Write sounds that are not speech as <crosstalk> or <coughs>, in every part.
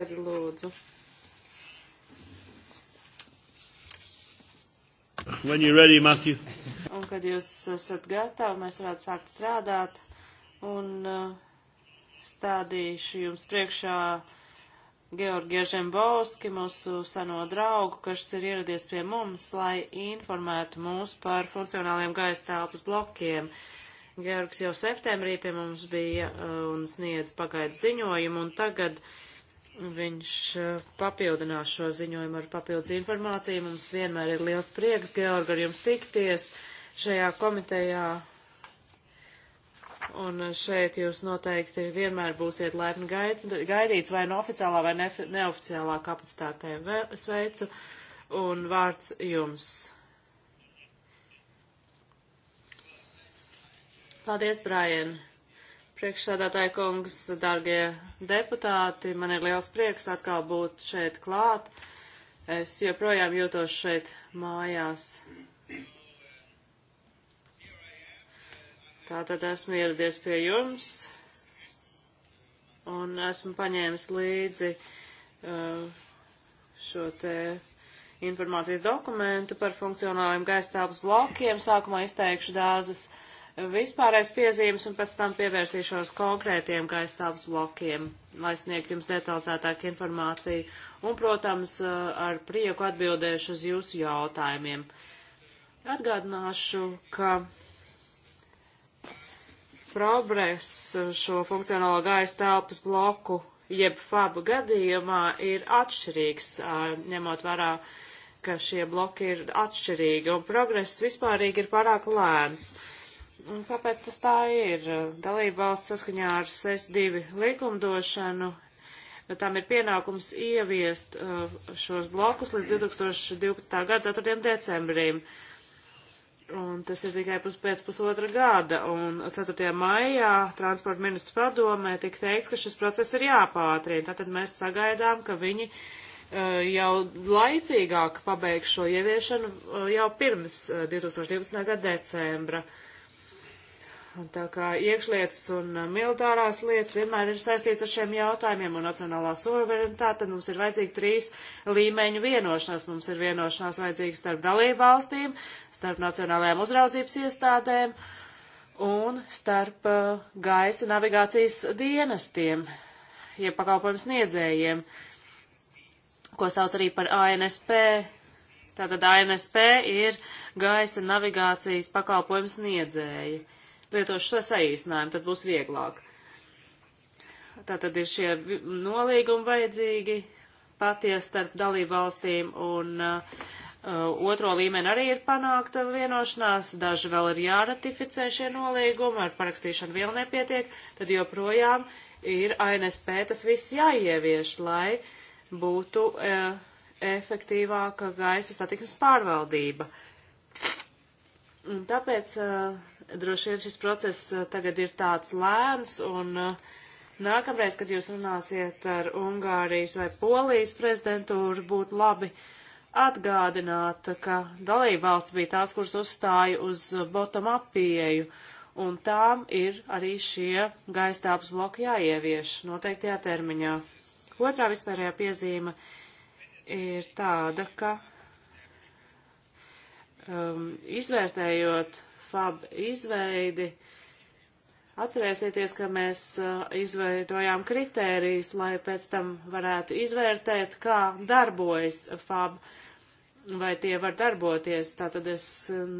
lūdzu. When you're ready, Matthew. Un kad jūs esat gatavi, mēs varētu sākt strādāt un uh, stādīšu jums priekšā Georgi Žembovski, mūsu seno draugu, kas ir ieradies pie mums, lai informētu mūs par funkcionāliem gaisa telpas blokiem. Georgs jau septembrī pie mums bija uh, un sniedz pagaidu ziņojumu, un tagad uh, Viņš eh, papildinās šo ziņojumu ar papildus informāciju. Mums vienmēr ir liels prieks, Georgi, ar jums tikties šajā komitejā. Un eh, šeit jūs noteikti vienmēr būsiet laipni gaidīts vai no nu oficiālā vai neoficiālā kapacitātē. Sveicu un vārds jums. Paldies, Brian! Priekšsēdētāja kungs, dargie deputāti, man ir liels prieks atkal būt šeit klāt. Es joprojām jūtos šeit mājās. Tātad esmu ieradies pie jums un esmu paņēmis līdzi uh, šo te informācijas dokumentu par funkcionāliem gaistāvus blokiem. Sākumā izteikšu dāzes. Uh, vispārais piezīmes un pēc tam pievērsīšos konkrētiem gaistāvs blokiem, lai sniegtu jums detalizētāku informāciju. Un, protams, eh, ar prieku atbildēšu uz jūsu jautājumiem. Atgādināšu, ka progress šo funkcionālo gaisa telpas bloku, jeb fabu gadījumā, ir atšķirīgs, eh, ņemot vērā, ka šie bloki ir atšķirīgi, un progress vispārīgi ir pārāk lēns. Un kāpēc tas tā ir? Dalība valsts saskaņā ar SES2 likumdošanu, tam ir pienākums ieviest uh, šos blokus līdz 2012. gada 4. decembrim. Un tas ir tikai pus, pēc pusotra gada, un 4. maijā transporta ministru padomē tika teikts, ka šis process ir jāpātrina. Tātad mēs sagaidām, ka viņi uh, jau laicīgāk pabeigs šo ieviešanu uh, jau pirms uh, 2012. gada decembra. Uh, Tā kā iekšlietas un uh, militārās lietas vienmēr ir saistīts ar šiem jautājumiem un nacionālā suverenitāte, tad mums ir vajadzīga trīs līmeņu vienošanās. Mums ir vienošanās vajadzīga starp dalību valstīm, starp nacionālajām uzraudzības iestādēm un starp uh, gaisa navigācijas dienestiem, jeb pakalpojums sniedzējiem, ko sauc arī par ANSP. Tātad ANSP ir gaisa navigācijas pakalpojums sniedzēji lietošu šo saīsinājumu, tad būs vieglāk. Tātad ir šie nolīgumi vajadzīgi paties starp dalību valstīm un uh, uh, otro līmeni arī ir panākta vienošanās, daži vēl ir jāratificē šie nolīgumi, ar parakstīšanu vēl nepietiek, tad joprojām ir ANSP tas viss jāievieš, lai būtu e, efektīvāka gaisa satiksmes pārvaldība. Un tāpēc e, Droši vien šis process eh, tagad ir tāds lēns, un eh, nākamreiz, kad jūs runāsiet ar Ungārijas vai Polijas prezidentūru, būtu labi atgādināt, ka dalībvalsts bija tās, kuras uzstāja uz bottom-up pieeju, un tām ir arī šie gaistāps bloki jāievieš noteiktajā termiņā. Otrā vispārējā piezīme ir tāda, ka um, izvērtējot FAB izveidi. Atcerēsieties, ka mēs uh, izveidojām kritērijus, lai pēc tam varētu izvērtēt, kā darbojas FAB, vai tie var darboties. Tātad es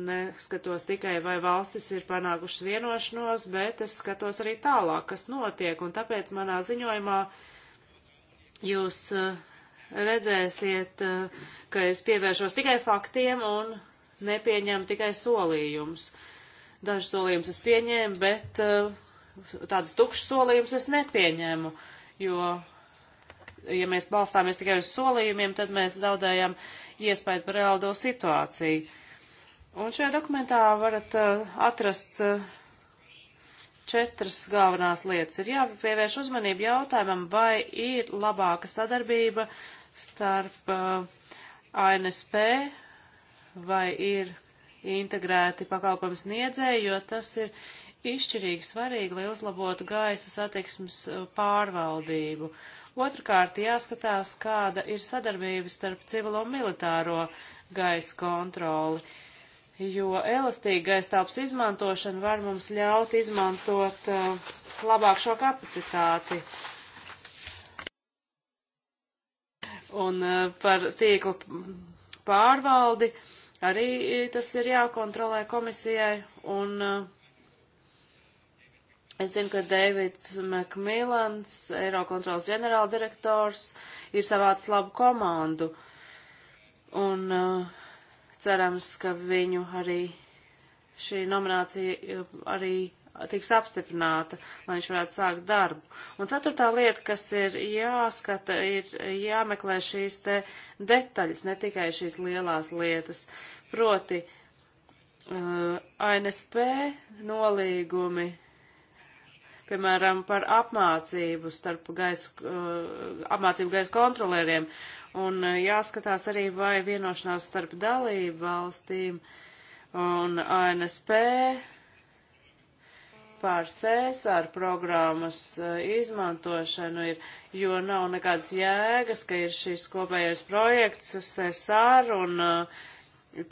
neskatos tikai, vai valstis ir panākušas vienošanos, bet es skatos arī tālāk, kas notiek. Un tāpēc manā ziņojumā jūs uh, redzēsiet, uh, ka es pievēršos tikai faktiem un nepieņemu tikai solījumus. Uh, Dažus solījumus es pieņēmu, bet eh, tādus tukšus solījumus es nepieņēmu, jo, ja mēs balstāmies tikai uz solījumiem, tad mēs zaudējam iespēju par reālo situāciju. Un šajā dokumentā varat eh, atrast eh, četras galvenās lietas. Ir jāpievērš uzmanību jautājumam, vai ir labāka sadarbība starp ANSP, vai ir integrēti pakalpojums niedzēji, jo tas ir izšķirīgi svarīgi, lai uzlabotu gaisa satiksmes uh, pārvaldību. Otrakārt, jāskatās, kāda ir sadarbība starp civilo un militāro gaisa kontroli, jo elastīga gaisa telpas izmantošana var mums ļaut izmantot uh, labāk šo kapacitāti. Un uh, par tīkla pārvaldi. Uh, Arī tas ir jākontrolē komisijai, un eh, es zinu, ka Deivids Makmīlans, Eirokontrols ģenerāldirektors, ir savāds labu komandu, un eh, cerams, ka viņu arī šī nominācija eh, arī tiks apstiprināta, lai viņš varētu sākt darbu. Un ceturtā lieta, kas ir jāskata, ir jāmeklē šīs te detaļas, ne tikai šīs lielās lietas. Proti, uh, eh, ANSP nolīgumi, piemēram, par apmācību starp gaisa, uh, apmācību gaisa kontrolieriem, un uh, jāskatās arī, vai vienošanās starp dalību valstīm un ANSP par sēsāru programmas eh, izmantošanu ir, jo nav nekādas jēgas, ka ir šis kopējais projekts sēsāru un eh,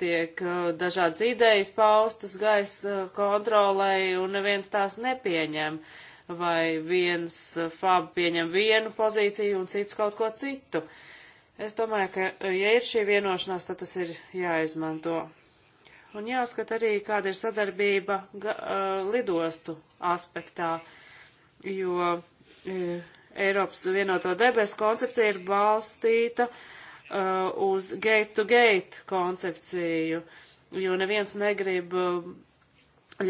tiek eh, dažādas idejas paustas gaisa kontrolai un neviens tās nepieņem. Vai viens fab pieņem vienu pozīciju un cits kaut ko citu. Es domāju, ka ja ir šī vienošanās, tad tas ir jāizmanto. Un jāskat arī, kāda ir sadarbība ga, uh, lidostu aspektā, jo uh, Eiropas vienoto debesu koncepcija ir balstīta uh, uz gate-to-gate -gate koncepciju, jo neviens negrib uh,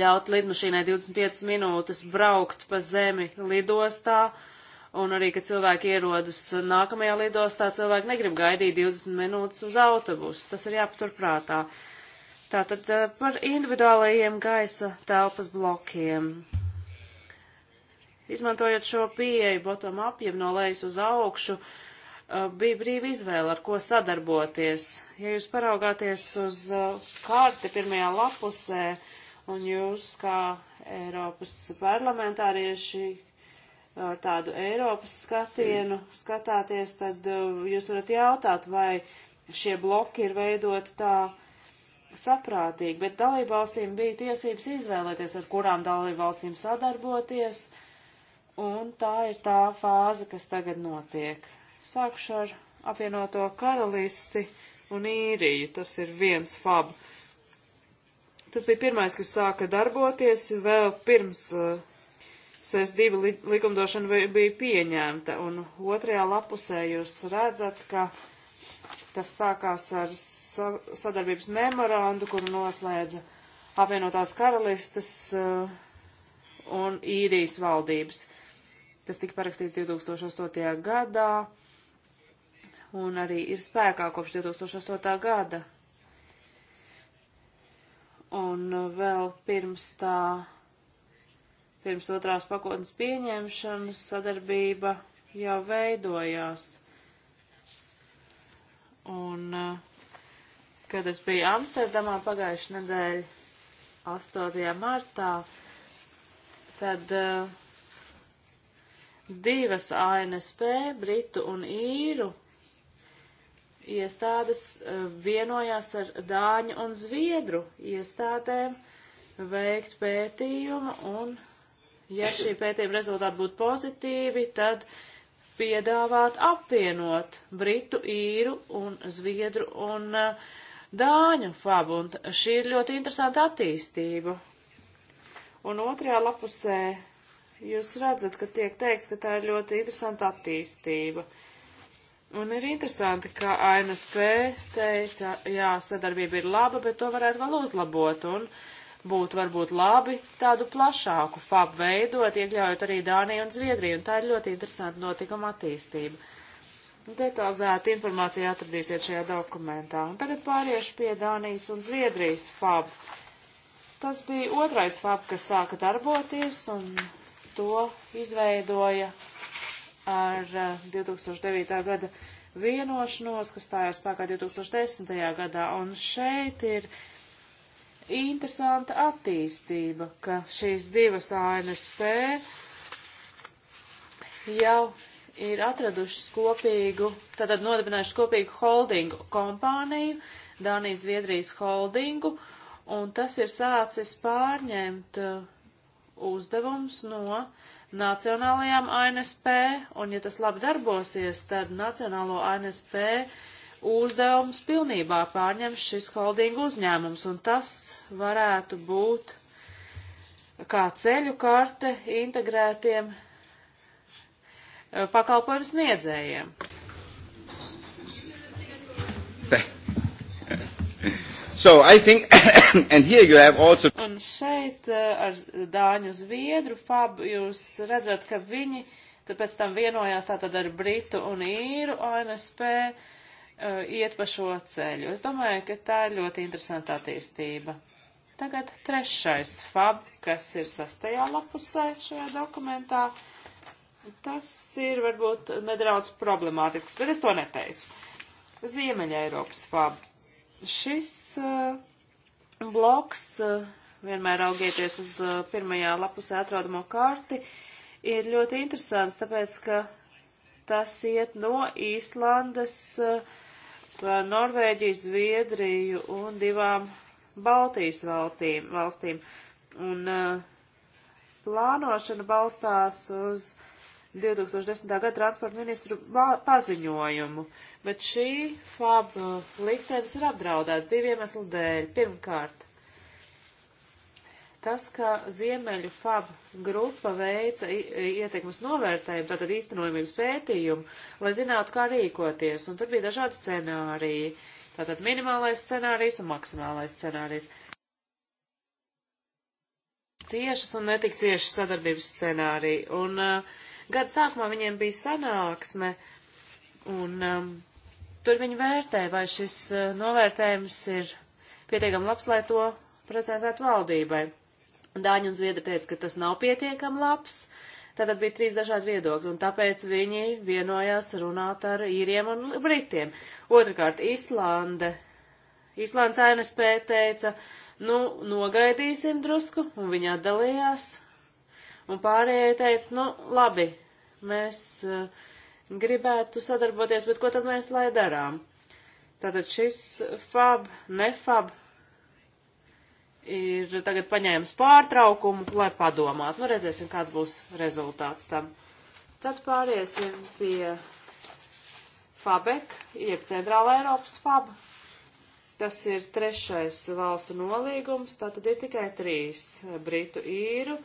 ļaut lidmašīnai 25 minūtes braukt pa zemi lidostā, un arī, kad cilvēki ierodas nākamajā lidostā, cilvēki negrib gaidīt 20 minūtes uz autobusu. Tas ir jāpaturprātā. Uh, Tātad eh, par individuālajiem gaisa telpas blokiem. Izmantojot šo pieeju bottom up, jeb no lejas uz augšu, eh, bija brīva izvēle, ar ko sadarboties. Ja jūs paraugāties uz eh, karti pirmajā lapusē, un jūs kā Eiropas parlamentārieši ar tādu Eiropas skatienu skatāties, tad jūs varat jautāt, vai šie bloki ir veidoti tā, saprātīgi, bet dalībvalstīm bija tiesības izvēlēties, ar kurām dalībvalstīm sadarboties, un tā ir tā fāze, kas tagad notiek. Sākšu ar apvienoto karalisti un īriju, tas ir viens fab. Tas bija pirmais, kas sāka darboties vēl pirms uh, SES2 li likumdošana bija pieņemta, un otrajā lapusē jūs redzat, ka uh, Tas sākās ar sa sadarbības memorandu, kuru noslēdza apvienotās karalistas uh, un īrijas valdības. Tas tika parakstīts 2008. gadā un arī ir spēkā kopš 2008. gada. Un uh, vēl pirms tā, pirms otrās pakotnes pieņemšanas sadarbība jau veidojās Un, eh, kad es biju Amsterdamā pagājušajā nedēļā, 8. martā, tad uh, divas ANSP, Britu un Īru iestādes uh, vienojās ar Dāņu un Zviedru iestādēm veikt pētījumu, un ja šī pētījuma rezultāti būtu pozitīvi, tad uh, piedāvāt apvienot Britu, īru un Zviedru un uh, Dāņu fabu, un šī ir ļoti interesanta attīstība. Un otrajā lapusē jūs redzat, ka tiek teikts, ka tā ir ļoti interesanta attīstība. Un ir interesanti, ka ANSP teica, jā, sadarbība ir laba, bet to varētu vēl uzlabot. Un uh, būtu varbūt labi tādu plašāku fabu veidot, iekļaujot arī Dāniju un Zviedriju, un tā ir ļoti interesanta notikuma attīstība. Detalizēta informācija atradīsiet šajā dokumentā. Un tagad pāriešu pie Dānijas un Zviedrijas fabu. Tas bija otrais fabu, kas sāka darboties, un to izveidoja ar 2009. Eh, gada vienošanos, kas stājās spēkā 2010. gadā. Un šeit ir uh, interesanta attīstība, ka šīs divas ANSP jau ir atradušas kopīgu, tātad nodibinājušas kopīgu holdingu kompāniju, Dānijas Zviedrijas holdingu, un tas ir sācis pārņemt uh, uzdevums no nacionālajām ANSP, un ja tas labi darbosies, tad nacionālo ANSP uzdevums pilnībā pārņems šis holdingu uzņēmums, un tas varētu būt kā ceļu karte integrētiem e, pakalpojumu sniedzējiem. So I think, <coughs> and here you have also... Un šeit e, ar Dāņu Zviedru fabu jūs redzat, ka viņi tāpēc tam vienojās tātad ar Britu un Īru ANSP. Uh, Eh, iet pa šo ceļu. Es domāju, ka tā ir ļoti interesanta attīstība. Tagad trešais fab, kas ir sastajā lapusē šajā dokumentā. Tas ir varbūt nedaudz problemātisks, bet es to neteicu. Ziemeļa Eiropas fab. Šis uh, bloks, uh, vienmēr augieties uz uh, pirmajā lapusē atrodamo karti, ir ļoti interesants, tāpēc, ka tas iet no Īslandes uh, par eh, Norvēģiju, Zviedriju un divām Baltijas valstīm. valstīm. Un uh, plānošana balstās uz 2010. gada transporta ministru paziņojumu, bet šī FAB eh, liktenis ir apdraudēts diviem eslu dēļ. Pirmkārt, Tas, ka Ziemeļu FAB grupa veica ietekmes novērtējumu, tātad īstenojumības pētījumu, lai zinātu, kā rīkoties, un tur bija dažādi scenāriji. Tātad minimālais scenārijs un maksimālais scenārijs. Ciešas un netik ciešas sadarbības scenāriji. Un uh, gada sākumā viņiem bija sanāksme, un um, tur viņi vērtē, vai šis uh, novērtējums ir pietiekami labs, lai to prezentētu valdībai. Dāņi un Zviedri teica, ka tas nav pietiekam labs, tātad bija trīs dažādi viedokļi, un tāpēc viņi vienojās runāt ar īriem un britiem. Otrakārt, Islande. Islandes ANSP teica, nu, nogaidīsim drusku, un viņi atdalījās, un pārējie teica, nu, labi, mēs uh, gribētu sadarboties, bet ko tad mēs lai darām? Tātad šis fab, nefab ir tagad paņēmis pārtraukumu, lai padomātu. Nu, redzēsim, kāds būs rezultāts tam. Tad pāriesim pie FABEK, jeb Centrāla Eiropas FAB. Tas ir trešais valstu nolīgums, tātad ir tikai trīs - Britu īru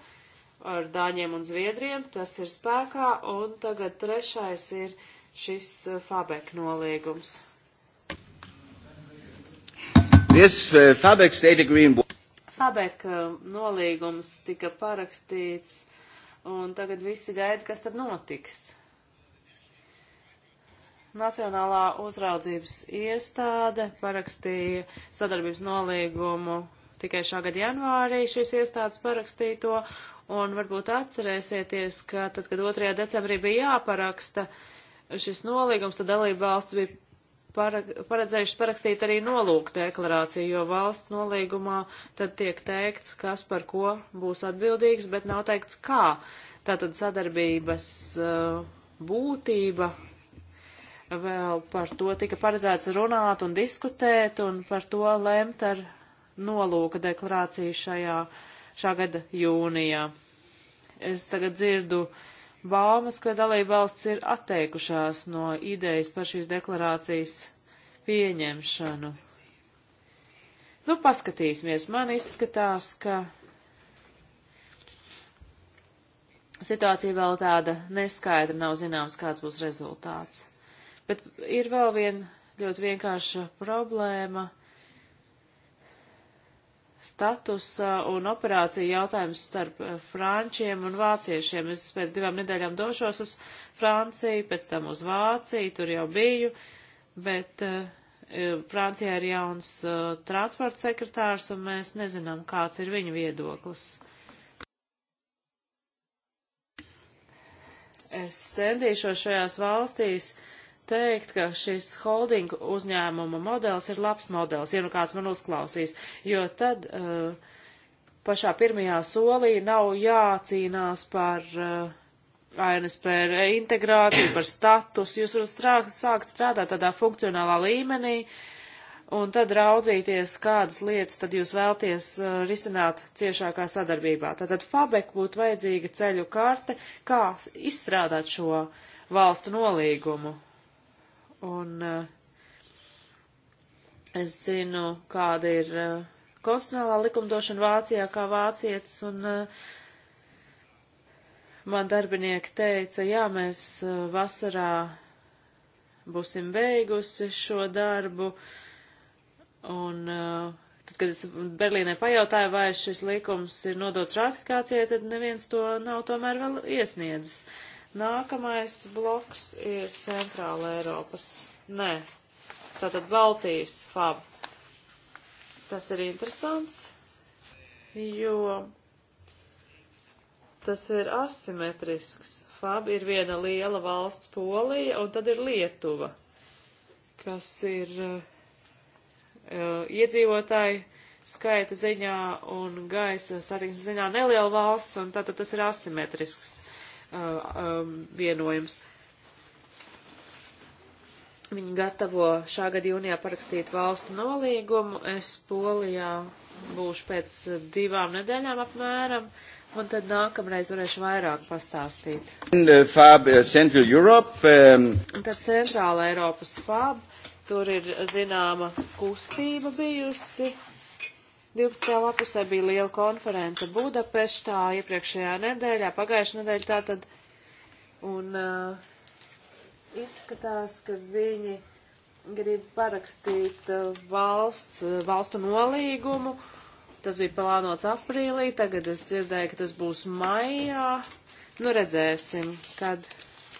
ar Dāņiem un Zviedriem, tas ir spēkā, un tagad trešais ir šis FABEK nolīgums. This uh, FABEK state agreement Sabek eh, nolīgums tika parakstīts, un tagad visi gaida, kas tad notiks. Nacionālā uzraudzības iestāde parakstīja sadarbības nolīgumu tikai šā gada janvārī šīs iestādes parakstīto, un varbūt atcerēsieties, ka tad, kad 2. decembrī bija jāparaksta šis nolīgums, tad dalība valsts bija para, paredzējuši parakstīt arī nolūku deklarāciju, jo valsts nolīgumā tad tiek teikts, kas par ko būs atbildīgs, bet nav teikts kā. Tātad sadarbības uh, būtība vēl par to tika paredzēts runāt un diskutēt un par to lemt ar nolūka deklarāciju šajā šā gada jūnijā. Es tagad dzirdu uh, baumas, ka dalībvalsts ir atteikušās no idejas par šīs deklarācijas pieņemšanu. Nu, paskatīsimies. Man izskatās, ka situācija vēl tāda neskaidra, nav zināms, kāds būs rezultāts. Bet ir vēl viena ļoti vienkārša problēma statusa un operāciju jautājums starp eh, frančiem un vāciešiem. Es pēc divām nedēļām došos uz Franciju, pēc tam uz Vāciju, tur jau biju, bet uh, Francijā ir jauns uh, transporta sekretārs un mēs nezinām, kāds ir viņa viedoklis. Es centīšos šajās valstīs uh, teikt, ka šis holdingu uzņēmuma modelis ir labs modelis, ja nu kāds man uzklausīs, jo tad uh, pašā pirmajā solī nav jācīnās par uh, eh, ainas par integrāciju, par statusu. Jūs varat strā, sākt strādāt tādā funkcionālā līmenī un tad raudzīties, kādas lietas tad jūs vēlties uh, risināt ciešākā sadarbībā. Tātad Fabek būtu vajadzīga ceļu karte, kā izstrādāt šo valstu nolīgumu un eh, es zinu, kāda ir eh, konstitucionālā likumdošana Vācijā kā vācietis, un eh, man darbinieki teica, jā, mēs vasarā būsim beigusi šo darbu, un tad, kad es Berlīnē pajautāju, vai šis likums ir nodots ratifikācijai, tad neviens to nav tomēr vēl iesniedzis. Uh, Nākamais bloks ir Centrāla Eiropas. Nē, tātad Baltijas fab. Tas ir interesants, jo tas ir asimetrisks. Fab ir viena liela valsts Polija, un tad ir Lietuva, kas ir uh, eh, eh, iedzīvotāji skaita ziņā un gaisa satiksmes ziņā neliela valsts, un tātad tas ir asimetrisks Uh, um, vienojums. Viņi gatavo šā gada jūnijā parakstīt valstu nolīgumu. Es Polijā būšu pēc divām nedēļām apmēram, un tad nākamreiz varēšu vairāk pastāstīt. Uh, FAB uh, Central Europe. Um... Tad Centrāla Eiropas FAB, tur ir zināma kustība bijusi 12. lapusē bija liela konference Budapeštā iepriekšējā nedēļā, pagājušajā nedēļā tātad, un uh, izskatās, ka viņi grib parakstīt uh, valsts, uh, valstu nolīgumu. Tas bija plānots aprīlī, tagad es dzirdēju, ka tas būs maijā. Nu, redzēsim, kad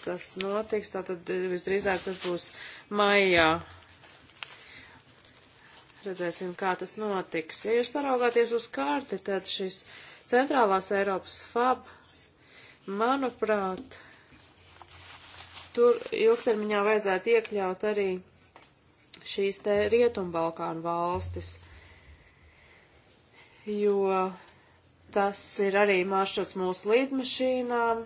tas notiks. Tātad uh, visdrīzāk tas būs maijā Redzēsim, kā tas notiks. Ja jūs paraugāties uz karti, tad šis centrālās Eiropas fab, manuprāt, tur ilgtermiņā vajadzētu iekļaut arī šīs te Rietumbalkānu valstis, jo tas ir arī maršruts mūsu līdmašīnām.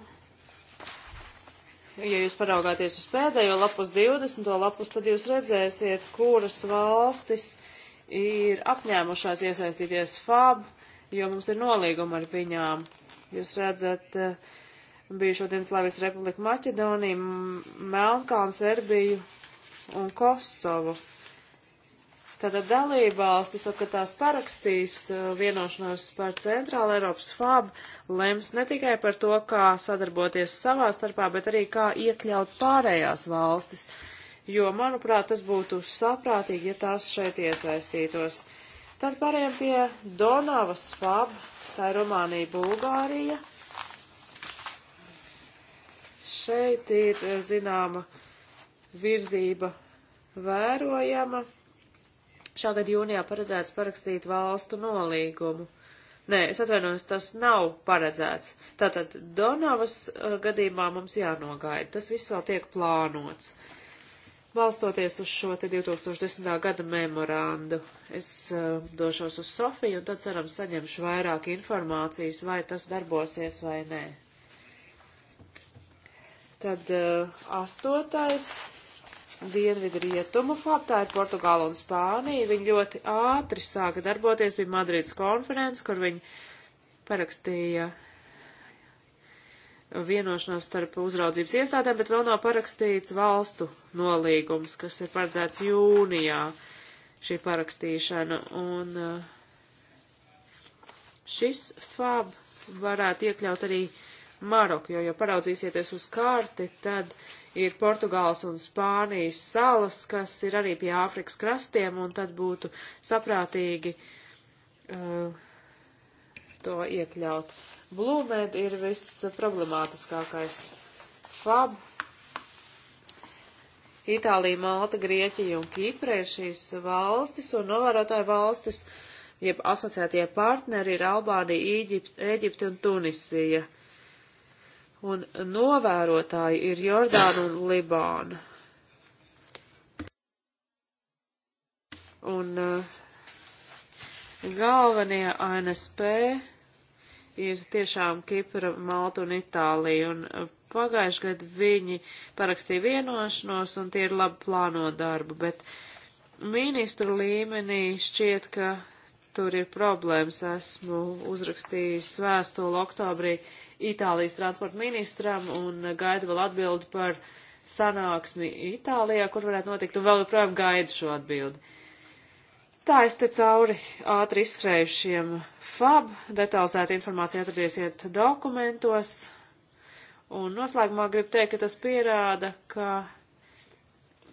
Ja jūs paraugāties uz pēdējo lapus 20. lapus, tad jūs redzēsiet, kuras valstis uh, ir apņēmušās iesaistīties FAB, jo mums ir nolīguma ar viņām. Jūs redzat, eh, bija šodien Slavijas Republika Maķedonija, Melnkalna, Serbiju un Kosovu. Tātad dalībvalstis, kad tās parakstīs eh, vienošanos par Centrāla Eiropas FAB, lems ne tikai par to, kā sadarboties savā starpā, bet arī kā iekļaut pārējās valstis. Uh, jo, manuprāt, tas būtu saprātīgi, ja tās šeit iesaistītos. Tad pārējām pie Donavas pub, tā ir Rumānija, Bulgārija. Šeit ir zināma virzība vērojama. Šogad jūnijā paredzēts parakstīt valstu nolīgumu. Nē, es atvainojos, tas nav paredzēts. Tātad Donavas eh, gadījumā mums jānogaida. Tas viss vēl tiek plānots. Uh, Balstoties uz šo 2010. gada memorandu, es uh, došos uz Sofiju un tad ceram saņemšu vairāk informācijas, vai tas darbosies vai nē. Tad uh, astotais dienvidu rietumu faktā ir Portugāla un Spānija. Viņi ļoti ātri sāka darboties, bija Madrīdas konferences, kur viņi parakstīja vienošanos starp uzraudzības iestādēm, bet vēl nav parakstīts valstu nolīgums, kas ir paredzēts jūnijā šī parakstīšana. Un eh, šis fab varētu iekļaut arī Maroku, jo, ja paraudzīsieties uz karti, tad ir Portugāls un Spānijas salas, kas ir arī pie Āfrikas krastiem, un tad būtu saprātīgi uh, to iekļaut. Blūmēd ir viss problemātiskākais. Fab, Itālija, Malta, Grieķija un Kipre ir šīs valstis un novērotāju valstis, jeb asociētie partneri ir Albānija, Ēģipte Ēģipt un Tunisija. Un novērotāji ir Jordāna un Libāna. Un uh, galvenie ANSP ir tiešām Kipra, Malta un Itālija. Un uh, pagājuši gadu viņi parakstīja vienošanos un tie ir labi plāno darbu, bet ministru līmenī šķiet, ka tur ir problēmas. Esmu uzrakstījis vēstuli oktobrī Itālijas transporta ministram un gaidu vēl atbildi par sanāksmi Itālijā, kur varētu notikt, un vēl joprojām gaidu šo atbildi. Tā es te cauri ātri izskrējušiem fab, detalizēta informācija atradīsiet dokumentos, un noslēgumā gribu teikt, ka tas pierāda, ka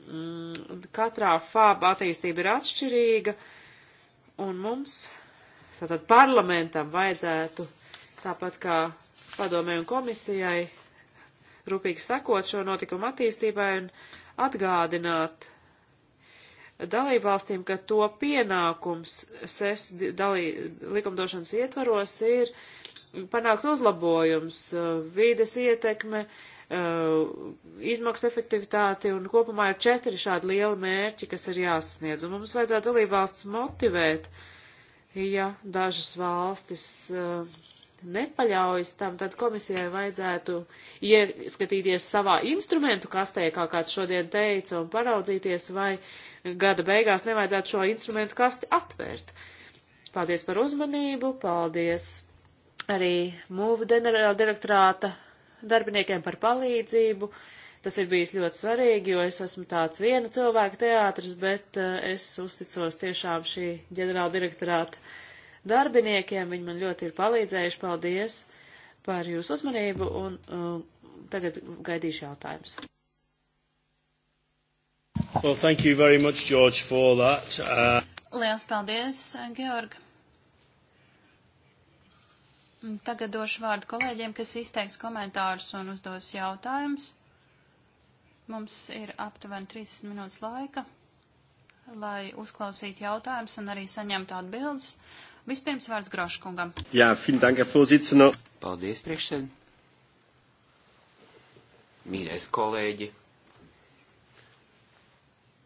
mm, katrā fab attīstība ir atšķirīga, un mums, tātad parlamentam, vajadzētu, tāpat kā padomē un komisijai, rūpīgi sekot šo notikumu attīstībai un atgādināt dalībvalstīm, ka to pienākums SES dalī, likumdošanas ietvaros ir panākt uzlabojums, uh, vīdes ietekme, uh, izmaksu efektivitāti un kopumā ir četri šādi lieli mērķi, kas ir jāsasniedz. Un mums vajadzētu dalībvalsts motivēt, ja dažas valstis uh, nepaļaujas tam, tad komisijai vajadzētu ieskatīties savā instrumentu kastē, kā kāds šodien teica, un paraudzīties, vai gada beigās nevajadzētu šo instrumentu kasti atvērt. Paldies par uzmanību, paldies arī mūvu direktorāta darbiniekiem par palīdzību. Tas ir bijis ļoti svarīgi, jo es esmu tāds viena cilvēka teātris, bet eh, es uzticos tiešām šī ģenerāla direktorāta darbiniekiem. Viņi man ļoti ir palīdzējuši. Paldies par jūsu uzmanību un uh, tagad gaidīšu jautājumus. Well, thank you very much, George, for that. Uh... Liels paldies, Georg. Tagad došu vārdu kolēģiem, kas izteiks komentārus un uzdos jautājumus. Mums ir aptuveni 30 minūtes laika, lai uzklausītu jautājumus un arī saņemtu atbildes. Vispirms vārds Groškungam. Jā, fin danke, pozicino. Paldies, priekšsēd. Mīļais kolēģi,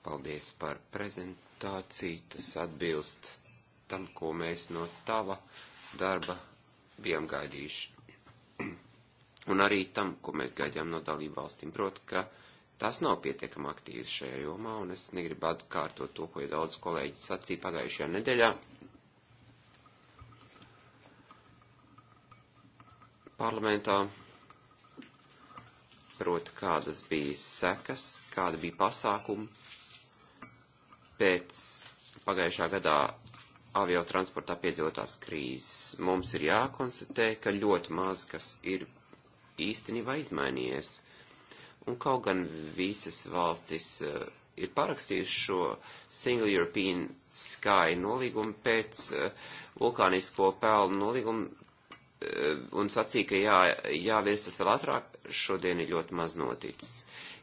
paldies par prezentāciju. Tas atbilst tam, ko mēs no tava darba bijām gaidījuši. <clears throat> Un arī tam, ko mēs gaidījām no dalību valstīm, proti, ka tas nav pietiekami aktīvs šajā jomā, un es negribu atkārtot to, ko jau daudz kolēģi sacīja pagājušajā nedēļā. parlamentā, proti kādas bija sekas, kāda bija pasākuma pēc pagājušā gadā avio transportā piedzīvotās krīzes. Mums ir jākonstatē, ka ļoti maz kas ir īstenībā izmainījies. Un kaut gan visas valstis uh, ir parakstījuši šo Single European Sky nolīgumu pēc uh, vulkānisko pelnu nolīgumu Eh, un sacīja, ka jā, jāvies tas vēl ātrāk, šodien ir ļoti maz noticis.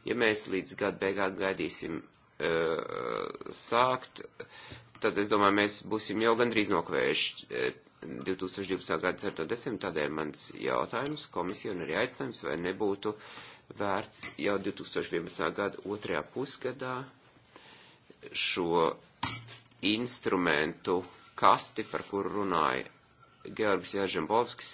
Ja mēs līdz gada beigām gaidīsim uh, sākt, tad es domāju, mēs būsim jau gandrīz nokavējuši 2012. Eh, gada 4. decembra, tādēļ mans jautājums komisija un arī aicinājums, vai nebūtu vērts jau 2011. gada otrajā pusgadā šo instrumentu kasti, par kuru runāja Georgs Jāžembovskis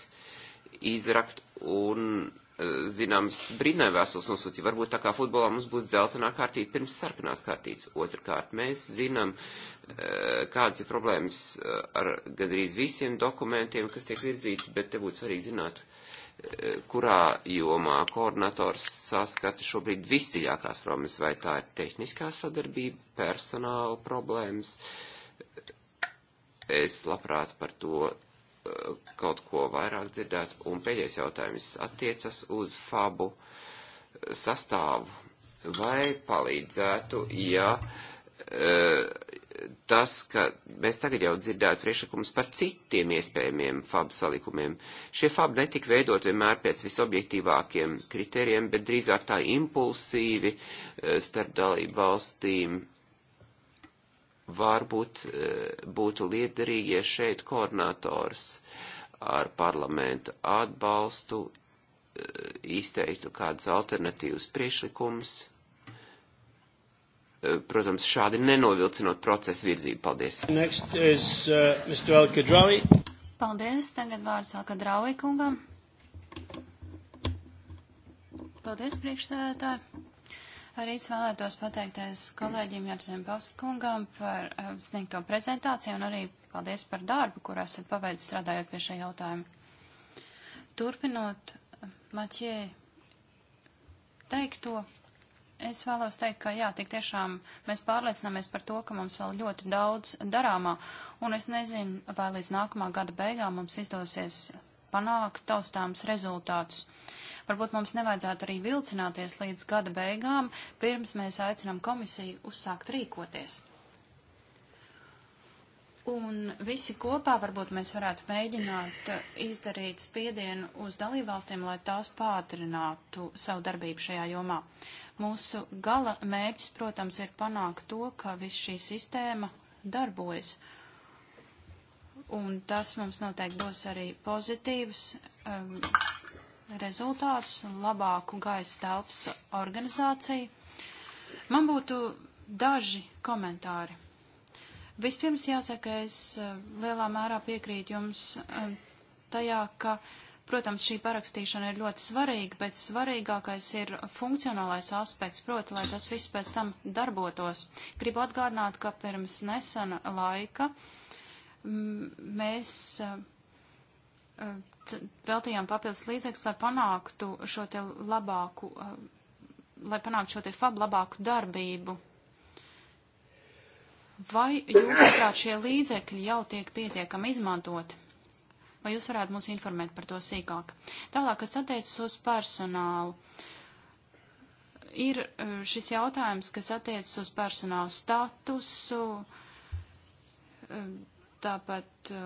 izrakt un eh, zināms brīnai vēstules nosūtīja. Varbūt tā kā futbolā mums būs dzeltenā kārtība pirms sarkanās kārtītas. Otrkārt, mēs zinām, eh, kādas ir problēmas eh, ar gandrīz visiem dokumentiem, kas tiek virzīti, bet te būtu svarīgi zināt, kurā jomā koordinators saskata šobrīd visdziļākās problēmas, vai tā ir tehniskā sadarbība, personāla problēmas. Es labprāt par to Eh, kaut ko vairāk dzirdēt. Un pēdējais jautājums attiecas uz fabu eh, sastāvu. Vai palīdzētu, ja eh, tas, ka mēs tagad jau dzirdētu priekšlikumus par citiem iespējamiem fab salikumiem. Šie fab netika veidot vienmēr pēc visobjektīvākiem kritērijiem, bet drīzāk tā impulsīvi starp dalību valstīm Varbūt eh, būtu liederīgi, ja šeit koordinators ar parlamenta atbalstu eh, izteiktu kādas alternatīvas priešlikumus. Eh, protams, šādi nenovilcinot procesu virzību. Paldies. Next is, uh, Mr. Al-Kadrawi. Paldies. Tagad vārds Al-Kadrawi kungam. Paldies, priekšstādātāji. Arī es vēlētos pateikties kolēģiem Jārzembovskungam par uh, sniegto prezentāciju un arī paldies par darbu, kur esat paveicis strādājot pie šī jautājuma. Turpinot eh, Maķē teikto, es vēlos teikt, ka jā, tik tiešām mēs pārliecināmies par to, ka mums vēl ļoti daudz darāmā, un es nezinu, vai līdz nākamā gada beigām mums izdosies panākt taustāms rezultātus. Varbūt mums nevajadzētu arī vilcināties līdz gada beigām, pirms mēs aicinām komisiju uzsākt rīkoties. Un visi kopā varbūt mēs varētu mēģināt izdarīt spiedienu uz dalībvalstīm, lai tās pātrinātu savu darbību šajā jomā. Mūsu gala mērķis, protams, ir panākt to, ka viss šī sistēma darbojas. Uh, un tas mums noteikti dos arī pozitīvus um, rezultātus un labāku gaisa telpas organizāciju. Man būtu daži komentāri. Vispirms jāsaka, es uh, lielā mērā piekrītu jums um, tajā, ka, protams, šī parakstīšana ir ļoti svarīga, bet svarīgākais ir funkcionālais aspekts, proti, lai tas viss pēc tam darbotos. Gribu atgādināt, ka pirms nesena laika uh, mēs eh, eh, veltījām papildus līdzekļus, lai panāktu šo te labāku, eh, lai panāktu šo te fab labāku darbību. Vai jūsuprāt šie līdzekļi jau tiek pietiekami izmantoti? Vai jūs varētu mūs informēt par to sīkāk? Tālāk, kas attiecas uz personālu. Ir šis jautājums, kas attiecas uz personālu statusu Tāpat uh,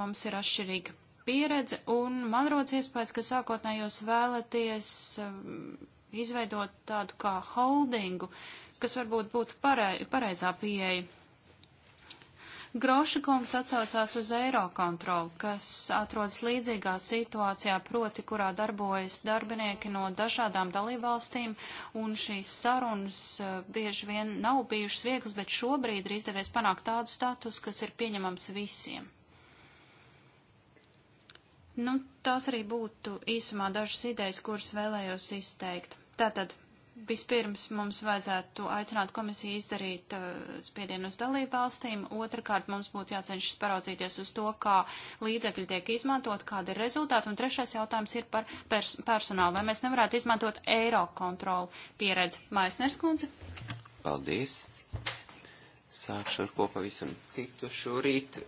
mums ir atšķirīga pieredze, un man rodas iespējas, ka sākotnēji jūs vēlaties um, izveidot tādu kā holdingu, kas varbūt būtu parei, pareizā pieeja. Groša kungs atsaucās uz Eirokontrolu, kas atrodas līdzīgā situācijā, proti, kurā darbojas darbinieki no dažādām dalībvalstīm, un šīs sarunas eh, bieži vien nav bijušas vieglas, bet šobrīd ir izdevies panākt tādu status, kas ir pieņemams visiem. Nu, tās arī būtu īsumā dažas idejas, kuras vēlējos izteikt. Tātad Vispirms mums vajadzētu aicināt komisiju izdarīt uh, spiedienu uz dalību valstīm, otrkārt mums būtu jācenšas paraudzīties uz to, kā līdzekļi tiek izmantot, kāda ir rezultāta, un trešais jautājums ir par pers personālu. Vai mēs nevarētu izmantot eiro kontrolu pieredzi? Maisners kundze. Paldies. Sākšu ar ko pavisam citu šorīt.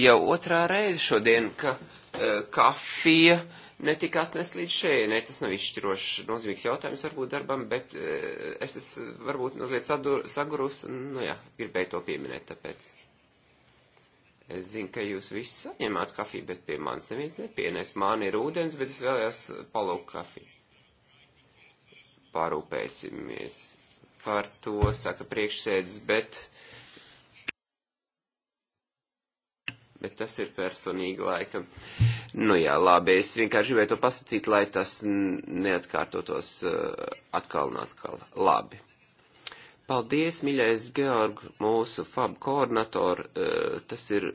Jau otrā reize šodien, ka uh, kafija. Uh, netika atnest līdz šeit. Tas nav izšķirošs nozīmīgs jautājums varbūt darbam, bet eh, es esmu varbūt mazliet sagurus, nu jā, gribēju to pieminēt, tāpēc. Es zinu, ka jūs visi saņemāt kafiju, bet pie manis neviens nepienes. Man ir ūdens, bet es vēlējos palūkt kafiju. Parūpēsimies par to, saka priekšsēdis, bet. Bet tas ir personīgi laikam. Uh, Nu jā, labi, es vienkārši gribēju to pasakīt, lai tas neatkārtotos eh, atkal un atkal. Labi. Paldies, miļais Georg, mūsu FAB koordinator. Eh, tas ir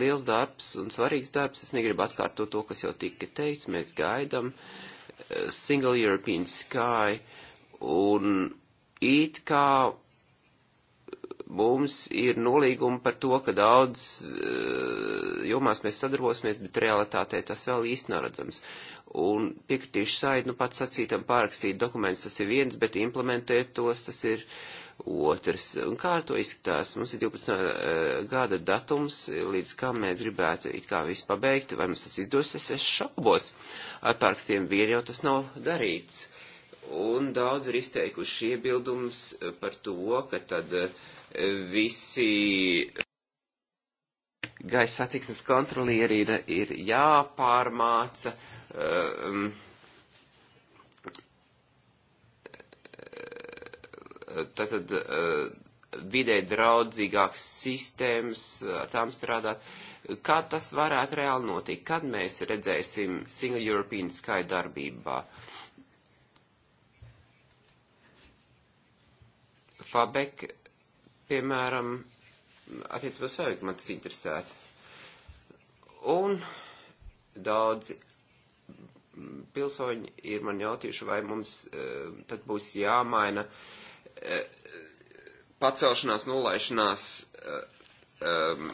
liels darbs un svarīgs darbs. Es negribu atkārtot to, kas jau tika teikts. Mēs gaidam eh, Single European Sky un it kā mums ir nolīgumi par to, ka daudz uh, jomās mēs sadarbosimies, bet realitātē tas vēl īsti neredzams. Un piekritīšu said, nu pats sacītam pārakstīt dokumentus tas ir viens, bet implementēt tos tas ir otrs. Un kā to izskatās? Mums ir 12 uh, eh, gada datums, līdz kam mēs gribētu it kā visu pabeigt, vai mums tas izdosies, es šaubos. Ar pārakstiem vien jau tas nav darīts. Un daudz ir izteikuši iebildums par to, ka tad uh, visi gaisa satiksmes kontrolieri ir, ir jāpārmāca. Um, tātad uh, vidē draudzīgākas sistēmas, ar tām strādāt. Kā tas varētu reāli notikt? Kad mēs redzēsim Single European Sky darbībā? Fabek piemēram, attiecībā uz Fēviku man tas interesētu. Un daudzi pilsoņi ir man jautājuši, vai mums uh, tad būs jāmaina uh, pacelšanās, nolaišanās uh, um,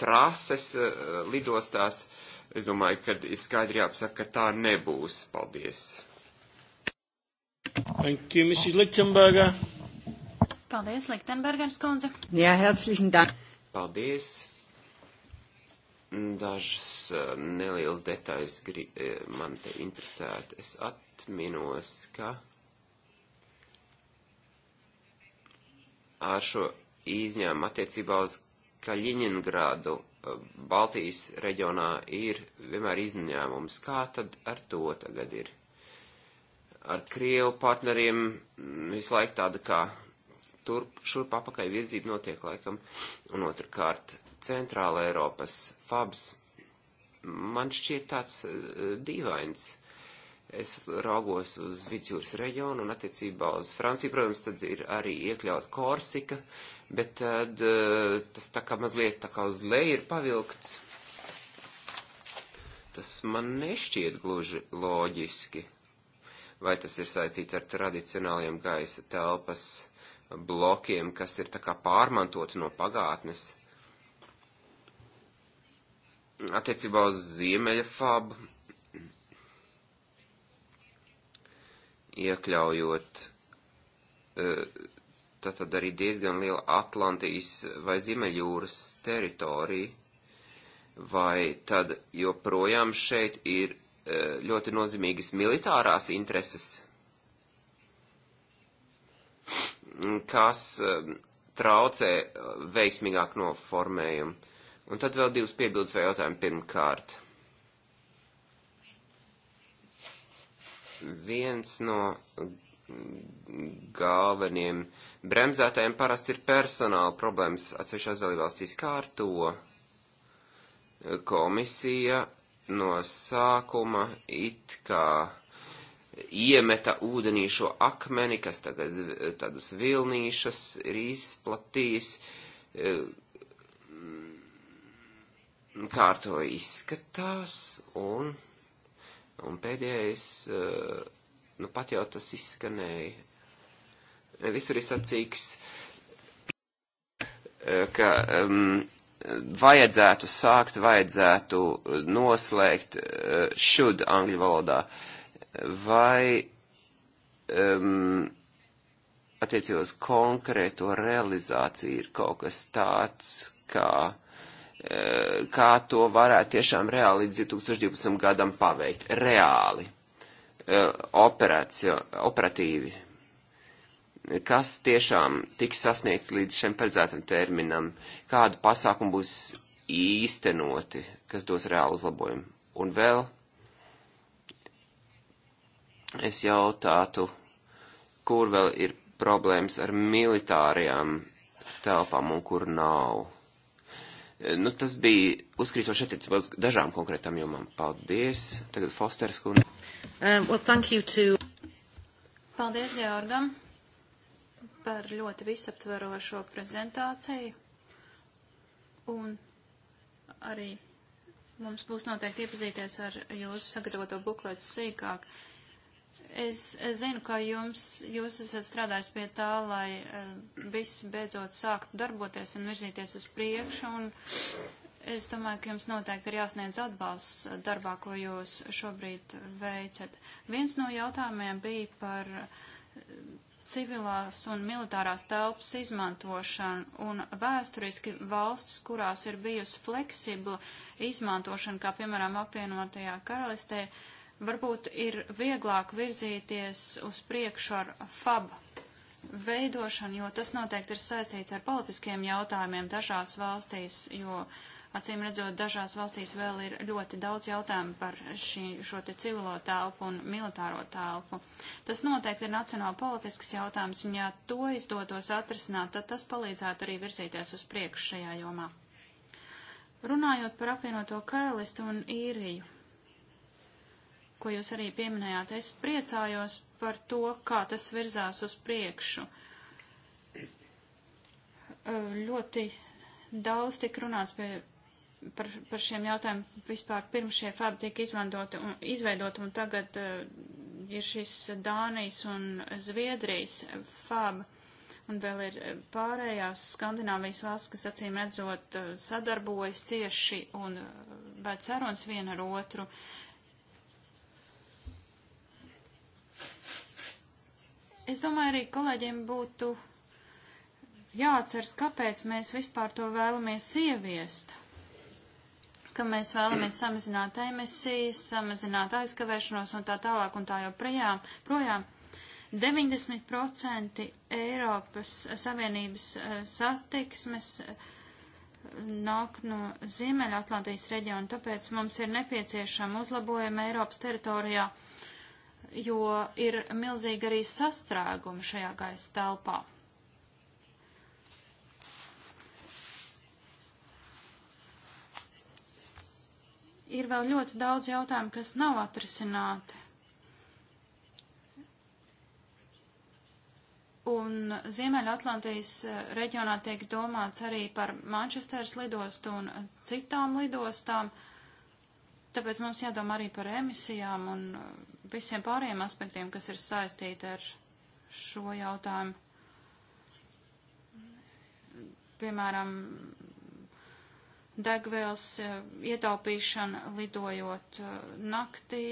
trases uh, lidostās. Es domāju, ka ir skaidri jāpasaka, ka tā nebūs. Paldies. Thank you, Mrs. Lichtenberger. Paldies, Liktenbergers kundze. Jā, herzlichen dank. Paldies. Dažas eh, nelielas detaļas eh, man te interesētu. Es atminos, ka ar šo izņēmumu attiecībā uz Kaļiņingrādu eh, Baltijas reģionā ir vienmēr izņēmums. Kā tad ar to tagad ir? Ar Krievu partneriem visu laiku tāda kā turp, šurp apakai virzība notiek laikam. Un otrkārt, Centrāla Eiropas fabs man šķiet tāds uh, dīvains. Es raugos uz vidusjūras reģionu un attiecībā uz Franciju, protams, tad ir arī iekļaut Korsika, bet tad uh, tas tā kā mazliet tā kā uz leju ir pavilkts. Tas man nešķiet gluži loģiski vai tas ir saistīts ar tradicionāliem gaisa telpas blokiem, kas ir tā kā pārmantoti no pagātnes. Attiecībā uz Ziemeļa fabu, iekļaujot e, tātad arī diezgan liela Atlantijas vai Ziemeļjūras teritorija, vai tad joprojām šeit ir e, ļoti nozīmīgas militārās intereses Mm, kas mm, traucē mm, veiksmīgāk noformējumu. Un tad vēl divas piebildes vai jautājumi pirmkārt. Viens no galveniem bremzētājiem parasti ir personāla problēmas atsevišķās dalībvalstīs kārto. Komisija no sākuma it kā iemeta ūdenī šo akmeni, kas tagad eh, tādas vilnīšas ir izplatījis, eh, kā ar to izskatās, un, un pēdējais, eh, nu pat jau tas izskanēja, visur ir sacīgs, ka um, vajadzētu sākt, vajadzētu noslēgt, should angļu valodā. Uh, vai um, attiecībā uz konkrēto realizāciju ir kaut kas tāds, kā, uh, kā to varētu tiešām reāli līdz 2012. gadam paveikt. Reāli, uh, operācio, operatīvi. Kas tiešām tiks sasniegts līdz šiem paredzētam terminam, kādu pasākumu būs īstenoti, kas dos reālu uzlabojumu. Un vēl es jautātu, kur vēl ir problēmas ar militārajām telpām un kur nav. Nu, tas bija uzkrītoši attiecībā uz dažām konkrētām jomām. Paldies. Tagad Fosters kundze. Um, well, thank you to... Paldies, Georgam, par ļoti visaptverošo prezentāciju. Un arī mums būs noteikti iepazīties ar jūsu sagatavoto bukletu sīkāk. Uh, Es, es zinu, ka jums, jūs esat strādājis pie tā, lai uh, viss beidzot sāktu darboties un virzīties uz priekšu, un es domāju, ka jums noteikti ir jāsniedz atbalsts darbā, ko jūs šobrīd veicat. Viens no jautājumiem bija par eh, civilās un militārās telpas izmantošanu un vēsturiski valsts, kurās ir bijusi fleksibla izmantošana, kā piemēram apvienotajā karalistē, uh, varbūt ir vieglāk virzīties uz priekšu ar FAB veidošanu, jo tas noteikti ir saistīts ar politiskiem jautājumiem dažās valstīs, jo acīm redzot, dažās valstīs vēl ir ļoti daudz jautājumu par šī, šo te civilo telpu un militāro telpu. Tas noteikti ir nacionāli politisks jautājums, un ja to izdotos atrisināt, tad tas palīdzētu arī virzīties uz priekšu šajā jomā. Runājot par apvienoto karalistu un īriju, ko jūs arī pieminējāt. Es priecājos par to, kā tas virzās uz priekšu. Ļoti daudz tika runāts pie, par, par šiem jautājumiem vispār pirms šie fabi tika izmantoti un izveidoti, un tagad uh, ir šis Dānijas un Zviedrijas fab, un vēl ir pārējās Skandināvijas valsts, kas acīm redzot sadarbojas cieši un vēd sarunas viena ar otru. Uh, Es domāju, arī kolēģiem būtu jāatceras, kāpēc mēs vispār to vēlamies ieviest. Ka mēs vēlamies samazināt emisijas, samazināt aizkavēšanos un tā tālāk un tā joprojām. Projām 90% Eiropas Savienības eh, satiksmes eh, nāk no Ziemeļa Atlantijas reģiona, tāpēc mums ir nepieciešama uzlabojuma Eiropas teritorijā. Uh, jo ir milzīgi arī sastrēgumi šajā gaisa telpā. Ir vēl ļoti daudz jautājumu, kas nav atrisināti. Un Ziemeļatlantijas eh, reģionā tiek domāts arī par Manchesteras lidostu un citām lidostām. Uh, Tāpēc mums jādomā arī par emisijām un uh, visiem pārējiem aspektiem, kas ir saistīti ar šo jautājumu. Piemēram, degvielas uh, ietaupīšana lidojot uh, naktī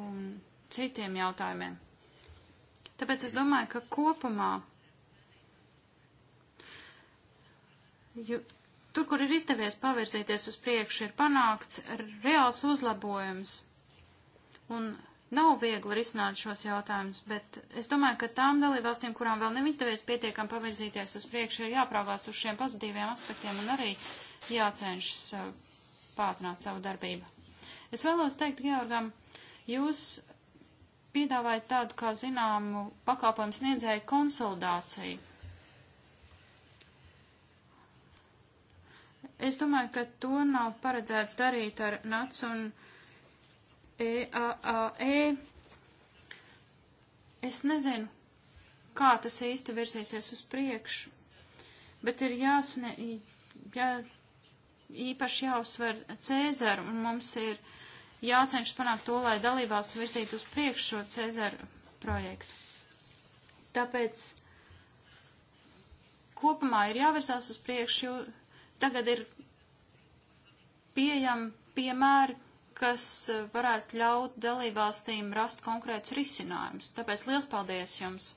un citiem jautājumiem. Tāpēc es domāju, ka kopumā Tur, kur ir izdevies pavirzīties uz priekšu, ir panākts reāls uzlabojums. Un nav viegli risināt šos jautājumus, bet es domāju, ka tām dalībvalstīm, kurām vēl nav izdevies pietiekam pavirzīties uz priekšu, ir jāpraugās uz šiem pozitīviem aspektiem un arī jācenšas uh, pātrināt savu darbību. Es vēlos teikt, Georgam, jūs piedāvājat tādu, kā zināmu, pakāpojumu sniedzēju konsolidāciju. Es domāju, ka to nav paredzēts darīt ar NAC un EAAE. E. Es nezinu, kā tas īsti virzīsies uz priekšu, bet ir jāsne, jā, īpaši jāuzsver Cēzaru, un mums ir jācenšas panākt to, lai dalībās virzītu uz priekšu šo Cēzaru projektu. Tāpēc kopumā ir jāvirzās uz priekšu, jo Tagad ir pieejami piemēri, kas varētu ļaut dalībvalstīm rast konkrētus risinājumus. Tāpēc liels paldies jums!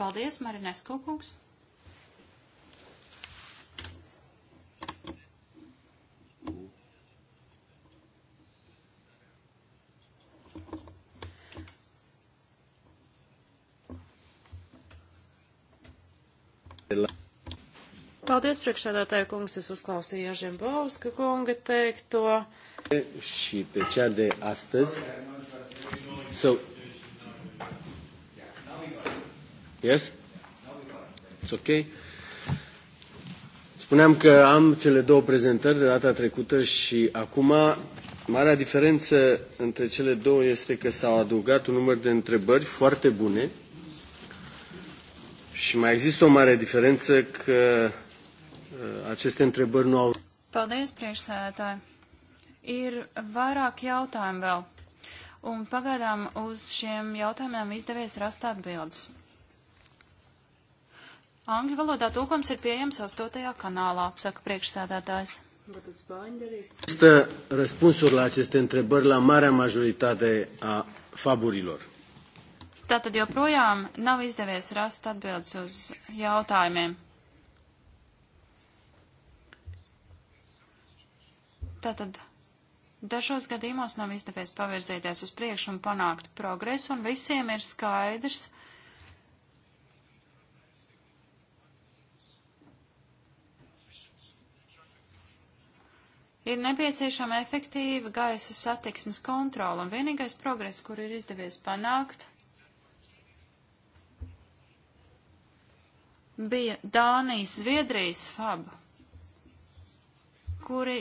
Paldies, Marines Kukungs! Paldies, priekšsēdētāja kungs, es uzklausīju Ažiem Bauska kunga teikto. Și pe cea de astăzi. So, yes? It's okay. Spuneam că am cele două prezentări de data trecută și acum marea diferență între cele două este că s-au adăugat un număr de întrebări foarte bune și mai există o mare diferență că Eh, aceste întrebări nu au. Paldies, priekšsēdētāji. Ir vairāk jautājumu vēl, un pagaidām uz šiem jautājumiem izdevies rast atbildes. Angļu valodā tūkums ir pieejams 8. kanālā, saka priekšsēdētājs. Există răspunsuri la aceste întrebări la marea majoritate a faburilor. Tātad joprojām nav izdevies rast atbildes uz jautājumiem. Tātad dažos gadījumos nav izdevies pavirzīties uz priekšu un panākt progresu, un visiem ir skaidrs, ir nepieciešama efektīva gaisa satiksmes kontrola, un vienīgais progress, kur ir izdevies panākt, bija Dānijas, Zviedrijas fab, kuri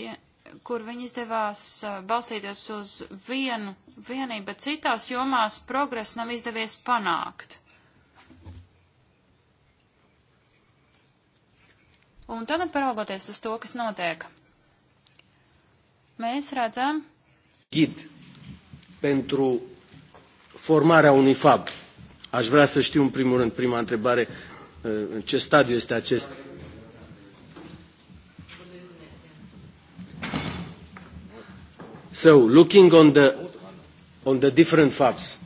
kur viņi izdevās eh, balstīties uz vienu vienību, bet citās jomās progresu nav izdevies panākt. Un tagad paraugoties uz to, kas notiek. Mēs redzam. Ghid pentru formarea unui fab. Aș vrea să știu în primul rând, prima întrebare, eh, în ce stadiu este acest So looking on the, on the different FAPs,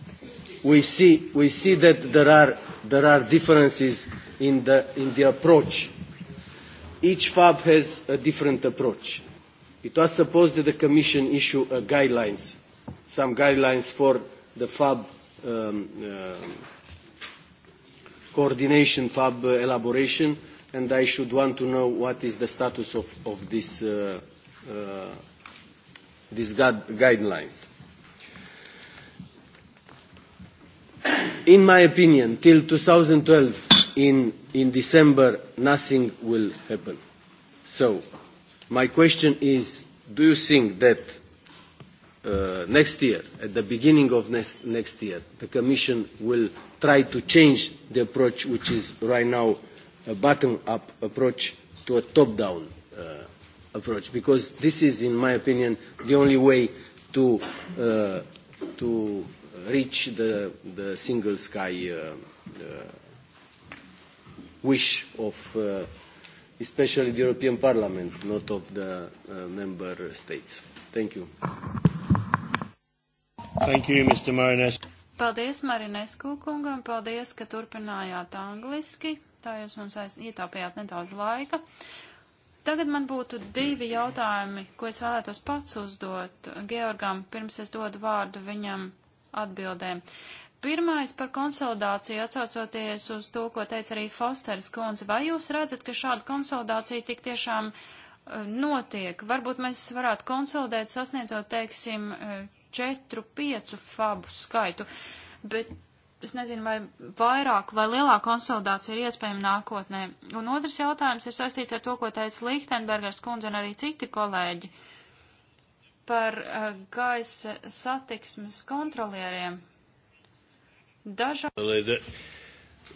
we see, we see that there are, there are differences in the, in the approach. Each FAB has a different approach. It was supposed that the Commission issue a uh, guidelines, some guidelines for the FAB um, uh, coordination, FAB uh, elaboration, and I should want to know what is the status of, of this uh, uh, these guidelines. In my opinion, till 2012, in, in December, nothing will happen. So, my question is, do you think that uh, next year, at the beginning of next, next year, the Commission will try to change the approach, which is right now a bottom-up approach, to a top-down approach, because this is, in my opinion, the only way to, uh, to reach the, the single sky uh, uh, wish of uh, especially the European Parliament, not of the uh, member states. Thank you. Thank you, Mr. Marinescu. Paldies Marinescu kungam, paldies, ka turpinājāt angliski, tā jūs mums aiz... ietaupījāt nedaudz laika. Tagad man būtu divi jautājumi, ko es vēlētos pats uzdot Georgam, pirms es dodu vārdu viņam atbildēm. Pirmais par konsolidāciju, atsaucoties uz to, ko teica arī Fosters kundze. Vai jūs redzat, ka šāda konsolidācija tik tiešām e, notiek? Varbūt mēs varētu konsolidēt, sasniedzot, teiksim, e, četru, piecu fabu skaitu, bet es nezinu, vai vairāk vai lielāka konsolidācija ir iespējama nākotnē. Un otrs jautājums ir saistīts ar to, ko teica Lichtenbergers kundze un arī citi kolēģi par uh, gaisa satiksmes kontrolieriem. Dažādi.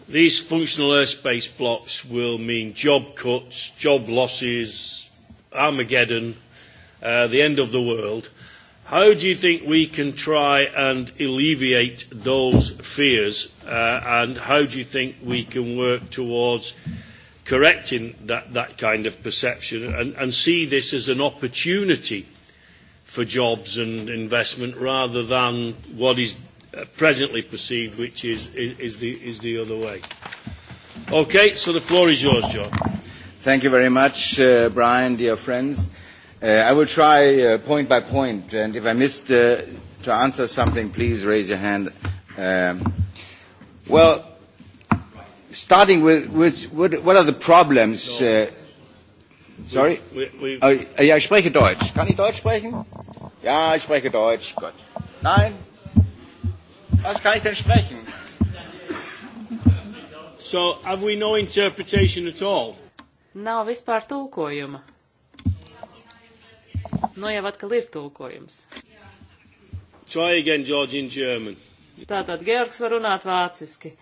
These functional airspace blocks will mean job cuts, job losses, Armageddon, uh, the end of the world. How do you think we can try and alleviate those fears? Uh, and how do you think we can work towards correcting that, that kind of perception and, and see this as an opportunity for jobs and investment rather than what is uh, presently perceived, which is, is, is, the, is the other way? Okay, so the floor is yours, John. Thank you very much, uh, Brian, dear friends. Uh, Uh, I will try uh, point by point, and if I missed uh, to answer something, please raise your hand. Um, well, starting with, with what, what are the problems? Uh, sorry? We, we, we oh, ja, ich spreche Deutsch. Kann ich Deutsch sprechen? Ja, ich spreche Deutsch. Gott. Nein? Was kann ich denn sprechen? So, have we no interpretation at all? Nav vispār tulkojuma. Nu, jau atkal ir tulkojums. Try again, George, in German. Tātad Georgs var runāt vāciski.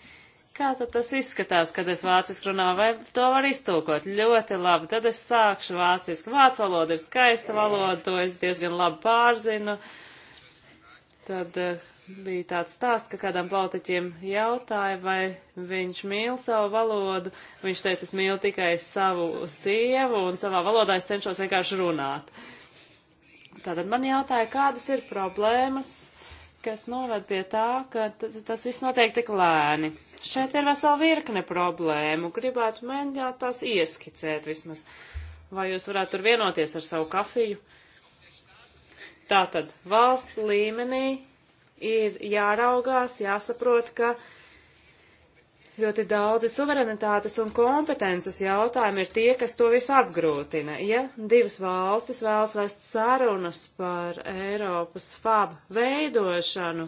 Kā tad tas izskatās, kad es vāciski runāju, vai to var iztulkot? Ļoti labi, tad es sākšu vāciski. Vācu valoda ir skaista valoda, to es diezgan labi pārzinu. Tad eh, bija tāds stāsts, ka kādam politiķiem jautāja, vai viņš mīl savu valodu. Viņš teica, es mīlu tikai savu sievu un savā valodā es cenšos vienkārši runāt. Uh, Tātad man jautāja, kādas ir problēmas, kas noved pie tā, ka tas viss notiek tik lēni. Šeit ir vesela virkne problēmu, gribētu mēģināt tās ieskicēt vismaz. Vai jūs varētu tur vienoties ar savu kafiju? Tātad valsts līmenī ir jāraugās, jāsaprot, ka uh, Ļoti daudzi suverenitātes un kompetences jautājumi ir tie, kas to visu apgrūtina. Ja divas valstis vēlas vest sarunas par Eiropas FAB veidošanu,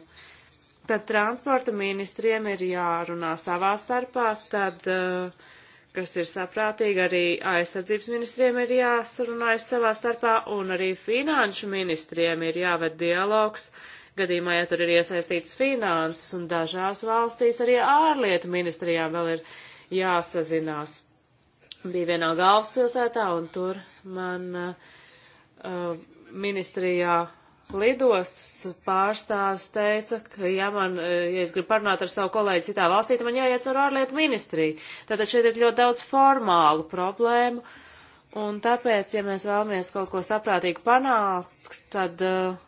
tad transporta ministriem ir jārunā savā starpā, tad, eh, kas ir saprātīgi, arī aizsardzības ministriem ir jāsarunājas savā starpā, un arī finanšu ministriem ir jāved dialogs. Uh, gadījumā, ja tur ir iesaistīts finanses, un dažās valstīs arī ārlietu ministrijām vēl ir jāsazinās. Bija vienā galvaspilsētā, un tur man uh, uh ministrijā lidostas pārstāvis teica, ka, ja man, uh, ja es gribu parunāt ar savu kolēģi citā valstī, tad man jāiet caur ārlietu ministriju. Tātad šeit ir ļoti daudz formālu problēmu, un tāpēc, ja mēs vēlamies kaut ko saprātīgi panākt, tad uh,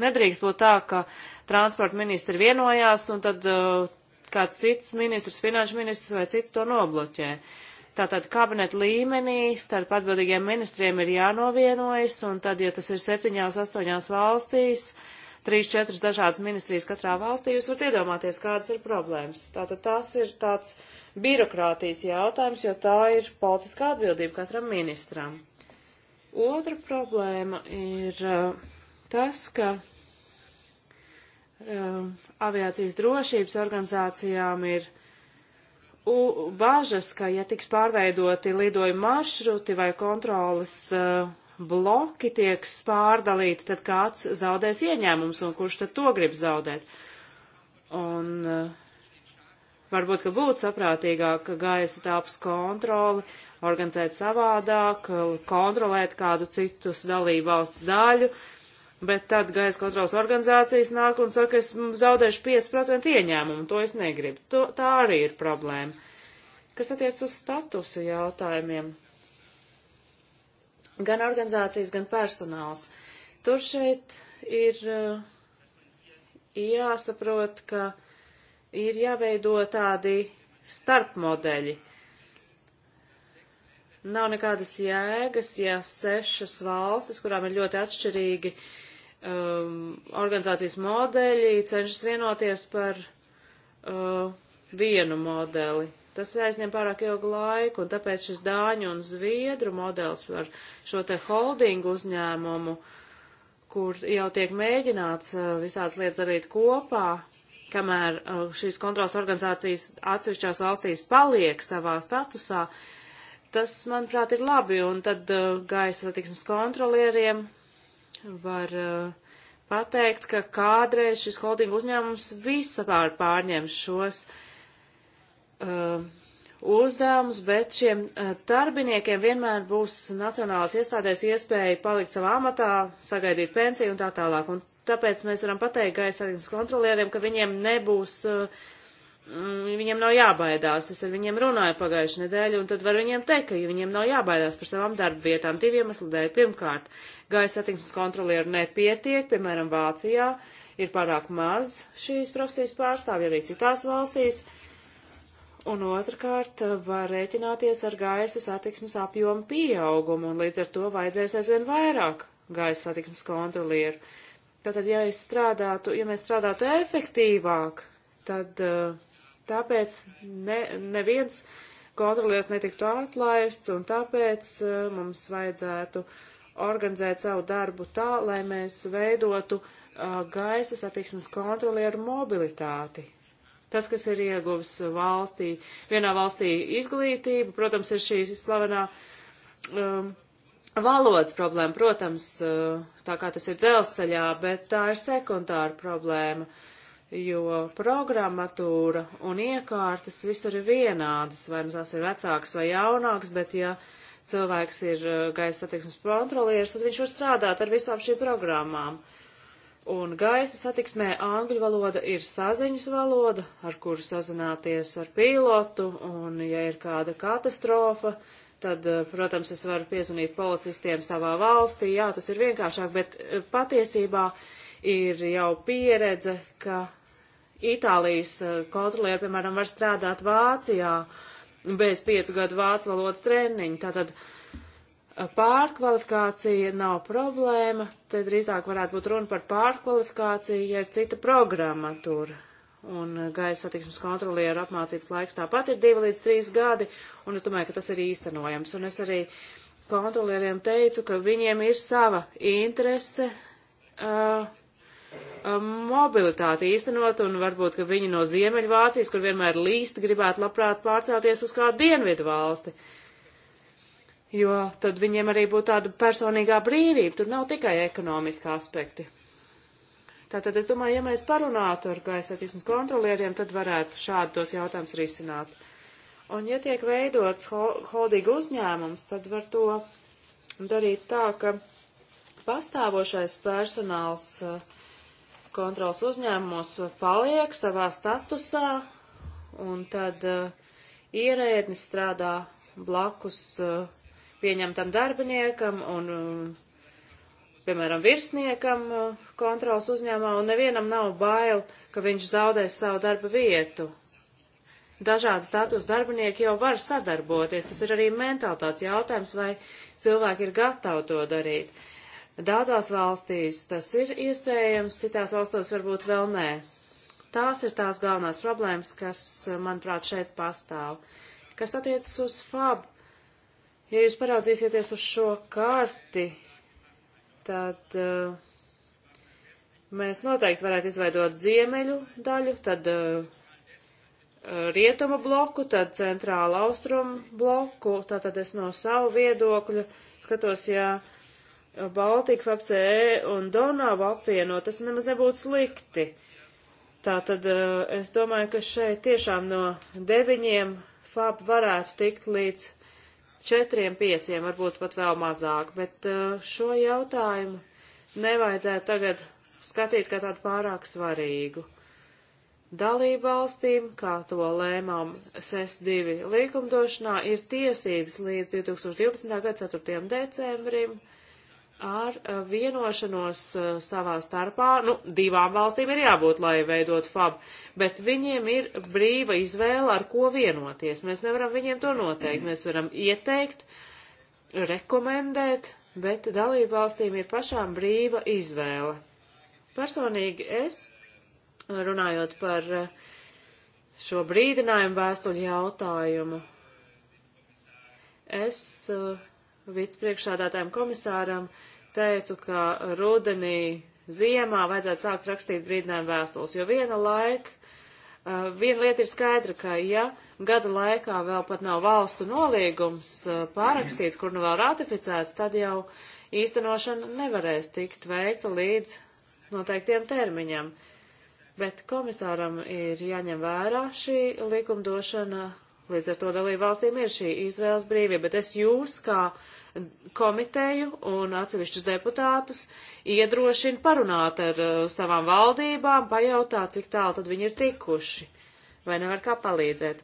Nedrīkst būt tā, ka transporta ministri vienojās un tad uh, kāds cits ministrs, finanšu ministrs vai cits to nobloķē. Tātad kabineta līmenī starp atbildīgiem ministriem ir jānovienojas, un tad, ja tas ir septiņās, astoņās valstīs, trīs, četras dažādas ministrijas katrā valstī, jūs varat iedomāties, kādas ir problēmas. Tātad tas ir tāds birokrātijas jautājums, jo tā ir politiskā atbildība katram ministram. Otra problēma ir. Uh, Tas, ka um, aviācijas drošības organizācijām ir u, bažas, ka, ja tiks pārveidoti lidojuma maršruti vai kontrolas uh, bloki tiek spārdalīti, tad kāds zaudēs ieņēmums un kurš tad to grib zaudēt. Un uh, varbūt, ka būtu saprātīgāk gaisa tāps kontroli, organizēt savādāk, uh, kontrolēt kādu citus dalību valsts daļu, uh, Bet tad gaisa kontrols organizācijas nāk un saka, es zaudēšu 5% ieņēmumu, to es negribu. To, tā arī ir problēma. Kas attiec uz statusu jautājumiem? Gan organizācijas, gan personāls. Tur šeit ir uh, jāsaprot, ka ir jāveido tādi starpmodeļi. Nav nekādas jēgas, ja sešas valstis, kurām ir ļoti atšķirīgi uh, um, organizācijas modeļi cenšas vienoties par uh, vienu modeli. Tas aizņem pārāk ilgu laiku, un tāpēc šis dāņu un zviedru modelis par šo te holdingu uzņēmumu, kur jau tiek mēģināts uh, visādas lietas darīt kopā, kamēr uh, šīs kontrols organizācijas atsevišķās valstīs paliek savā statusā, tas, manuprāt, ir labi, un tad uh, gaisa satiksmes kontrolieriem var uh, pateikt, ka kādreiz šis holdinga uzņēmums vispār pārņem šos uh, uzdevumus, bet šiem uh, darbiniekiem vienmēr būs nacionālās iestādēs iespēja palikt savā amatā, sagaidīt pensiju un tā tālāk. Un tāpēc mēs varam pateikt gaisarības kontrolieriem, ka viņiem nebūs uh, Mm, viņiem nav jābaidās. Es ar viņiem runāju pagājušajā nedēļā, un tad var viņiem teikt, ka viņiem nav jābaidās par savām darba vietām. Divi iemesli dēļ. Pirmkārt, gaisa satiksmes kontrolieru nepietiek, piemēram, Vācijā ir pārāk maz šīs profesijas pārstāvju arī citās valstīs. Un otrkārt, var rēķināties ar gaisa satiksmes apjomu pieaugumu, un līdz ar to vajadzēs aizvien vairāk gaisa satiksmes kontrolieru. Tātad, ja, strādātu, ja mēs strādātu efektīvāk, tad uh, Tāpēc ne, neviens kontrolieris netiktu atlaists, un tāpēc eh, mums vajadzētu organizēt savu darbu tā, lai mēs veidotu uh, gaisa satiksmes kontrolieru mobilitāti. Tas, kas ir ieguvis valstī, vienā valstī izglītību, protams, ir šī slavenā um, Valodas problēma, protams, eh, tā kā tas ir dzelzceļā, bet tā ir sekundāra problēma jo programmatūra un iekārtas visur ir vienādas, vai nu tās ir vecākas vai jaunākas, bet ja cilvēks ir uh, gaisa satiksmes kontrolieris, tad viņš var strādāt ar visām šīm programmām. Un gaisa satiksmē angļu valoda ir saziņas valoda, ar kuru sazināties ar pilotu, un ja ir kāda katastrofa, tad, uh, protams, es varu piezvanīt policistiem savā valstī, jā, tas ir vienkāršāk, bet uh, patiesībā ir jau pieredze, ka Itālijas eh, kontrolieri, piemēram, var strādāt Vācijā bez piecu gadu vācu valodas treniņu. Tātad eh, pārkvalifikācija nav problēma, te drīzāk varētu būt runa par pārkvalifikāciju, ja ir cita programma tur. Un eh, gaisa satiksmes kontrolieru apmācības laiks tāpat ir divi līdz trīs gadi, un es domāju, ka tas ir īstenojams. Un es arī kontrolieriem teicu, ka viņiem ir sava interese. Uh, Um, mobilitāti īstenot, un varbūt, ka viņi no Ziemeļvācijas, kur vienmēr līst, gribētu labprāt pārcelties uz kādu dienvidu valsti. Jo tad viņiem arī būtu tāda personīgā brīvība, tur nav tikai ekonomiski aspekti. Tātad es domāju, ja mēs parunātu ar gaisa attīstības kontrolieriem, tad varētu šādos jautājumus risināt. Un ja tiek veidots holdīga uzņēmums, tad var to darīt tā, ka pastāvošais personāls uh, kontrols uzņēmumos paliek savā statusā, un tad uh, ierēdnis strādā blakus uh, pieņemtam darbiniekam un, um, piemēram, virsniekam uh, kontrols uzņēmumā, un nevienam nav bail, ka viņš zaudēs savu darba vietu. Dažādi status darbinieki jau var sadarboties, tas ir arī mentalitāts jautājums, vai cilvēki ir gatavi to darīt. Uh, Daudzās valstīs tas ir iespējams, citās valstīs varbūt vēl nē. Tās ir tās galvenās problēmas, kas, eh, manuprāt, šeit pastāv. Kas attiecas uz FAB, ja jūs paraudzīsieties uz šo karti, tad uh, mēs noteikti varētu izveidot ziemeļu daļu, tad uh, rietumu bloku, tad centrālu austrumu bloku. Tātad es no savu viedokļu skatos, ja Baltika, FCE e un Donavu apvienot, tas nemaz nebūtu slikti. Tātad eh, es domāju, ka šeit tiešām no deviņiem FAB varētu tikt līdz četriem, pieciem, varbūt pat vēl mazāk, bet eh, šo jautājumu nevajadzētu tagad skatīt kā tādu pārāk svarīgu. Dalību valstīm, kā to lēmām SES2 līkumdošanā, ir tiesības līdz 2012. gada 4. decembrim ar eh, vienošanos eh, savā starpā, nu, divām valstīm ir jābūt, lai veidot FAB, bet viņiem ir brīva izvēle, ar ko vienoties. Mēs nevaram viņiem to noteikt, mēs varam ieteikt, rekomendēt, bet dalību valstīm ir pašām brīva izvēle. Personīgi es, runājot par eh, šo brīdinājumu vēstuļu jautājumu, es uh, vicepriekšādātājiem komisāram teicu, ka rudenī, ziemā vajadzētu sākt rakstīt brīdinājumu vēstules, jo viena laika, eh, viena lieta ir skaidra, ka ja gada laikā vēl pat nav valstu nolīgums eh, pārakstīts, kur nu vēl ratificēts, tad jau īstenošana nevarēs tikt veikta līdz noteiktiem termiņam. Bet komisāram ir jāņem vērā šī likumdošana Līdz ar to dalību valstīm ir šī izvēles brīvība, bet es jūs kā komiteju un atsevišķus deputātus iedrošinu parunāt ar uh, savām valdībām, pajautāt, cik tālu tad viņi ir tikuši, vai nevar kā palīdzēt.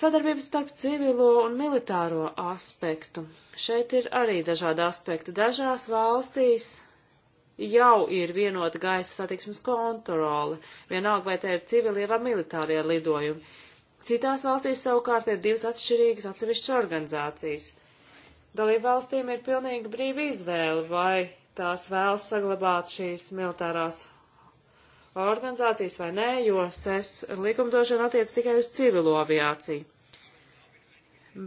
Sadarbības starp civilo un militāro aspektu. Šeit ir arī dažādi aspekti. Dažās valstīs jau ir vienota gaisa satiksmes kontrole, vienalga vai te ir civilie vai militārie lidojumi Citās valstīs savukārt ir divas atšķirīgas atsevišķas organizācijas. Dalībvalstīm ir pilnīga brīva izvēle, vai tās vēlas saglabāt šīs militārās organizācijas vai nē, jo SES e likumdošana attiec tikai uz civilo aviāciju.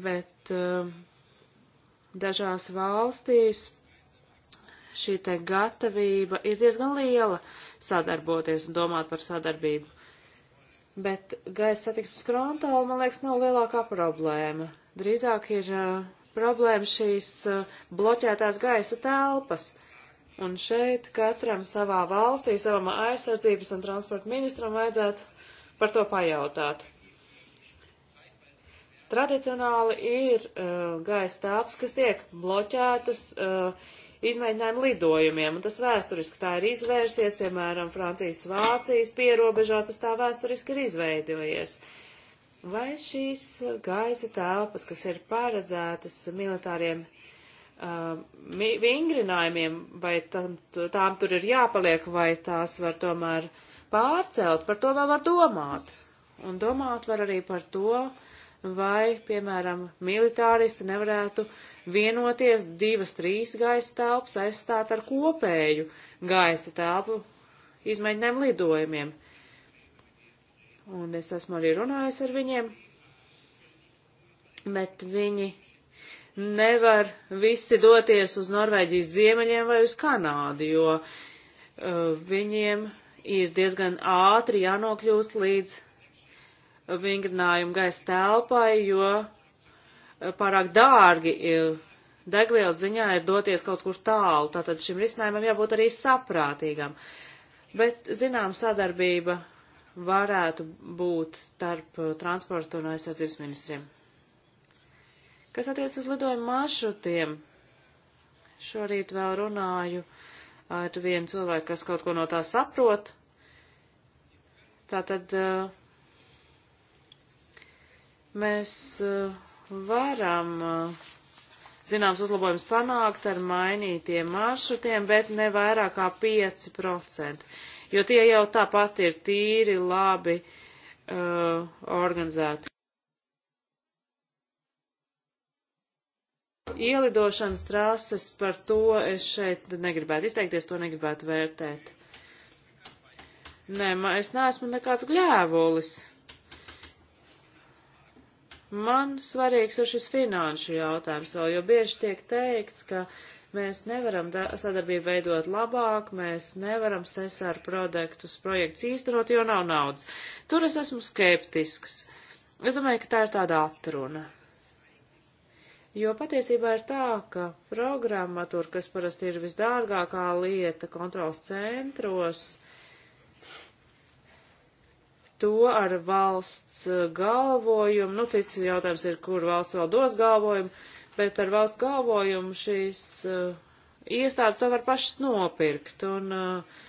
Bet um, dažās valstīs šī te gatavība ir diezgan liela sadarboties un domāt par sadarbību. Bet gaisa satiksmes kontrola, man liekas, nav lielākā problēma. Drīzāk ir uh, problēma šīs uh, bloķētās gaisa telpas. Un šeit katram savā valstī, savam aizsardzības un transporta ministram vajadzētu par to pajautāt. Tradicionāli ir uh, gaisa telpas, kas tiek bloķētas. Uh, izmēģinājumu lidojumiem, un tas vēsturiski tā ir izvērsies, piemēram, Francijas-Vācijas pierobežā tas tā vēsturiski ir izveidojies. Vai šīs gaisa telpas, kas ir paredzētas militāriem uh, vingrinājumiem, vai tam, tām tur ir jāpaliek, vai tās var tomēr pārcelt, par to vēl var domāt. Un domāt var arī par to, vai, piemēram, militāristi nevarētu uh, vienoties divas, trīs gaisa telpas aizstāt ar kopēju gaisa telpu izmēģinājumu lidojumiem. Un es esmu arī runājis ar viņiem, bet viņi nevar visi doties uz Norvēģijas ziemeļiem vai uz Kanādu, jo uh, viņiem ir diezgan ātri jānokļūst līdz vingrinājumu gaisa telpai, jo pārāk dārgi e, degvielas ziņā ir doties kaut kur tālu, tātad šim risinājumam jābūt arī saprātīgam. Bet, zinām, sadarbība varētu būt starp e, transporta un aizsardzības ministriem. Kas attiec uz lidojumu maršrutiem? Šorīt vēl runāju ar vienu cilvēku, kas kaut ko no tā saprot. Tātad e, mēs varam eh, zināms uzlabojums panākt ar mainītiem maršrutiem, bet ne vairāk kā 5%, jo tie jau tāpat ir tīri labi uh, organizēti. Ielidošanas trases par to es šeit negribētu izteikties, to negribētu vērtēt. Nē, ma, es neesmu nekāds gļēvulis. Man svarīgs ir šis finanšu jautājums vēl, jo bieži tiek teikts, ka mēs nevaram sadarbību veidot labāk, mēs nevaram sesāru produktus, projekts īstenot, jo nav naudas. Tur es esmu skeptisks. Es domāju, ka tā ir tāda atruna. Jo patiesībā ir tā, ka programmatūra, kas parasti ir visdārgākā lieta kontrols centros, uh, to ar valsts uh, galvojumu, nu cits jautājums ir, kur valsts vēl dos galvojumu, bet ar valsts galvojumu šīs uh, iestādes to var pašas nopirkt un uh,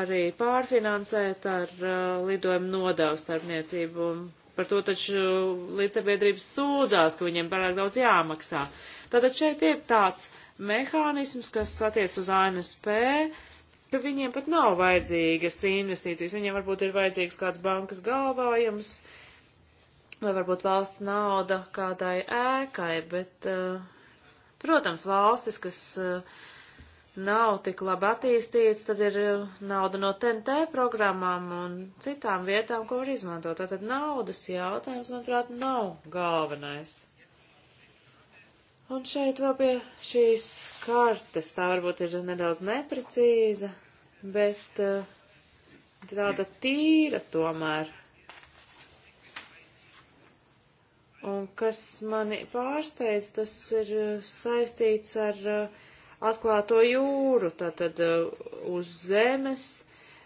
arī pārfinansēt ar uh, lidojumu nodevu starpniecību. Par to taču līdzsabiedrības sūdzās, ka viņiem pārāk daudz jāmaksā. Tātad šeit ir tāds mehānisms, kas attiec uz ANSP, uh, ka viņiem pat nav vajadzīgas investīcijas. Viņiem varbūt ir vajadzīgs kāds bankas galvājums vai varbūt valsts nauda kādai ēkai, bet, eh, protams, valstis, kas eh, nav tik labi attīstīts, tad ir eh, nauda no TNT programmām un citām vietām, ko var izmantot. Tātad naudas jautājums, manuprāt, nav galvenais. Un šeit vēl pie šīs kartes tā varbūt ir nedaudz neprecīza, bet eh, tāda tīra tomēr. Un kas mani pārsteidz, tas ir eh, saistīts ar eh, atklāto jūru, tātad uz zemes.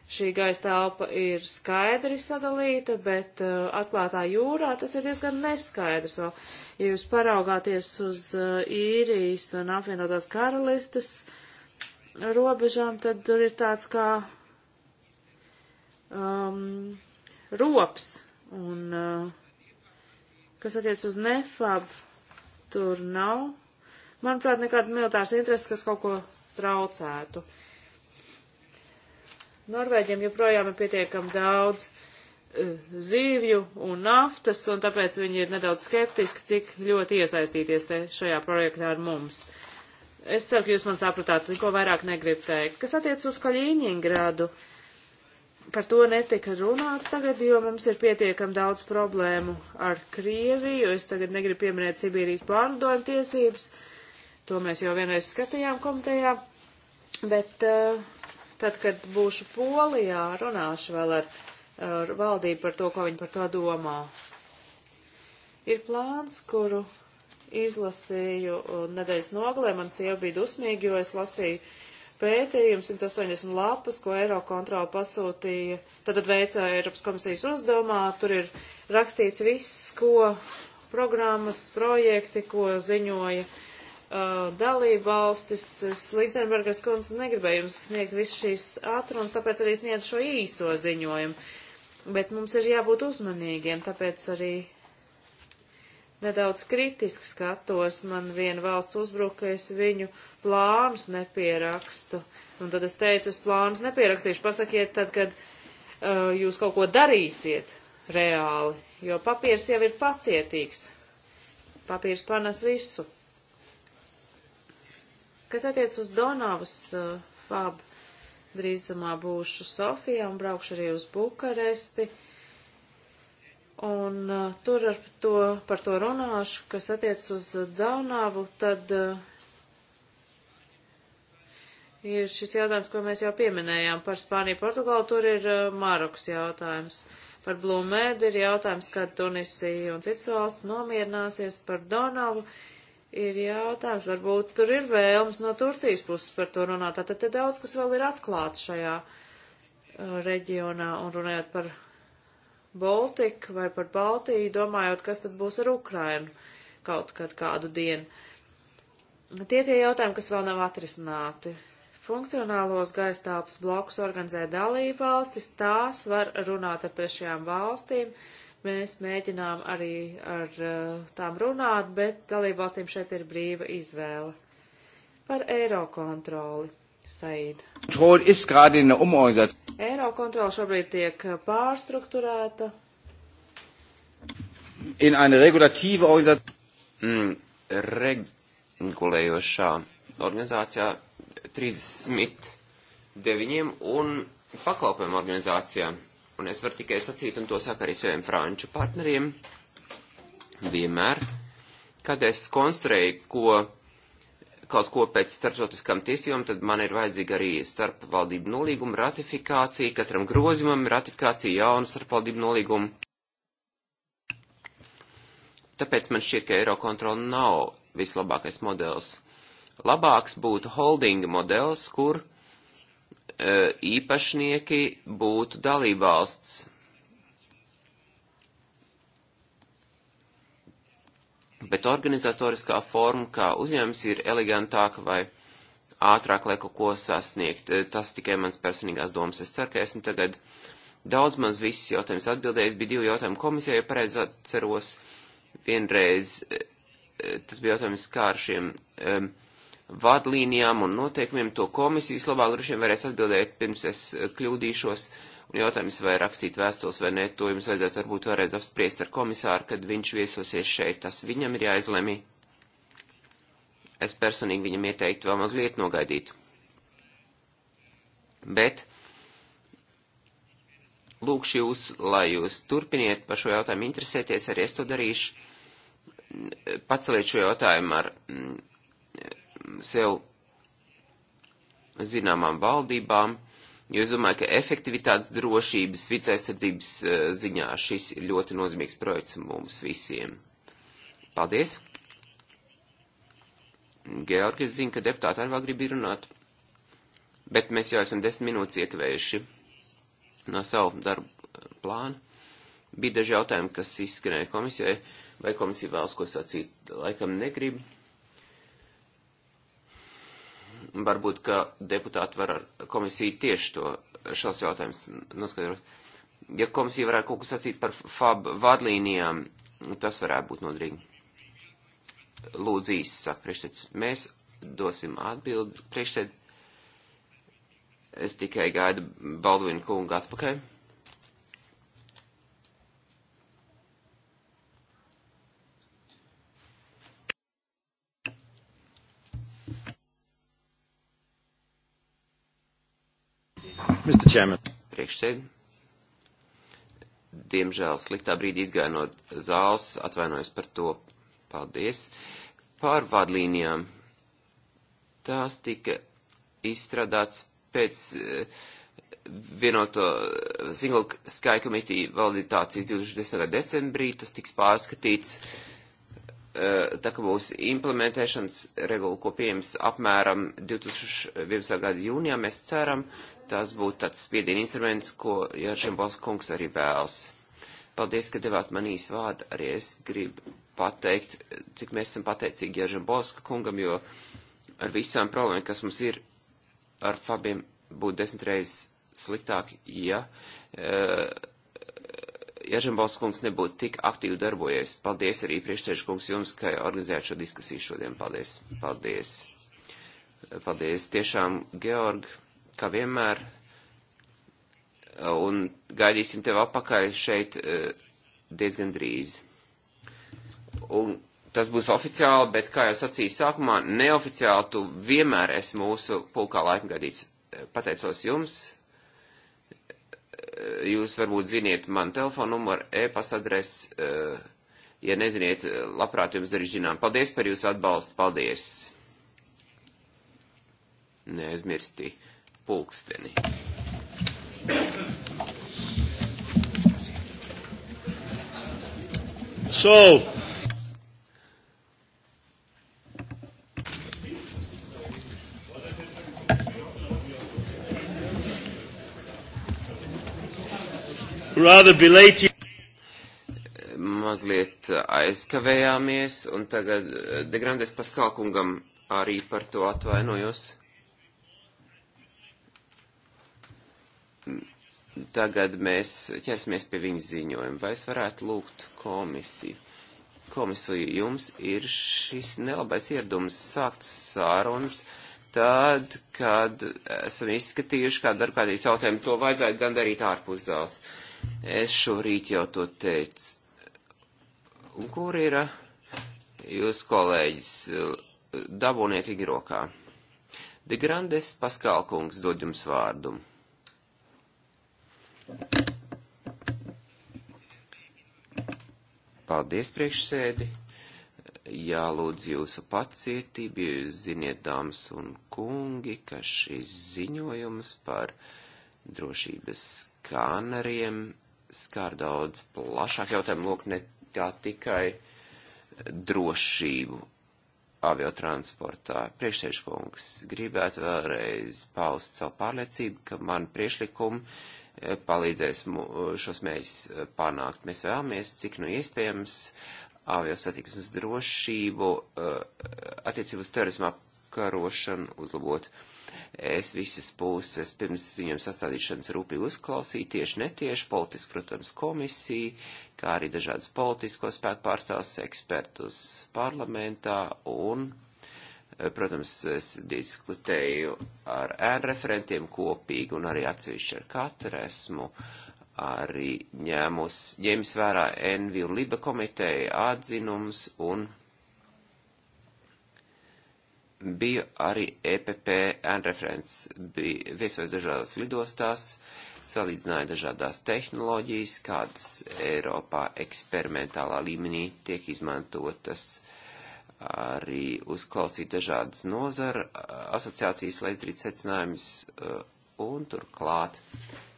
Šī gaisa telpa ir skaidri sadalīta, bet atklātā jūrā tas ir diezgan neskaidrs. Vēl. Ja jūs paraugāties uz īrijas un apvienotās karalistes uh, robežām, tad tur ir tāds kā um, rops, un uh, kas attiec uz nefab, tur nav, manuprāt, nekādas militāras intereses, kas kaut ko traucētu. Norvēģiem joprojām ir pietiekami daudz uh, zīvju un naftas, un tāpēc viņi ir nedaudz skeptiski, cik ļoti iesaistīties te šajā projektā ar mums. Uh, Es ceru, ka jūs man sapratāt, neko vairāk negribu teikt. Kas attiec uz Kaļīņingradu, par to netika runāts tagad, jo mums ir pietiekam daudz problēmu ar Krieviju. Es tagad negribu pieminēt Sibīrijas pārlidojumu tiesības. To mēs jau vienreiz skatījām komitejā. Bet uh, tad, kad būšu Polijā, runāšu vēl ar, ar valdību par to, ko viņi par to domā. Ir plāns, kuru izlasīju uh, nedēļas nogalē. Man sieva bija dusmīga, jo es lasīju pētījumu 180 lapas, ko Eirokontrola pasūtīja. Tātad veicā Eiropas komisijas uzdevumā. Tur ir rakstīts viss, ko programmas, projekti, ko ziņoja uh, dalība valstis. Sliktenbergas kundze negribēja jums sniegt visu šīs atrunas, tāpēc arī sniedz šo īso ziņojumu. Bet mums ir jābūt uzmanīgiem, tāpēc arī nedaudz kritiski skatos, man viena valsts uzbruka, ka es viņu plānus nepierakstu. Un tad es teicu, es plānus nepierakstīšu, pasakiet tad, kad uh, jūs kaut ko darīsiet reāli, jo papīrs jau ir pacietīgs. Papīrs panes visu. Kas attiec uz Donavas uh, fabu, drīzumā būšu Sofijā un braukšu arī uz Bukaresti. Uh, Un uh, tur ar to, par to runāšu, kas attiec uz Daunavu, tad uh, ir šis jautājums, ko mēs jau pieminējām par Spāniju, Portugālu, tur ir uh, Marokas jautājums. Par Blūmēdu ir jautājums, kad Tunisija un citas valsts nomierināsies par Donavu. Ir jautājums, varbūt tur ir vēlms no Turcijas puses par to runāt. Tātad te daudz, kas vēl ir atklāts šajā uh, reģionā un runājot par Baltiku vai par Baltiju, domājot, kas tad būs ar Ukrainu kaut kad kādu dienu. Tie tie jautājumi, kas vēl nav atrisināti. Funkcionālos gaistāpus blokus organizē dalību valstis, tās var runāt ar trešajām valstīm. Mēs mēģinām arī ar eh, tām runāt, bet dalību valstīm šeit ir brīva izvēle. Par eiro kontroli. Said. Eirokontrola šobrīd tiek pārstruktūrēta. In eine regulatīva organizācija. Mm, regulējošā organizācijā 39 un pakalpojumu organizācijām. Un es varu tikai sacīt, un to saka arī saviem franču partneriem, vienmēr, kad es konstruēju, ko kaut ko pēc starptautiskām tiesībām, tad man ir vajadzīga arī starpvaldību nolīguma ratifikācija, katram grozījumam ir ratifikācija jauna starpvaldību nolīguma. Tāpēc man šķiet, ka Eirokontrola nav vislabākais modelis. Labāks būtu holdinga modelis, kur e, īpašnieki būtu dalībvalsts bet organizatoriskā forma, kā uzņēmums, ir elegantāka vai ātrāk, lai kaut ko sasniegt. Eh, tas tikai mans personīgās domas. Es ceru, ka esmu tagad daudz mans viss jautājums atbildējis. Bija divi jautājumi komisijai, ja pareizi atceros. Vienreiz eh, tas bija jautājums kā ar šiem um, vadlīnijām un noteikumiem. To komisijas labāk droši vien varēs atbildēt, pirms es kļūdīšos. Uh, Un jautājums, vai rakstīt vēstules vai nē, to jums vajadzētu varbūt vēlreiz apspriest ar komisāru, kad viņš viesosies šeit. Tas viņam ir jāizlemj. Es personīgi viņam ieteiktu vēl mazliet nogaidīt. Bet lūkšu jūs, lai jūs turpiniet par šo jautājumu interesēties, arī es to darīšu. Paceliet šo jautājumu ar mm, sev zināmām valdībām, Jo es domāju, ka efektivitātes drošības, vidas aizsardzības eh, ziņā šis ir ļoti nozīmīgs projekts mums visiem. Paldies! Georgi, es zinu, ka deputāti arī vēl grib runāt, bet mēs jau esam desmit minūtes iekavējuši no savu darbu eh, plānu. Bija daži jautājumi, kas izskanēja komisijai, vai komisija vēlas ko sacīt, laikam negrib varbūt, ka deputāti var ar komisiju tieši to šos jautājumus noskaidrot. Ja komisija varētu kaut ko sacīt par FAB vadlīnijām, tas varētu būt nodrīgi. Lūdzu, īsi saka priekšsēdus. Mēs dosim atbildi priekšsēd. Es tikai gaidu Baldvinu kungu atpakaļ. Mr. Chairman. Priekšsēdi. Diemžēl sliktā brīdī izgāja no zāles, atvainojos par to. Paldies. Par vadlīnijām. Tās tika izstrādāts pēc eh, vienoto Single Sky Committee validitācijas 20. decembrī. Tas tiks pārskatīts eh, tā kā būs implementēšanas regula, ko pieņems apmēram 2011. gada jūnijā, mēs ceram, tas būtu tāds spiediena instruments, ko Jāržiem Balskungs arī vēlas. Paldies, ka devāt man īsti vārdu. Arī es gribu pateikt, cik mēs esam pateicīgi Jāržiem Balska kungam, jo ar visām problēmām, kas mums ir ar Fabiem, būtu desmit reizes sliktāk, ja eh, Jāržiem Balska kungs nebūtu tik aktīvi darbojies. Paldies arī priekšsēžu kungs jums, ka organizējāt šo diskusiju šodien. Paldies. Paldies. Paldies tiešām, Georgi kā vienmēr, un gaidīsim tevi apakaļ šeit e, diezgan drīz. Un tas būs oficiāli, bet, kā jau sacīju sākumā, neoficiāli tu vienmēr esi mūsu pulkā laikmgadīts. E, pateicos jums. E, jūs varbūt ziniet man telefonu numuru, e-pasta adresi. Ja neziniet, labprāt jums darīšu zinām. Paldies par jūsu atbalstu. Paldies. Neaizmirstī pulksteni. So. Rather belated mazliet aizkavējāmies, un tagad eh, Degrandes Paskalkungam arī par to atvainojos. tagad mēs ķersimies pie viņas ziņojuma. Vai es varētu lūgt komisiju? Komisija, jums ir šis nelabais iedums sākt sārunas tad, kad esam izskatījuši kādu ar kādīs jautājumu. To vajadzētu gan darīt ārpus zāles. Es šorīt jau to teicu. Un kur ir eh, jūs kolēģis? Dabūniet igrokā. De Grandes Paskalkungs dod jums vārdumu. Paldies, priekšsēdi! jālūdz jūsu pacietību, jo jūs ziniet, dāmas un kungi, ka šis ziņojums par drošības skaneriem skār daudz plašāk jautājumu loku nekā tikai drošību aviotransportā. Priekšsēžkungs gribētu vēlreiz paust savu pārliecību, ka man priešlikumi Eh, palīdzēs eh, šos mērķus eh, panākt. Mēs vēlamies, cik nu iespējams, aviosatiksmes drošību, attiecības terorismu apkarošanu uzlabot. Es visas puses pirms ziņām sastādīšanas rūpīgi uzklausīju, tieši netieši, politiski, protams, komisiju, kā arī dažādas politisko spēku pārstāvs ekspertus parlamentā un Protams, es diskutēju ar ēnu referentiem kopīgi un arī atsevišķi ar katru esmu arī ņēmus, ņēmis vērā Envi un Liba komiteja atzinums un biju arī EPP ēnu referents, bija viesojas dažādās lidostās, salīdzināja dažādās tehnoloģijas, kādas Eiropā eksperimentālā līmenī tiek izmantotas arī uzklausīt dažādas nozara asociācijas, lai izdarītu secinājumus eh, un turklāt.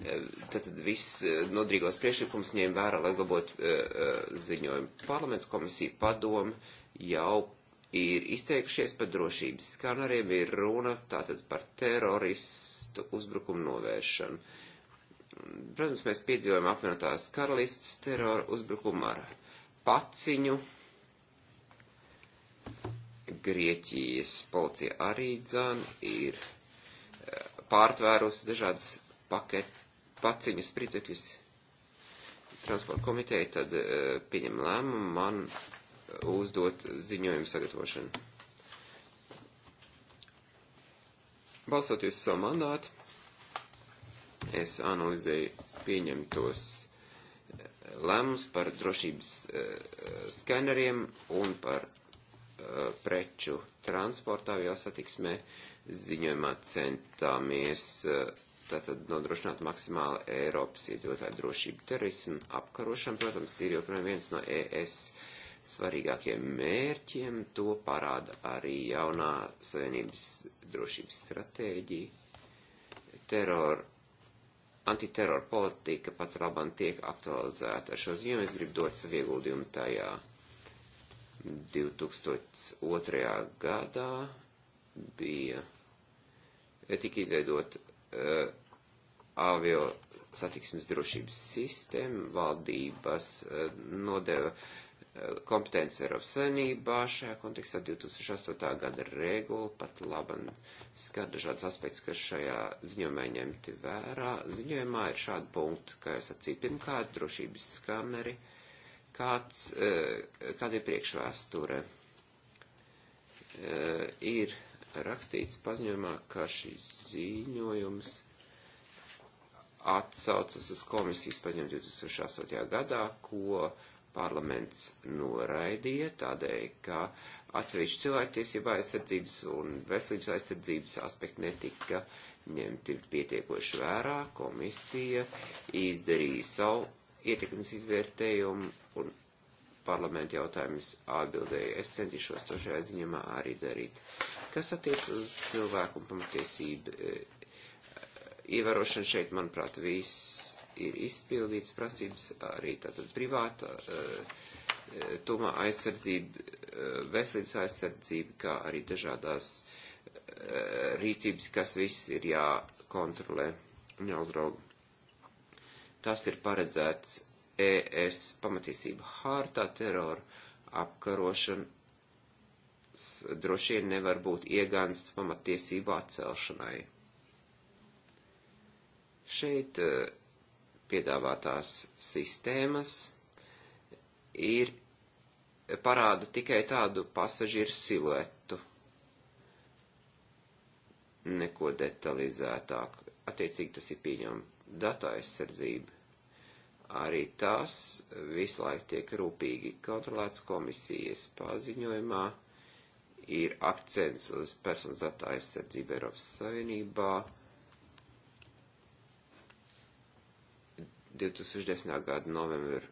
Eh, tad viss eh, nodrīgos priekšlikums ņēma vērā, lai uzlabotu ziņojumu. Parlaments komisija padomu jau ir izteikušies par drošības skaneriem, ir runa tātad par teroristu uzbrukumu novēršanu. Protams, mēs piedzīvojam apvienotās karalistas teroru uzbrukumu ar paciņu Grieķijas policija arī dzan ir e, pārtvērusi dažādas paket, paciņas spridzekļus. Transporta komiteja tad e, pieņem lēmumu man uzdot ziņojumu sagatavošanu. Balstoties uz savu mandātu, es analizēju pieņemtos e, lēmums par drošības uh, skaneriem un par Eh, preču transportā, jo satiksmē ziņojumā centāmies eh, tātad nodrošināt maksimāli Eiropas iedzīvotāju drošību. Terorismu apkarošana, protams, ir joprojām viens no ES svarīgākiem mērķiem. To parāda arī jaunā Savienības drošības stratēģija. Teror, antiterror politika pat labam tiek aktualizēta. Ar šo ziņu es gribu dot savu ieguldījumu tajā. Uh, 2002. gadā bija eh, tika izveidot uh, avio satiksmes drošības sistēma, valdības uh, nodeva uh, kompetence Eiropas saimnībā šajā kontekstā 2008. gada regula pat laban skat dažādas aspekts, kas šajā ziņojumā ņemti vērā. Ziņojumā ir šādi punkti, kā jau sacīju, pirmkārt drošības skameri. Uh, kāds, eh, kāda ir priekšvēsture. Eh, ir rakstīts paziņojumā, ka šis ziņojums atsaucas uz komisijas paziņojumu 2008. gadā, ko parlaments noraidīja tādēļ, ka atsevišķi cilvēktiesība aizsardzības un veselības aizsardzības aspekti netika ņemti pietiekoši vērā. Komisija izdarīja savu ietekmes izvērtējumu un parlamentu jautājumus atbildēju. Es centīšos to šajā ziņā arī darīt. Kas attiec uz cilvēku un pamatiesību eh, ievērošanu šeit, manuprāt, viss ir izpildīts prasības, arī tātad privāta eh, tumā aizsardzība, eh, veselības aizsardzība, kā arī dažādās rīcības, kas viss ir jākontrolē un jāuzrauga. Tas ir paredzēts ES pamatīsība hārtā terora apkarošana droši vien nevar būt iegānsts pamatiesību atcelšanai. Šeit eh, piedāvātās sistēmas ir eh, parāda tikai tādu pasažieru siluetu, neko detalizētāk. Attiecīgi tas ir pieņemams datu aizsardzība. Arī tas visu laiku tiek rūpīgi kontrolēts komisijas paziņojumā. Ir akcents uz personas datu aizsardzību Eiropas Savienībā. 2010. gada novembra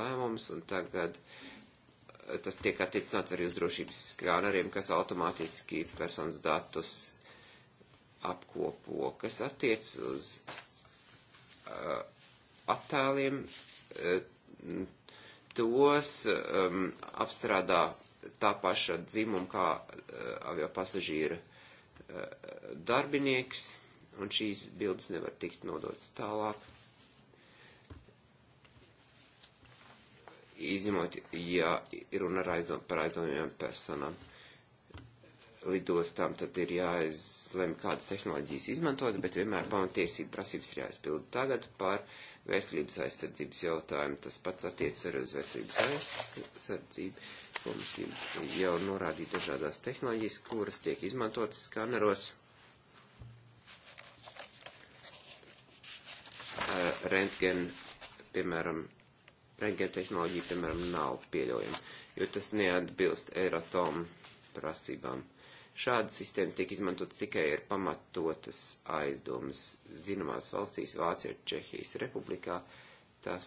lēmums un tagad eh, tas tiek attiecināts arī uz drošības skanariem, kas automātiski personas datus apkopo, kas attiec uz uh, attēliem, uh, tos um, apstrādā tā paša dzimuma kā uh, avio pasažīra uh, darbinieks, un šīs bildes nevar tikt nodotas tālāk. Izņemot, ja runa ir aizdomu, par aizdomiem personām lidostām, tad ir jāizlem, kādas tehnoloģijas izmantot, bet vienmēr pamatiesība prasības ir jāizpild. Tagad par veselības aizsardzības jautājumu. Tas pats attiecas arī uz veselības aizsardzību. Komisija jau norādīja dažādās tehnoloģijas, kuras tiek izmantotas skaneros. Eh, rentgen, piemēram, rentgen tehnoloģija, piemēram, nav pieļaujama, jo tas neatbilst Eiratom prasībām. Šādas sistēmas tiek izmantotas tikai ar pamatotas aizdomas. Zināmās valstīs, Vācijā, Čehijas republikā, tas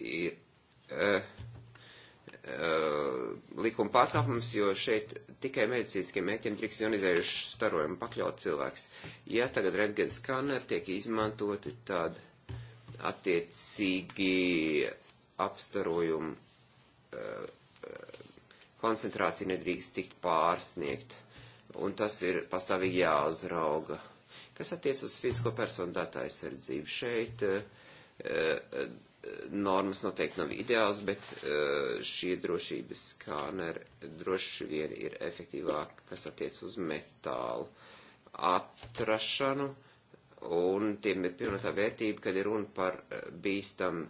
ir uh, uh, likuma pārkāpums, jo šeit tikai medicīniskiem mēķiem tiks ionizējuši starojumu pakļaut cilvēks. Ja tagad rentgens skaneri tiek izmantoti, tad attiecīgi apstarojumu uh, koncentrācija nedrīkst tikt pārsniegt, un tas ir pastāvīgi jāuzrauga. Kas attiec uz fizisko personu datu aizsardzību šeit, eh, eh, normas noteikti nav ideāls, bet eh, šie drošības skāneri droši vien ir efektīvāk, kas attiec uz metālu atrašanu, un tiem ir pilnotā vērtība, kad ir runa par bīstam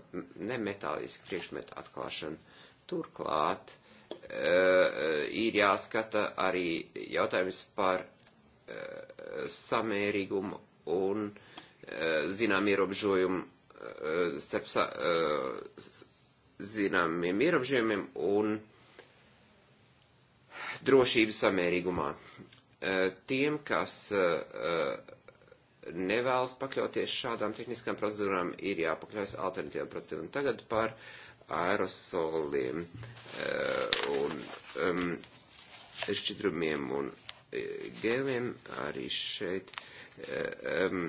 nemetālisku priekšmetu atklāšanu. Turklāt, uh, Eh, eh, ir jāskata arī jautājums par eh, samērīgumu un zinām ierobežojumu starp zināmiem ierobežojumiem un drošību samērīgumā. Tiem, kas nevēlas pakļauties šādām tehniskām procedūrām, ir jāpakļaujas alternatīvām procedūrām. Tagad par uh, aerosoliem eh, un um, šķidrumiem un eh, gēliem arī šeit um,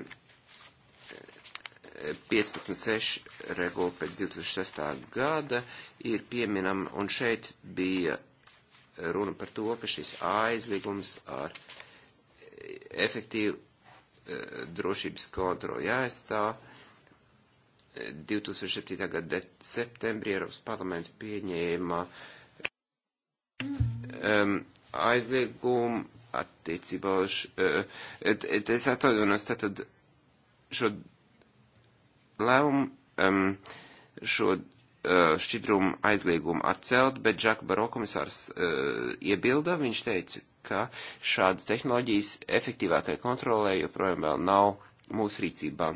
eh, 15.6 regula pēc 2006. gada ir pieminama, un šeit bija runa par to, ka šis aizliegums ar efektīvu drošības kontroli jāaizstāv 2007. gada septembrī Eiropas parlamenta pieņēma um, aizliegumu attiecībā uz. Uh, es atvainojos, tātad šo lēmumu, um, šo uh, šķidrumu aizliegumu atcelt, bet Džaka Baro komisārs uh, iebilda, viņš teica, ka šādas tehnoloģijas efektīvākai kontrolē joprojām vēl nav mūsu rīcībā.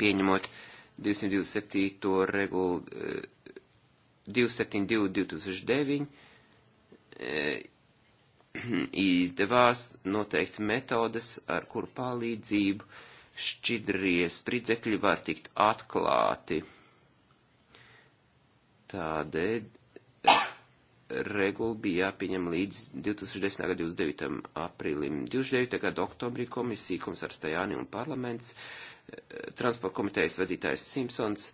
Pieņemot uh, 227. regulu 272-2009 eh, eh, <clears throat> izdevās noteikt metodes, ar kuru palīdzību šķidrie spridzekļi var tikt atklāti. Tādēļ eh, regula bija jāpieņem līdz 2010. gada 29. aprīlim. 29. gada oktobrī komisija, komisārs Tajāni un parlaments uh, Transporta komitejas vadītājs Simpsons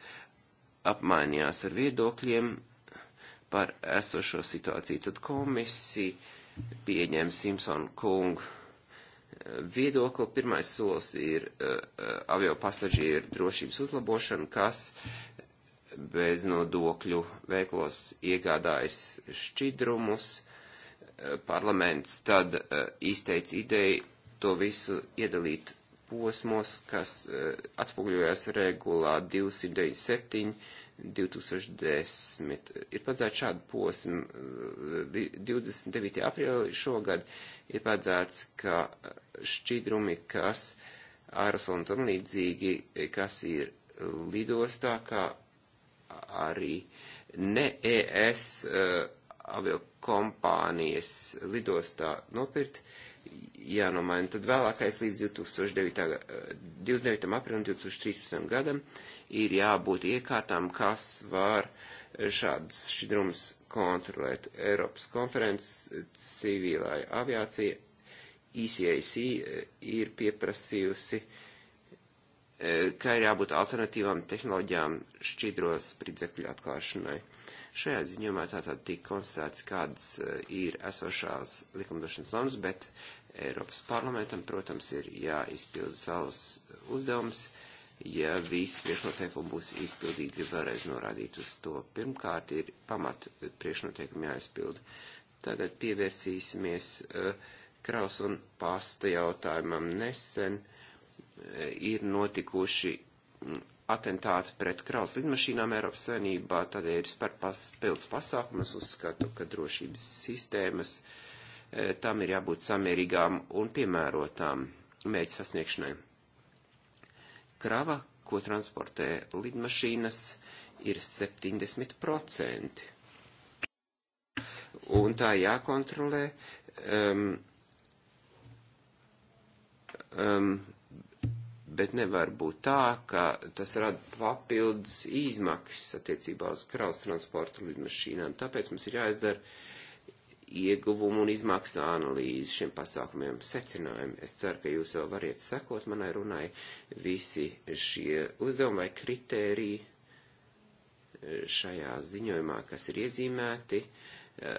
apmainījās ar viedokļiem par esošo situāciju. Tad komisija pieņēma Simpsonu kungu viedokli. Pirmais solis ir uh, avio pasažieru drošības uzlabošana, kas bez nodokļu veiklos iegādājas šķidrumus. Eh, parlaments tad uh, izteica ideju to visu iedalīt posmos, kas eh, atspoguļojās regulā 297, 2010. Ir paredzēts šādu posmu. 29. Eh, aprīlī šogad ir paredzēts, ka eh, šķidrumi, kas aerosoli un tam līdzīgi, kas ir lidostā, kā arī ne ES avio kompānijas lidostā nopirkt, uh, jānomaina. Tad vēlākais līdz 2009, 29. aprīlim 2013. gadam ir jābūt iekārtām, kas var šādas šķidrums kontrolēt. Eiropas konferences civilai aviācija ECAC eh, ir pieprasījusi, eh, ka ir jābūt alternatīvām tehnoloģijām šķidros spridzekļu atklāšanai. Šajā ziņojumā tātad tika konstatēts, kādas eh, ir esošās likumdošanas normas, bet Eiropas parlamentam, protams, ir jāizpilda savus uzdevumus. Ja visi priekšnoteikumi būs izpildīti, gribu vēlreiz norādīt uz to. Pirmkārt, ir pamat priekšnoteikumi jāizpilda. Tagad pievērsīsimies uh, kraus un pasta jautājumam. Nesen uh, ir notikuši mm, atentāti pret kraus lidmašīnām Eiropas Savienībā, tādēļ ir spērt pas, pilns pasākumus, uzskatu, ka drošības sistēmas uh, Eh, tam ir jābūt samērīgām un piemērotām mērķa sasniegšanai. Krava, ko transportē lidmašīnas, ir 70%. Un tā jākontrolē. Um, um, bet nevar būt tā, ka tas rada papildus izmaksas attiecībā uz kraus transportu lidmašīnām. Tāpēc mums ir jāizdara uh, ieguvumu un izmaksu analīzi šiem pasākumiem secinājumi. Es ceru, ka jūs vēl variet sekot manai runai visi šie uzdevumi vai kritēriji e, šajā ziņojumā, kas ir iezīmēti, e,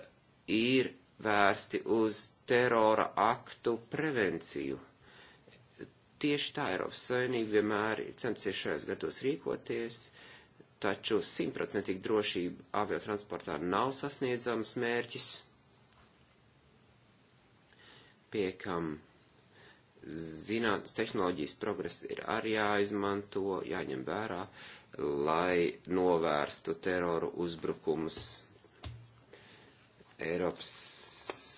ir vērsti uz terora aktu prevenciju. Tieši tā Eiropas Savienība vienmēr ir censies šajos gados rīkoties, taču simtprocentīgi drošība aviotransportā nav sasniedzams mērķis piekam zinātnes tehnoloģijas progress ir arī jāizmanto, jāņem vērā, lai novērstu teroru uzbrukumus. Eiropas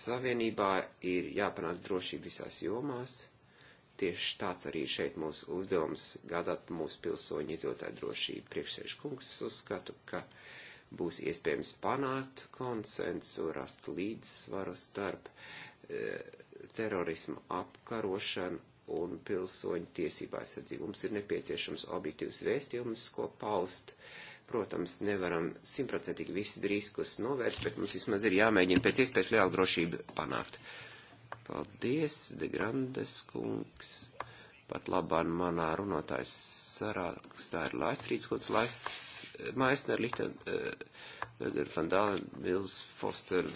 Savienībā ir jāpanāk drošība visās jomās. Tieši tāds arī šeit mūsu uzdevums gādāt mūsu pilsoņu iedzīvotāju drošību. Priekšsēžu kungs uzskatu, ka būs iespējams panākt konsensu, rast līdzsvaru starp e, terorismu apkarošanu un pilsoņu tiesību aizsardzību. Mums ir nepieciešams objektīvs vēstījums, ko paust. Protams, nevaram simtprocentīgi visus riskus novērst, bet mums vismaz ir jāmēģina pēc iespējas lielāku drošību panākt. Paldies, De Grandes kungs. Pat labāk manā runātājs sarakstā ir Laifrīds, kods Laist, eh, Maisner, Lichten, uh, eh, Vandālen, Vils, Foster,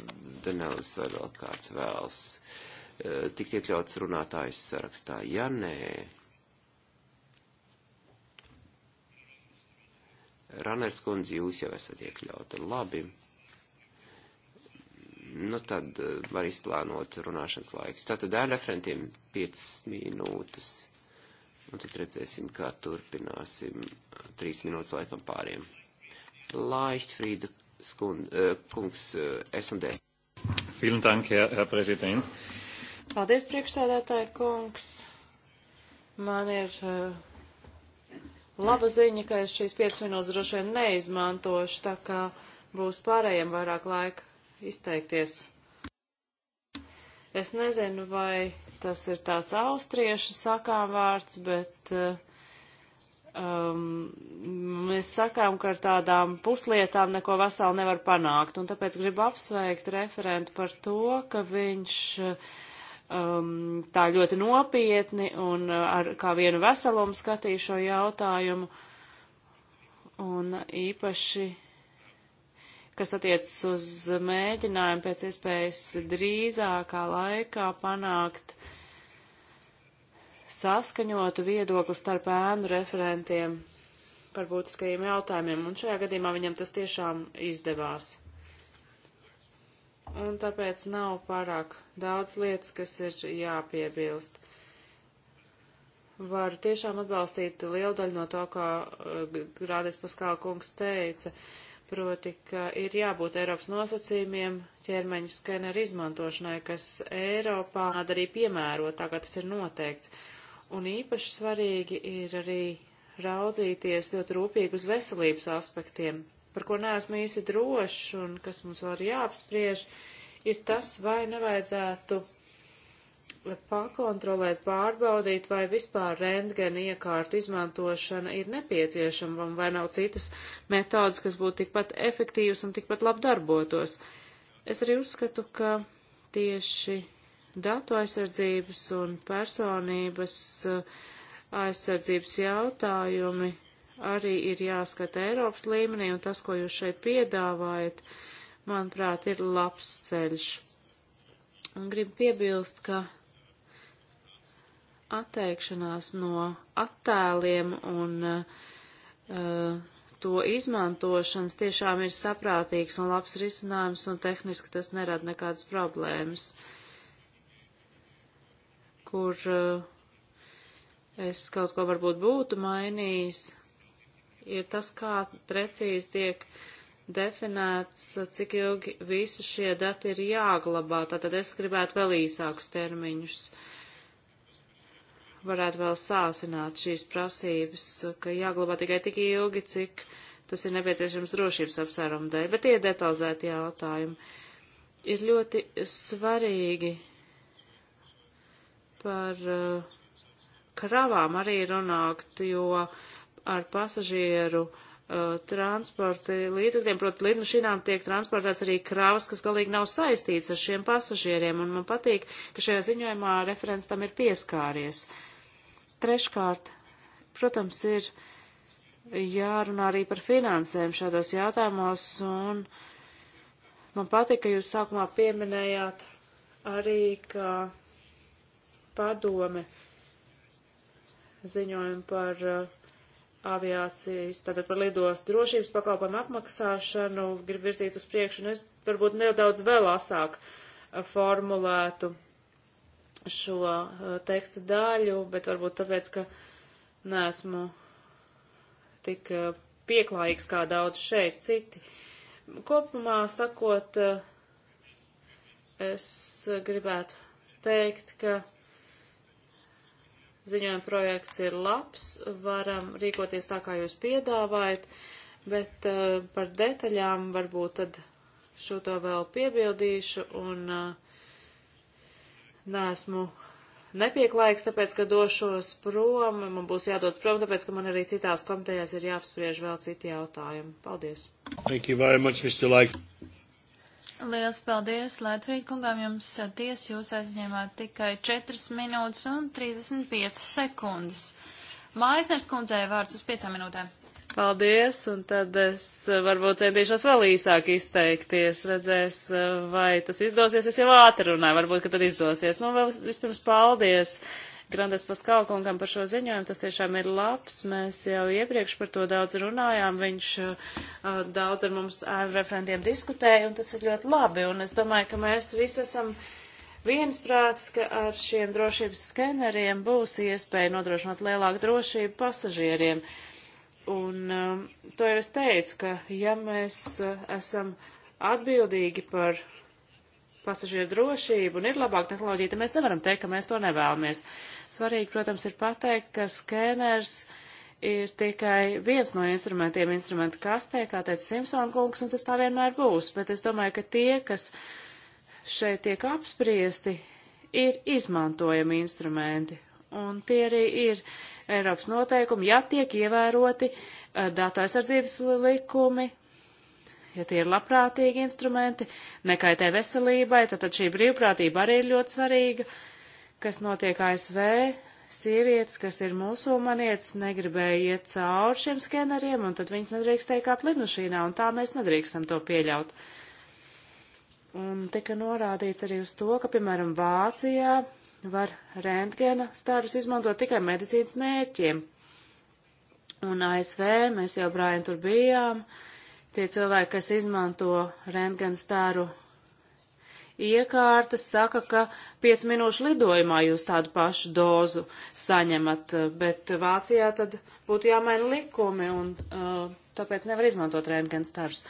Denels vai vēl kāds vēls. Uh, Eh, tikt iekļauts runātājs sarakstā. Ja nē, Raners kundze, jūs jau esat iekļauta. Labi. Nu, tad eh, var izplānot runāšanas laiks. Tātad ar referentiem 5 minūtes. Un tad redzēsim, kā turpināsim 3 minūtes laikam pāriem. Laichtfrīda skund, eh, kungs, S&D. Vielen Dank, Herr, Herr Präsident. Uh, Paldies, priekšsēdētāji kungs. Man ir uh, laba ziņa, ka es šīs 5 minūtes droši vien neizmantošu, tā kā būs pārējiem vairāk laika izteikties. Es nezinu, vai tas ir tāds austriešu sakām vārds, bet uh, um, mēs sakām, ka ar tādām puslietām neko veselu nevar panākt. Un tāpēc gribu apsveikt referentu par to, ka viņš uh, um, tā ļoti nopietni un uh, ar kā vienu veselumu skatīju šo jautājumu. Un īpaši, kas attiecas uz mēģinājumu pēc iespējas drīzākā laikā panākt saskaņotu viedokli starp ēnu referentiem par būtiskajiem jautājumiem, un šajā gadījumā viņam tas tiešām izdevās un tāpēc nav pārāk daudz lietas, kas ir jāpiebilst. Varu tiešām atbalstīt lielu daļu no to, kā eh, Grādes Paskāla kungs teica, proti, ka ir jābūt Eiropas nosacījumiem ķermeņa skeneru izmantošanai, kas Eiropā arī piemērot, tā kā tas ir noteikts. Un īpaši svarīgi ir arī raudzīties ļoti rūpīgi uz veselības aspektiem, par ko neesmu īsi drošs un kas mums vēl ir jāapspriež, ir tas, vai nevajadzētu pakontrolēt, pārbaudīt, vai vispār rentgena iekārtu izmantošana ir nepieciešama, vai nav citas metodas, kas būtu tikpat efektīvas un tikpat labi darbotos. Es arī uzskatu, ka tieši datu aizsardzības un personības eh, aizsardzības jautājumi arī ir jāskata Eiropas līmenī, un tas, ko jūs šeit piedāvājat, manuprāt, ir labs ceļš. Un gribu piebilst, ka atteikšanās no attēliem un uh, to izmantošanas tiešām ir saprātīgs un labs risinājums, un tehniski tas nerada nekādas problēmas, kur uh, es kaut ko varbūt būtu mainījis, ir tas, kā precīzi tiek definēts, cik ilgi visi šie dati ir jāglabā. Tātad es gribētu vēl īsākus termiņus. Varētu vēl sāsināt šīs prasības, ka jāglabā tikai tik ilgi, cik tas ir nepieciešams drošības apsvērumu dēļ. Bet tie detalizēti jautājumi ir ļoti svarīgi par uh, kravām arī runāt, jo uh, ar pasažieru uh, transporta līdzekļiem, proti lidmašīnām nu, tiek transportēts arī kravas, kas galīgi nav saistīts ar šiem pasažieriem, un man patīk, ka šajā ziņojumā referents tam ir pieskāries. Treškārt, protams, ir jārunā arī par finansēm šādos jautājumos, un man patika, ka jūs sākumā pieminējāt arī, ka padome ziņojumu par uh, aviācijas, tātad par lidos drošības pakalpojumu apmaksāšanu, grib virzīt uz priekšu, un es varbūt nedaudz vēl asāk eh, formulētu šo eh, teksta daļu, bet varbūt tāpēc, ka neesmu tik eh, pieklājīgs kā daudz šeit citi. Kopumā sakot, es gribētu teikt, ka ziņojuma projekts ir labs, varam rīkoties tā, kā jūs piedāvājat, bet uh, par detaļām varbūt tad šo to vēl piebildīšu un uh, eh, nesmu nepieklājīgs, tāpēc, ka došos prom, man būs jādod prom, tāpēc, ka man arī citās komitejās ir jāapspriež vēl citi jautājumi. Paldies! Thank you very much, Mr. Laik. Liels paldies, Latvijas kungām, jums eh, ties, jūs aizņēmāt tikai 4 minūtes un 35 sekundes. Maisners kundzei vārds uz 5 minūtēm. Paldies, un tad es eh, varbūt centīšos vēl īsāk izteikties, redzēs, eh, vai tas izdosies, es jau ātri runāju, varbūt, ka tad izdosies. Nu, vēl vispirms paldies Grandes Paskalkungam par šo ziņojumu. Tas tiešām ir labs. Mēs jau iepriekš par to daudz runājām. Viņš uh, daudz ar mums ar referentiem diskutēja, un tas ir ļoti labi. Un es domāju, ka mēs visi esam viensprāts, ka ar šiem drošības skeneriem būs iespēja nodrošināt lielāku drošību pasažieriem. Un um, to jau es teicu, ka ja mēs uh, esam atbildīgi par pasažieru drošību un ir labāka tehnoloģija, tad mēs nevaram teikt, ka mēs to nevēlamies. Svarīgi, protams, ir pateikt, ka skēners ir tikai viens no instrumentiem instrumentu kastē, kā teica Simpsona kungs, un tas tā vienmēr būs. Bet es domāju, ka tie, kas šeit tiek apspriesti, ir izmantojami instrumenti. Un tie arī ir Eiropas noteikumi, ja tiek ievēroti eh, datu aizsardzības likumi jo tie ir labprātīgi instrumenti, nekaitē veselībai, tad, tad šī brīvprātība arī ir ļoti svarīga, kas notiek ASV. Sievietes, kas ir musulmanietes, negribēja iet cauri šiem skeneriem, un tad viņas nedrīkstēja kāpt lidmašīnā, un tā mēs nedrīkstam to pieļaut. Un tika norādīts arī uz to, ka, piemēram, Vācijā var rentgena starus izmantot tikai medicīnas mērķiem. Un ASV mēs jau, Brian, tur bijām, uh, Tie cilvēki, kas izmanto rentgen staru iekārtas, saka, ka 5 minūšu lidojumā jūs tādu pašu dozu saņemat, bet Vācijā tad būtu jāmaina likumi un uh, tāpēc nevar izmantot rentgen starus.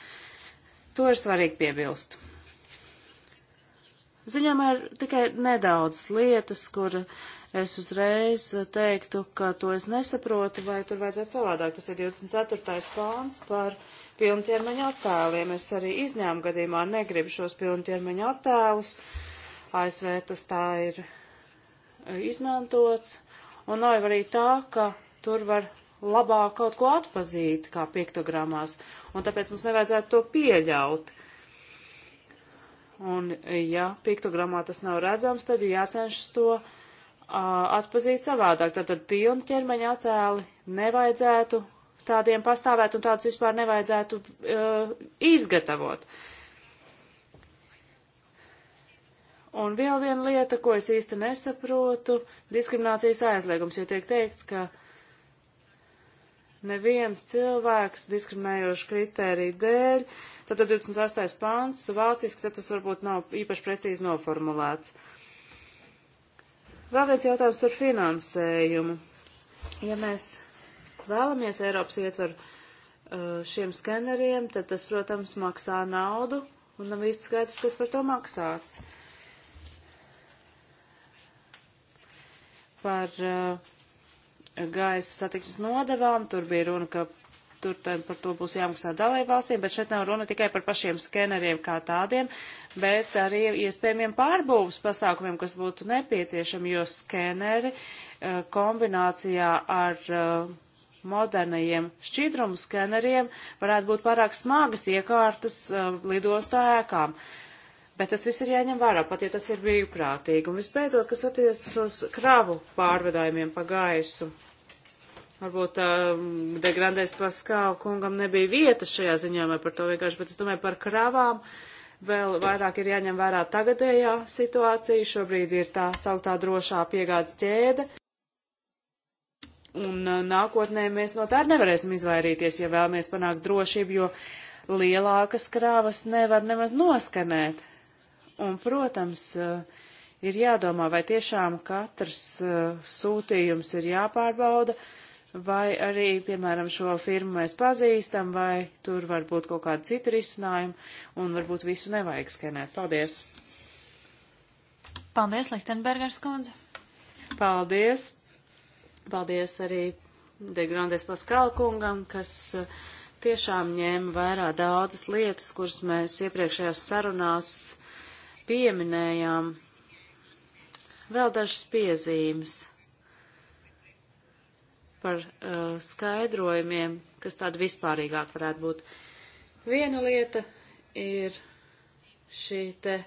To ir svarīgi piebilst. Ziņojumā ir tikai nedaudz lietas, kur es uzreiz teiktu, ka to es nesaprotu, vai tur vajadzētu savādāk. Tas ir 24. pāns par uh, pilntermeņa attēliem. Es arī izņēmu gadījumā negribu šos pilntermeņa attēlus. ASV tas tā ir e, izmantots. Un nav arī tā, ka tur var labāk kaut ko atpazīt, kā piktogramās. Un tāpēc mums nevajadzētu to pieļaut. Un ja piktogramā tas nav redzams, tad jācenšas to uh, atpazīt savādāk. Tātad pilnķermeņa attēli nevajadzētu tādiem pastāvēt un tādus vispār nevajadzētu uh, izgatavot. Un vēl viena lieta, ko es īsti nesaprotu - diskriminācijas aizliegums, jo tiek teikts, ka neviens cilvēks diskriminējošu kritēriju dēļ, tad 28. pants, vāciski, tad tas varbūt nav īpaši precīzi noformulēts. Vēl viens jautājums par finansējumu. Ja mēs vēlamies Eiropas ietvaru uh, šiem skeneriem, tad tas, protams, maksā naudu, un nav īsti skaidrs, kas par to maksāts. Par uh, gaisa satiksmes nodevām, tur bija runa, ka tur par to būs jāmaksā dalībvalstīm, bet šeit nav runa tikai par pašiem skeneriem kā tādiem, bet arī iespējamiem pārbūvas pasākumiem, kas būtu nepieciešami, jo skeneri uh, kombinācijā ar uh, modernajiem šķidrumu skeneriem varētu būt pārāk smagas iekārtas uh, um, lidostu ēkām. Bet tas viss ir jāņem vērā, pat ja tas ir brīvprātīgi. Un visbeidzot, kas attiecas uz kravu pārvedājumiem pa gaisu. Varbūt uh, um, degrandēs paskālu kungam nebija vieta šajā ziņojumā par to vienkārši, bet es domāju par kravām. Vēl vairāk ir jāņem vērā tagadējā situācija. Šobrīd ir tā sauktā drošā piegādes ķēde. Un uh, nākotnē mēs no tā nevarēsim izvairīties, ja vēlamies panākt drošību, jo lielākas krāvas nevar nemaz noskanēt. Un, protams, uh, ir jādomā, vai tiešām katrs uh, sūtījums ir jāpārbauda, vai arī, piemēram, šo firmu mēs pazīstam, vai tur var būt kaut kāda cita risinājuma, un varbūt visu nevajag skanēt. Paldies! Paldies, Lichtenbergers kundze! Paldies! Paldies arī Degrandes Paskala kungam, kas eh, tiešām ņēma vērā daudzas lietas, kuras mēs iepriekšējās sarunās pieminējām. Vēl dažas piezīmes par uh, skaidrojumiem, kas tāda vispārīgāk varētu būt. Viena lieta ir šī te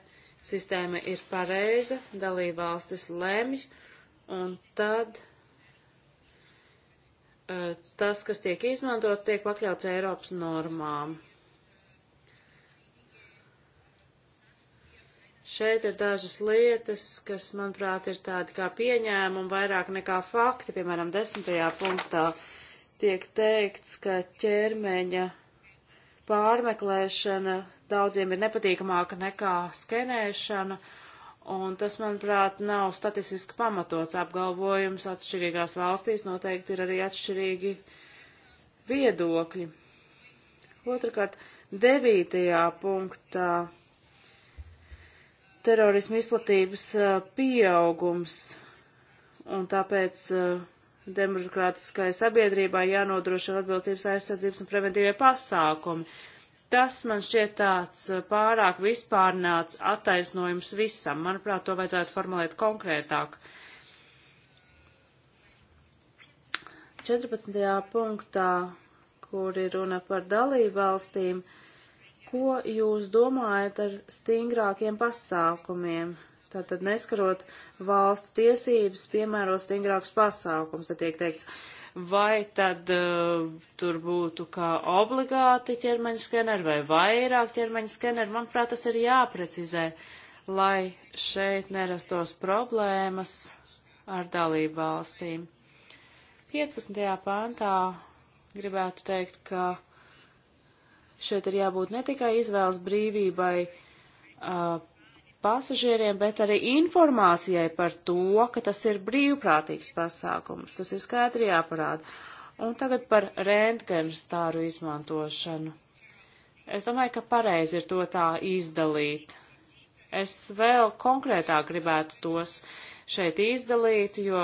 sistēma ir pareiza, dalībvalstis lemj, un tad Eh, tas, kas tiek izmantots, tiek pakļauts Eiropas normām. Šeit ir dažas lietas, kas, manuprāt, ir tādi kā pieņēmumi vairāk nekā fakti. Piemēram, desmitajā punktā tiek teikts, ka ķermeņa pārmeklēšana daudziem ir nepatīkamāka nekā skenēšana. Uh, Un tas, manuprāt, nav statistiski pamatots apgalvojums. Atšķirīgās valstīs noteikti ir arī atšķirīgi viedokļi. Otrakārt, devītajā punktā terorismu izplatības pieaugums, un tāpēc demokrātiskai sabiedrībai jānodrošina atbilstības aizsardzības un preventīvie pasākumi. Tas man šķiet tāds eh, pārāk vispārnāts attaisnojums visam. Manuprāt, to vajadzētu formulēt konkrētāk. 14. punktā, kur ir runa par dalību valstīm, ko jūs domājat ar stingrākiem pasākumiem? Tātad neskarot valstu tiesības, piemērot stingrākus pasākums, tad tiek teikts, uh, vai tad uh, tur būtu kā obligāti ķermeņa skeneri vai vairāk ķermeņa skeneri. Manuprāt, tas ir jāprecizē, lai šeit nerastos problēmas ar dalību valstīm. 15. pāntā gribētu teikt, ka šeit ir jābūt ne tikai izvēles brīvībai, uh, pasažieriem, bet arī informācijai par to, ka tas ir brīvprātīgs pasākums. Tas ir skaidri jāparāda. Un tagad par rentgenu stāru izmantošanu. Es domāju, ka pareizi ir to tā izdalīt. Es vēl konkrētāk gribētu tos šeit izdalīt, jo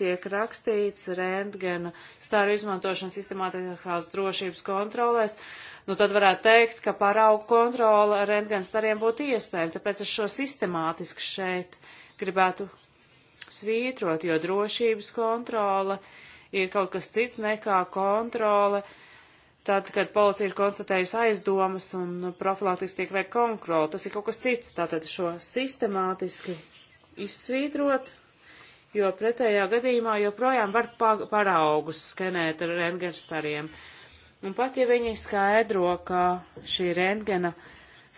tiek rakstīts rentgena stāru izmantošana sistemātiskās drošības kontrolēs. Uh, nu tad varētu teikt, ka paraugu kontrola ar rentgenstariem būtu iespējama. Tāpēc es šo sistemātiski šeit gribētu svītrot, jo drošības kontrola ir kaut kas cits nekā kontrole. Tad, kad policija ir konstatējusi aizdomas un profilaktiski tiek veikta kontrola, tas ir kaut kas cits. Tātad šo sistemātiski izsvītrot, jo pretējā gadījumā joprojām var paraugus skenēt ar rentgenstariem. stariem Un pat ja viņi skaidro, ka šī rentgena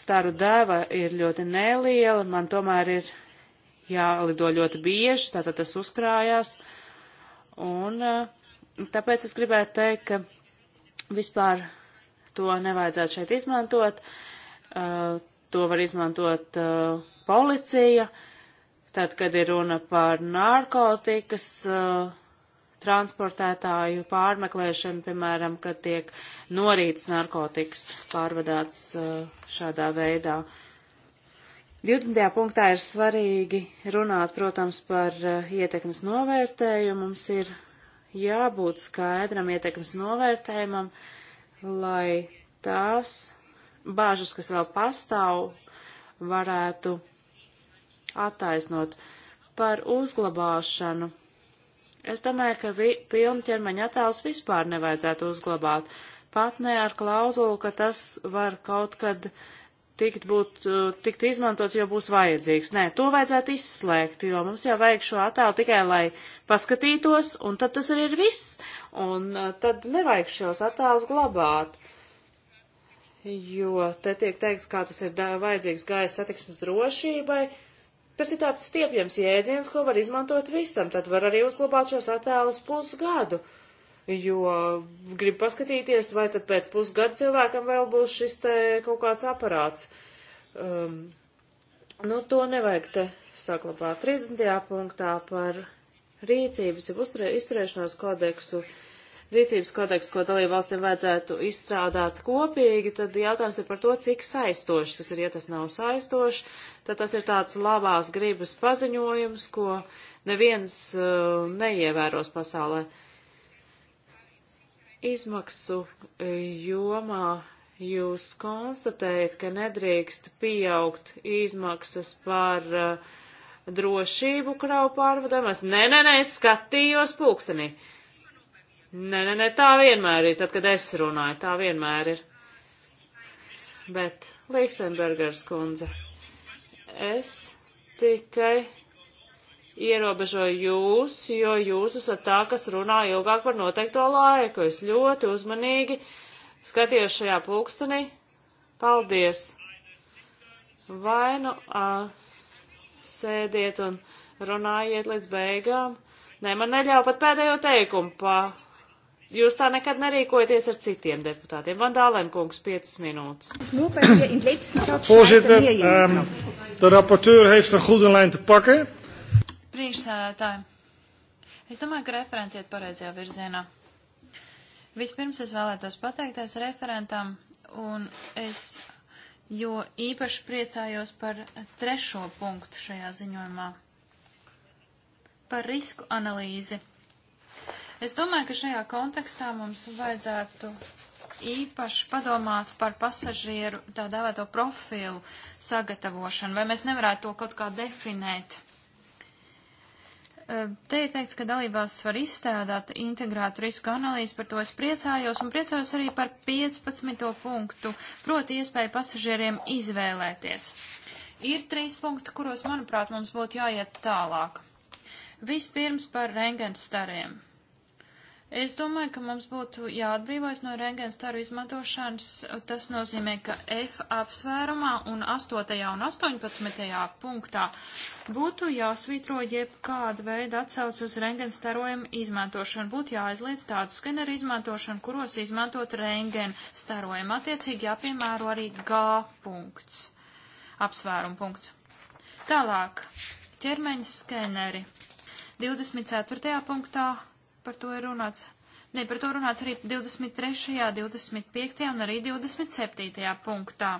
staru dēva ir ļoti neliela, man tomēr ir jālido ļoti bieži, tātad tas uzkrājās. Un eh, tāpēc es gribētu teikt, ka vispār to nevajadzētu šeit izmantot. Uh, to var izmantot uh, policija, tad, kad ir runa par narkotikas uh, transportētāju pārmeklēšanu, piemēram, kad tiek norīts narkotikas pārvadāts uh, šādā veidā. 20. punktā ir svarīgi runāt, protams, par uh, ietekmes novērtējumu. Mums ir jābūt skaidram ietekmes novērtējumam, lai tās bāžas, kas vēl pastāv, varētu attaisnot par uzglabāšanu Es domāju, ka vi, pilnķermeņa attēlus vispār nevajadzētu uzglabāt, pat ne ar klauzulu, ka tas var kaut kad tikt, būt, uh, tikt izmantots, jo būs vajadzīgs. Nē, to vajadzētu izslēgt, jo mums jau vajag šo attēlu tikai, lai paskatītos, un tad tas arī ir viss, un uh, tad nevajag šos attēlus glabāt. Jo te tiek teikts, kā tas ir vajadzīgs gaisa satiksmes drošībai, uh, Tas ir tāds stiepjams jēdziens, ko var izmantot visam, tad var arī uzglabāt šos attēlus pusgadu, jo grib paskatīties, vai tad pēc pusgada cilvēkam vēl būs šis te kaut kāds aparāts. Um, nu, to nevajag te saklabāt. 30. punktā par rīcības, ja uzturēšanās kodeksu. Uh, rīcības kodeks, ko dalību valstīm vajadzētu izstrādāt kopīgi, tad jautājums ir par to, cik saistoši tas ir. Ja tas nav saistoši, tad tas ir tāds labās gribas paziņojums, ko neviens uh, neievēros pasaulē. Izmaksu uh, jomā jūs konstatējat, ka nedrīkst pieaugt izmaksas par uh, drošību kravu pārvadājumos? Nē, nē, nē, es skatījos pulkstenī. Uh, Nē, nē, nē, tā vienmēr ir, tad, kad es runāju, tā vienmēr ir. Bet Lichtenbergers kundze, es tikai ierobežoju jūs, jo jūs esat tā, kas runā ilgāk par noteikto laiku. Es ļoti uzmanīgi skatījos šajā pulkstenī. Paldies! Vai nu a, sēdiet un runājiet līdz beigām? Nē, man neļauj pat pēdējo teikumu pa, Jūs tā nekad nerīkojaties ar citiem deputātiem. Van Dālen kungs, 5 minūtes. Voorzitter, um, de rapporteur heeft een goede lijn te pakken. Priekšsēdētāji, es domāju, ka referents iet pareizajā virzienā. Vispirms es vēlētos pateikties referentam, un es jo īpaši priecājos par trešo punktu šajā ziņojumā. Par risku analīzi Es domāju, ka šajā kontekstā mums vajadzētu īpaši padomāt par pasažieru tā dēvēto profilu sagatavošanu, vai mēs nevarētu to kaut kā definēt. Te ir teikts, ka dalībās var izstrādāt integrētu risku analīzi, par to es priecājos, un priecājos arī par 15. punktu, proti iespēju pasažieriem izvēlēties. Ir trīs punkti, kuros, manuprāt, mums būtu jāiet tālāk. Vispirms par rengenstariem. stariem Es domāju, ka mums būtu jāatbrīvojas no rengenstaru izmantošanas. Tas nozīmē, ka F apsvērumā un 8. un 18. punktā būtu jāsvītro jebkāda veida atsauc uz rengenstarojumu izmantošanu. Būtu jāaizliedz tādu skeneru izmantošanu, kuros izmantot rengenstarojumu. Attiecīgi jāpiemēro arī G punkts. Apsvērumu punkts. Tālāk. Ķermeņa skeneri. 24. punktā par to ir runāts. Ne, par to runāts arī 23., 25. un arī 27. punktā.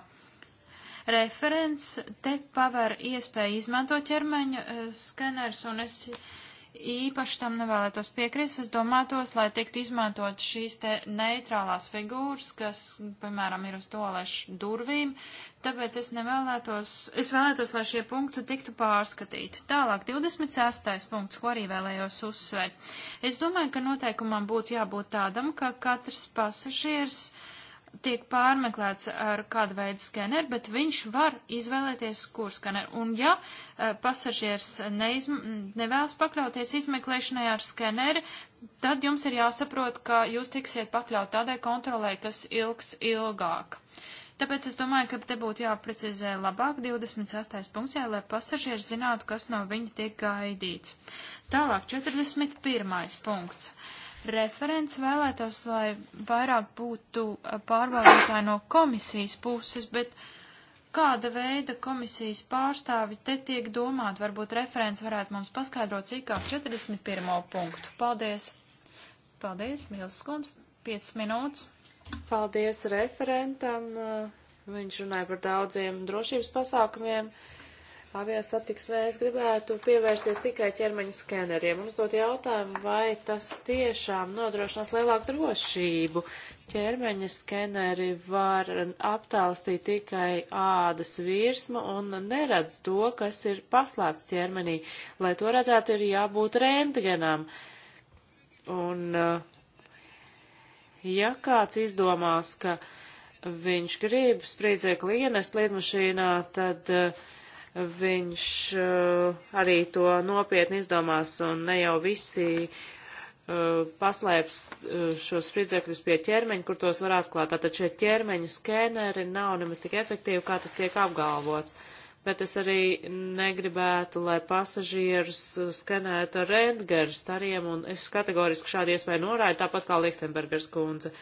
Referents te paver iespēju izmantot ķermeņa eh, skeners, un es īpaši tam nevēlētos piekrist. Es domātos, lai tiktu izmantot šīs te neitrālās figūras, kas, piemēram, ir uz tolešu durvīm, tāpēc es nevēlētos, es vēlētos, lai šie punkti tiktu pārskatīti. Tālāk, 26. punkts, ko arī vēlējos uzsvērt. Es domāju, ka noteikumam būtu jābūt tādam, ka katrs pasažieris tiek pārmeklēts ar kādu veidu skeneru, bet viņš var izvēlēties, kur skeneru. Un ja eh, pasažieris neizm, nevēlas pakļauties izmeklēšanai ar skeneri, tad jums ir jāsaprot, ka jūs tiksiet pakļaut tādai kontrolē, kas ilgs ilgāk. Tāpēc es domāju, ka te būtu jāprecizē labāk 26. punkts, jā, lai pasažieris zinātu, kas no viņa tiek gaidīts. Tālāk 41. punkts referents vēlētos, lai vairāk būtu eh, pārvaldītāji no komisijas puses, bet kāda veida komisijas pārstāvi te tiek domāt? Varbūt referents varētu mums paskaidrot cīkāk 41. punktu. Paldies! Paldies, Mils Skundz, 5 minūtes. Paldies referentam. Viņš runāja par daudziem drošības pasākumiem. Uh, aviasatiksmē, es gribētu pievērsties tikai ķermeņa skeneriem un uzdot jautājumu, vai tas tiešām nodrošinās lielāku drošību. Ķermeņa skeneri var aptaustīt tikai ādas virsmu un neredz to, kas ir paslēpts ķermenī. Lai to redzētu, ir jābūt rentgenam. Un eh, ja kāds izdomās, ka viņš grib spriedzēkli ienest lidmašīnā, tad uh, viņš eh, arī to nopietni izdomās un ne jau visi eh, paslēps eh, šos spridzekļus pie ķermeņa, kur tos var atklāt. Tātad šie ķermeņa skēneri nav nemaz tik efektīvi, kā tas tiek apgalvots. Bet es arī negribētu, lai pasažierus skenētu ar rentgeru stariem, un es kategoriski šādu iespēju norādu, tāpat kā Lichtenbergers kundze.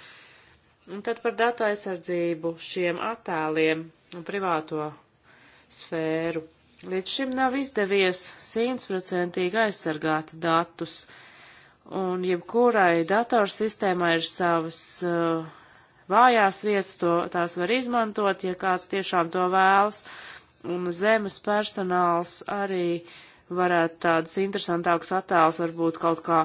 Un tad par datu aizsardzību šiem attēliem un privāto sfēru. Līdz šim nav izdevies simtprocentīgi aizsargāt datus, un jebkurai datorsistēmai ir savas uh, vājās vietas, to, tās var izmantot, ja kāds tiešām to vēlas, un zemes personāls arī varētu tādas interesantākas attēls varbūt kaut kā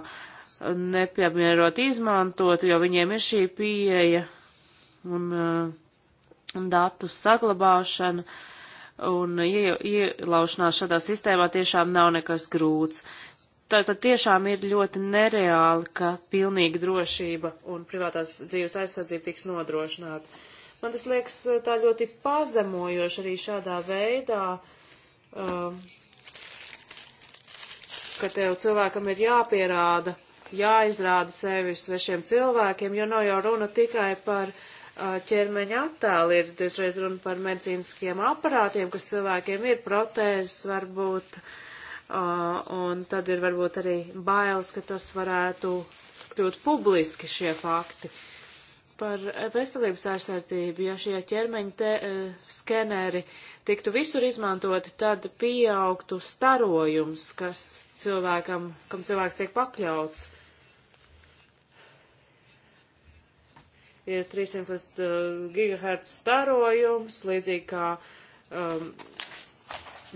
nepiemērot izmantot, jo viņiem ir šī pieeja un, uh, un datu saglabāšana. Uh, un ielaušanās šādā sistēmā tiešām nav nekas grūts. Tātad tiešām ir ļoti nereāli, ka pilnīga drošība un privātās dzīves aizsardzība tiks nodrošināta. Man tas liekas eh, tā ļoti pazemojoši arī šādā veidā, um, ka tev cilvēkam ir jāpierāda, jāizrāda sevi svešiem cilvēkiem, jo nav jau runa tikai par uh, Uh, ķermeņa attēli. Ir dažreiz runa par medicīniskiem aparātiem, kas cilvēkiem ir protēzes varbūt, uh, un tad ir varbūt arī bailes, ka tas varētu kļūt publiski šie fakti. Par veselības aizsardzību, ja šie ķermeņa te, uh, skeneri tiktu visur izmantoti, tad pieaugtu starojums, kas cilvēkam, kam cilvēks tiek pakļauts. Uh, ir 300 līdz uh, gigahertz starojums, līdzīgi kā um,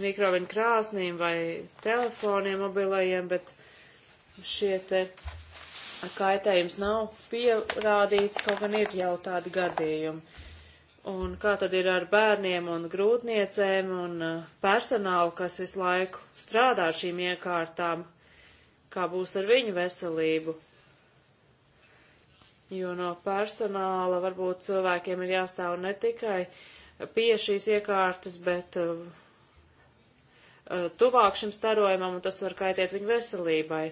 mikroviņu krāsnīm vai telefoniem mobilajiem, bet šie te kaitējums nav pierādīts, kaut gan ir jau tādi gadījumi. Un kā tad ir ar bērniem un grūtniecēm un uh, personālu, kas visu laiku strādā ar šīm iekārtām? Kā būs ar viņu veselību? jo no personāla varbūt cilvēkiem ir jāstāv ne tikai pie šīs iekārtas, bet uh, tuvāk šim starojumam, un tas var kaitēt viņu veselībai.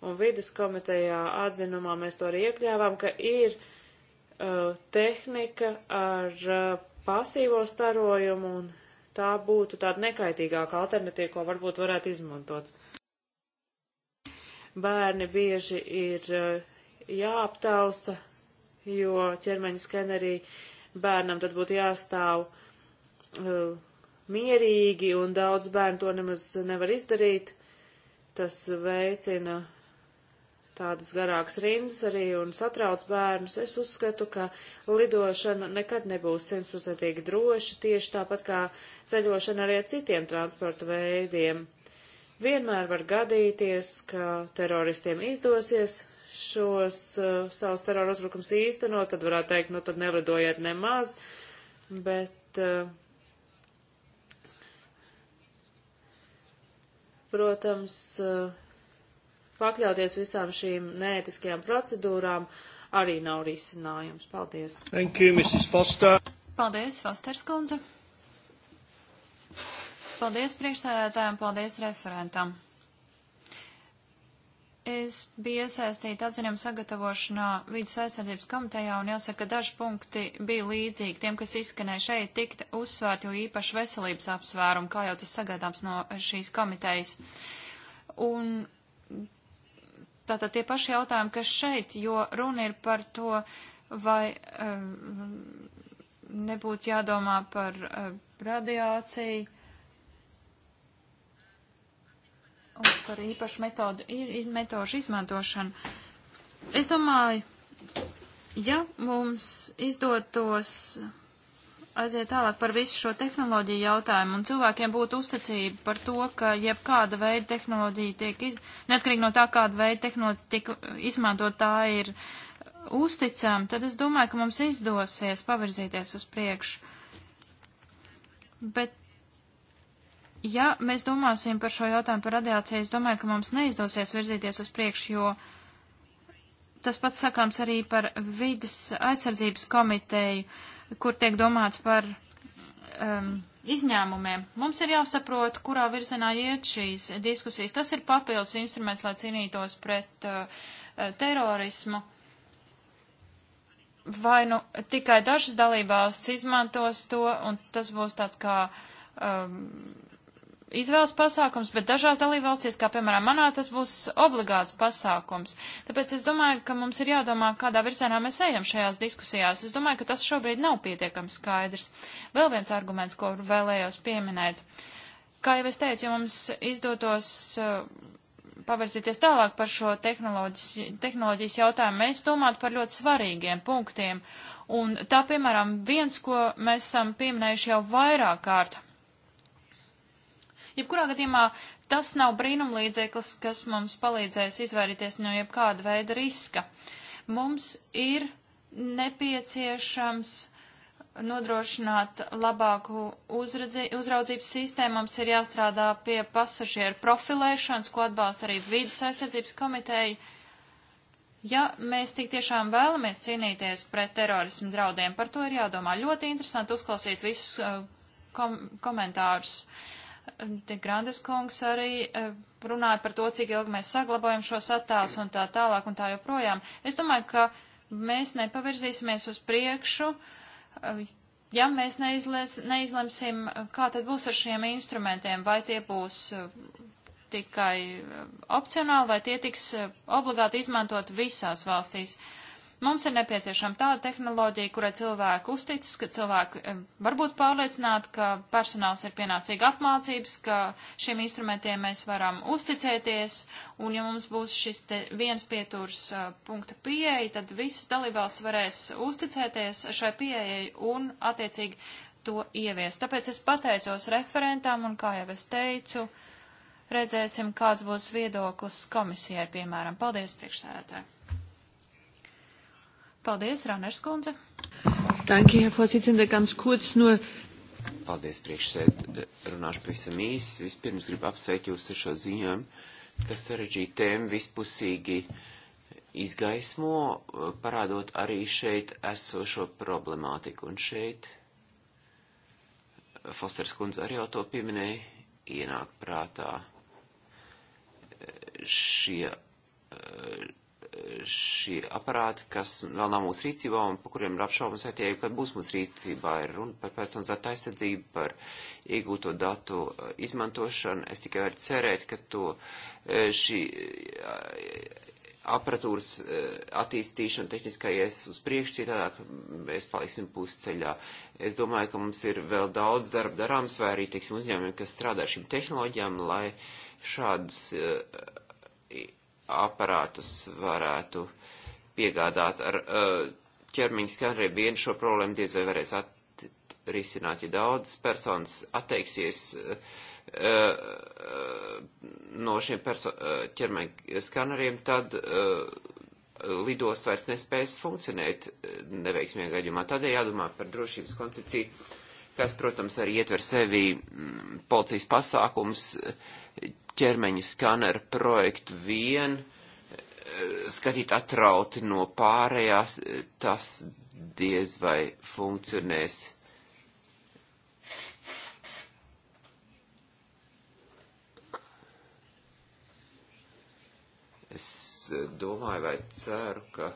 Un vidas komitejā atzinumā mēs to arī iekļāvām, ka ir uh, tehnika ar uh, pasīvo starojumu, un tā būtu tāda nekaitīgāka alternatīva, ko varbūt varētu izmantot. Bērni bieži ir uh, jāaptausta, jo ķermeņa skenerī bērnam tad būtu jāstāv uh, mierīgi, un daudz bērnu to nemaz nevar izdarīt. Tas veicina tādas garākas rindas arī un satrauc bērnus. Es uzskatu, ka lidošana nekad nebūs simtprocentīgi droša, tieši tāpat kā ceļošana arī ar citiem transporta veidiem. Vienmēr var gadīties, ka teroristiem izdosies šos uh, savus terora uzbrukums īstenot, tad varētu teikt, nu tad nevlidojiet nemaz, bet, uh, protams, uh, pakļauties visām šīm neētiskajām procedūrām arī nav risinājums. Paldies. Thank you, Mrs. Foster. Paldies, Fosters kundze. Paldies priekšsēdētājiem, paldies referentam. Es biju iesaistīta atziņam sagatavošanā vidas aizsardzības komitejā un jāsaka, daži punkti bija līdzīgi tiem, kas izskanēja šeit, tikt uzsvērt jau īpaši veselības apsvērumu, kā jau tas sagaidāms no šīs komitejas. Un tātad tie paši jautājumi, kas šeit, jo runa ir par to, vai um, nebūtu jādomā par um, radiāciju un par īpašu metodu, metožu izmantošanu. Es domāju, ja mums izdotos aiziet tālāk par visu šo tehnoloģiju jautājumu, un cilvēkiem būtu uzticība par to, ka jebkāda veida tehnoloģija tiek, iz... neatkarīgi no tā, kāda veida tehnoloģija tiek izmantot, tā ir uzticama, tad es domāju, ka mums izdosies pavirzīties uz priekšu. Bet Ja mēs domāsim par šo jautājumu par radiāciju, es domāju, ka mums neizdosies virzīties uz priekšu, jo tas pats sakāms arī par vidas aizsardzības komiteju, kur tiek domāts par um, izņēmumiem. Mums ir jāsaprot, kurā virzienā iet šīs diskusijas. Tas ir papildus instruments, lai cīnītos pret uh, terorismu. Vai nu tikai dažas dalībvalsts izmantos to, un tas būs tāds kā um, izvēles pasākums, bet dažās dalībvalstīs, kā piemēram manā, tas būs obligāts pasākums. Tāpēc es domāju, ka mums ir jādomā, kādā virzienā mēs ejam šajās diskusijās. Es domāju, ka tas šobrīd nav pietiekami skaidrs. Vēl viens arguments, ko vēlējos pieminēt. Kā jau es teicu, ja mums izdotos uh, pavirzīties tālāk par šo tehnoloģis, tehnoloģijas jautājumu, mēs domātu par ļoti svarīgiem punktiem. Un tā, piemēram, viens, ko mēs esam pieminējuši jau vairāk kārt, Jebkurā gadījumā tas nav brīnumlīdzeklis, kas mums palīdzēs izvairīties no jebkāda veida riska. Mums ir nepieciešams nodrošināt labāku uzradzi, uzraudzības sistēmu. Mums ir jāstrādā pie pasažieru profilēšanas, ko atbalsta arī vidas aizsardzības komiteja. Ja mēs tik tiešām vēlamies cīnīties pret terorismu draudiem, par to ir jādomā. Ļoti interesanti uzklausīt visus uh, kom komentārus. Uh, Te Grandes kungs arī e, runāja par to, cik ilgi mēs saglabājam šos attēlus un tā tālāk un tā joprojām. Es domāju, ka mēs nepavirzīsimies uz priekšu, e, ja mēs neizlēs, neizlemsim, kā tad būs ar šiem instrumentiem, vai tie būs e, tikai opcionāli, vai tie tiks obligāti izmantot visās valstīs. Uh, Mums ir nepieciešama tāda tehnoloģija, kurai cilvēki uzticas, ka cilvēki var būt pārliecināti, ka personāls ir pienācīgi apmācības, ka šiem instrumentiem mēs varam uzticēties, un ja mums būs šis viens pieturs eh, punkta pieeja, tad visas dalībvalsts varēs uzticēties šai pieejai un attiecīgi to ievies. Tāpēc es pateicos referentam, un kā jau es teicu, redzēsim, kāds būs viedoklis komisijai, piemēram. Paldies, priekšsēdētāji! Paldies, Rāners Kundze. Danke, Herr Vorsitzende, ganz kurz nur. Paldies, priekšsēd. Runāšu pavisam īsi. Vispirms gribu apsveikt jūs ar šo ziņojumu, kas sarežģīja tēmu vispusīgi izgaismo, parādot arī šeit esošo problemātiku. Un šeit Fosters kundze arī jau to pieminēja, ienāk prātā šie šie aparāti, kas vēl nav mūsu rīcībā un par kuriem ir apšaubas, vai tie, kad būs mūsu rīcībā, ir runa par personas datu aizsardzību, par iegūto datu eh, izmantošanu. Es tikai varu cerēt, ka to eh, šī eh, aparatūras attīstīšana tehniskā ies uz priekšu, citādāk mēs paliksim pusceļā. Es domāju, ka mums ir vēl daudz darba darāms, vai arī, teiksim, uzņēmumi, kas strādā ar šīm tehnoloģijām, lai šādas aparātus varētu piegādāt ar eh, ķermeņa skaneriem, vien šo problēmu diez vai varēs atrisināt, ja daudz personas atteiksies eh, no šiem perso eh, ķermeņa skaneriem, tad lidost vairs nespēs funkcionēt neveiksmīgā gadījumā. Tādēļ jādomā par drošības koncepciju, kas, protams, arī ietver sevi mm, policijas pasākums, ķermeņa skaneru projektu vien, eh, skatīt atrauti no pārējā, eh, tas diez vai funkcionēs. Es eh, domāju vai ceru, ka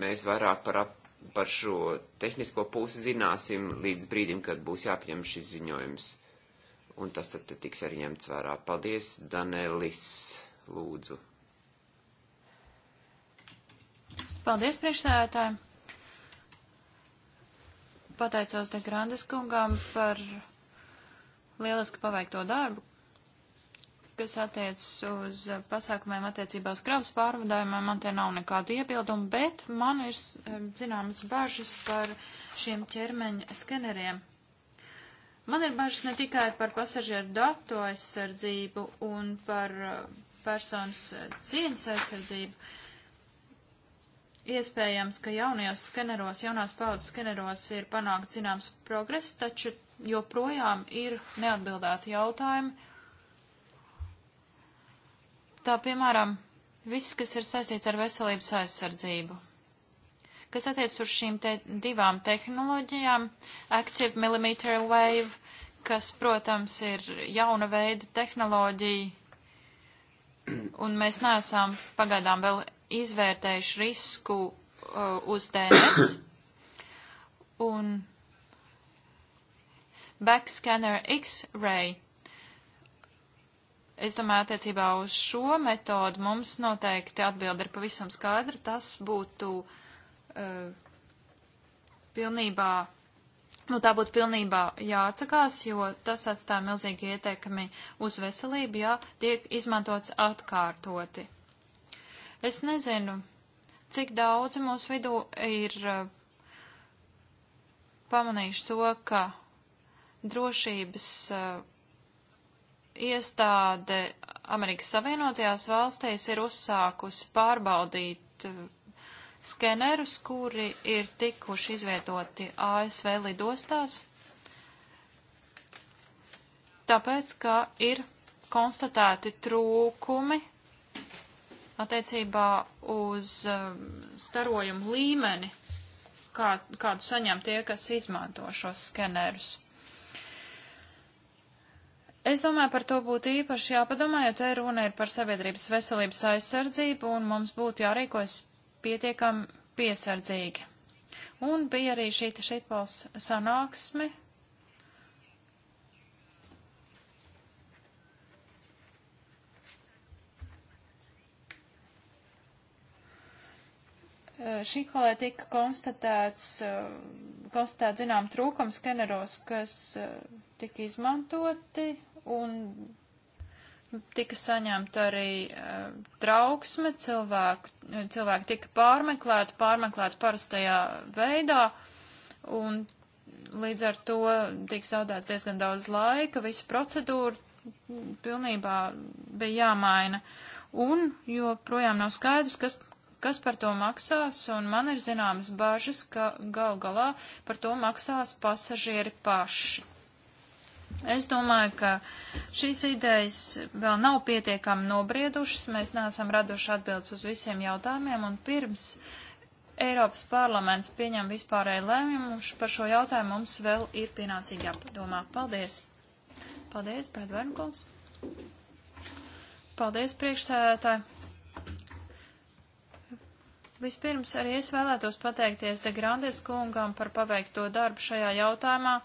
mēs vairāk par, ap, par šo tehnisko pusi zināsim līdz brīdim, kad būs jāpieņem šis ziņojums un tas tad tiks arī ņemts vērā. Paldies, Danelis, lūdzu. Paldies, priekšsēdētāji. Pateicos te Grandes kungām par lieliski paveikto darbu, kas attiecas uz pasākumiem attiecībā uz kravas pārvadājumiem. Man te nav nekādu iebildumu, bet man ir zināmas bažas par šiem ķermeņa skeneriem. Man ir bažas ne tikai par pasažieru datu aizsardzību un par uh, personas uh, cieņas aizsardzību. Iespējams, ka jaunajos skeneros, jaunās paudzes skeneros ir panākt zināms progress, taču joprojām ir neatbildēti jautājumi. Tā piemēram, viss, kas ir saistīts ar veselības aizsardzību. Kas attiec uz šīm te divām tehnoloģijām, Active Millimeter Wave kas, protams, ir jauna veida tehnoloģija, un mēs neesam pagaidām vēl izvērtējuši risku uh, uz DNS. Un backscanner X-ray. Es domāju, attiecībā uz šo metodu mums noteikti atbildi ir pavisam skaidra. Tas būtu uh, pilnībā no nu, tā būtu pilnībā jāatsakās, jo tas atstāja milzīgi ietekmi uz veselību, ja tiek izmantots atkārtoti. Es nezinu, cik daudzi mūsu vidū ir eh, pamanījuši to, ka drošības eh, iestāde Amerikas Savienotajās valstīs ir uzsākusi pārbaudīt eh, skenerus, kuri ir tikuši izvietoti ASV lidostās, tāpēc, ka ir konstatēti trūkumi attiecībā uz um, starojumu līmeni, kā, kādu saņem tie, kas izmanto šos skenerus. Es domāju, par to būtu īpaši jāpadomā, jo te runa ir par sabiedrības veselības aizsardzību, un mums būtu jārīkojas pietiekam piesardzīgi. Un bija arī šī šitpols sanāksme. Šī kolē tika konstatēts, konstatēt zinām trūkums skeneros, kas tika izmantoti un nu, tika saņemta arī trauksme cilvēku cilvēki tika pārmeklēti, pārmeklēti parastajā veidā, un līdz ar to tika zaudēts diezgan daudz laika, visa procedūra pilnībā bija jāmaina, un joprojām nav skaidrs, kas, kas par to maksās, un man ir zināmas bažas, ka gal galā par to maksās pasažieri paši. Es domāju, ka šīs idejas vēl nav pietiekami nobriedušas, mēs neesam raduši atbildes uz visiem jautājumiem, un pirms Eiropas parlaments pieņem vispārēju lēmumu par šo jautājumu, mums vēl ir pienācīgi jāpadomā. Paldies! Paldies, Pēdvērnkuls! Paldies, priekšsēdētāji! Vispirms arī es vēlētos pateikties De Grandes kungam par paveikto darbu šajā jautājumā.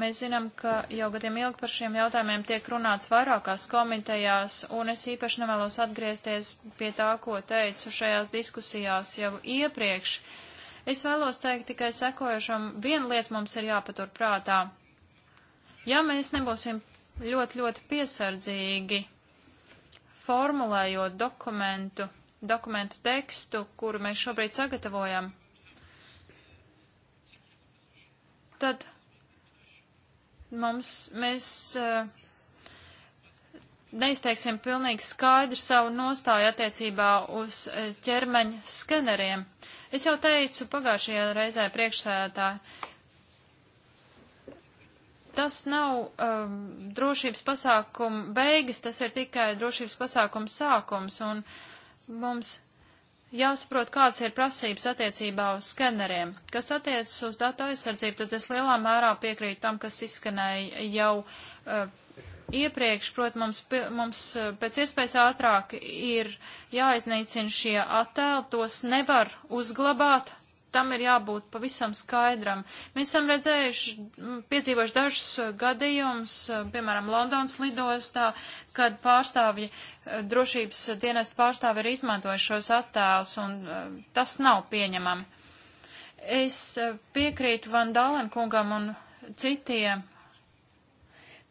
Mēs zinām, ka jau gadiem ilgi par šiem jautājumiem tiek runāts vairākās komitejās, un es īpaši nevēlos atgriezties pie tā, ko teicu šajās diskusijās jau iepriekš. Es vēlos teikt tikai sekojušam, viena lieta mums ir jāpatur prātā. Ja mēs nebūsim ļoti, ļoti piesardzīgi formulējot dokumentu, dokumentu tekstu, kuru mēs šobrīd sagatavojam, tad mums, mēs eh, neizteiksim pilnīgi skaidru savu nostāju attiecībā uz eh, ķermeņa skeneriem. Es jau teicu pagājušajā reizē priekšsēdētāji, tas nav um, drošības pasākuma beigas, tas ir tikai drošības pasākuma sākums, un mums jāsaprot, kādas ir prasības attiecībā uz skaneriem. Kas attiecas uz datu aizsardzību, tad es lielā mērā piekrītu tam, kas izskanēja jau uh, iepriekš. Protams, mums, mums eh, pēc iespējas ātrāk ir jāiznīcina šie attēli, tos nevar uzglabāt, tam ir jābūt pavisam skaidram. Mēs esam redzējuši, piedzīvojuši dažus eh, gadījumus, eh, piemēram, Londonas lidostā, kad pārstāvji, eh, drošības dienestu pārstāvji ir izmantojuši šos attēlus, un tas nav pieņemami. Es piekrītu Van Dālen kungam un citiem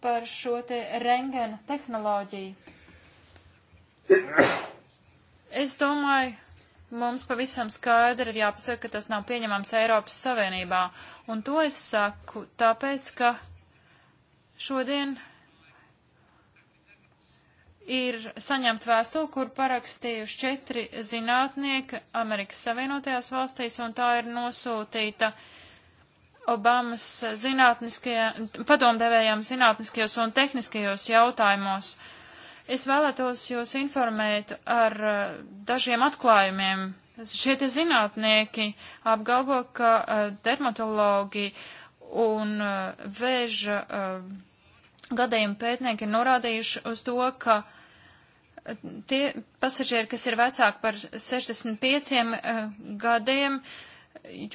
par šo te rengena tehnoloģiju. <coughs> Es domāju, Mums pavisam skaidri ir jāpasaka, ka tas nav pieņemams Eiropas Savienībā. Un to es saku tāpēc, ka šodien ir saņemta vēstule, kur parakstījuši četri zinātnieki Amerikas Savienotajās valstīs, un tā ir nosūtīta Obamas zinātniskajā, padomdevējām zinātniskajos un tehniskajos jautājumos. Es vēlētos jūs informēt ar eh, dažiem atklājumiem. Šie te zinātnieki apgalvo, ka eh, dermatologi un eh, vēža gadījuma pētnieki ir norādījuši uz to, ka tie pasažieri, kas ir vecāki par 65 gadiem,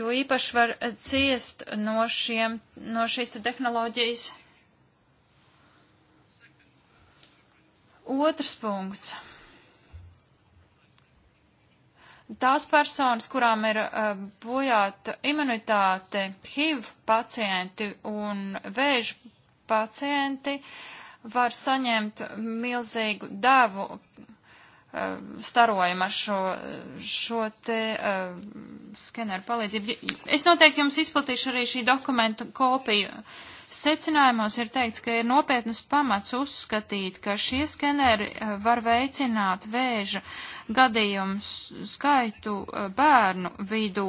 jo īpaši var ciest no, šiem, no šīs te tehnoloģijas Otrs punkts. Tās personas, kurām ir uh, bojāta imunitāte, HIV pacienti un vēža pacienti, var saņemt milzīgu devu uh, starojumu ar šo, šo te uh, skeneru palīdzību. Es noteikti jums izplatīšu arī šī dokumentu kopiju. Uh, Secinājumos ir teikts, ka ir nopietnas pamats uzskatīt, ka šie skeneri eh, var veicināt vēža gadījumus skaitu eh, bērnu vidū,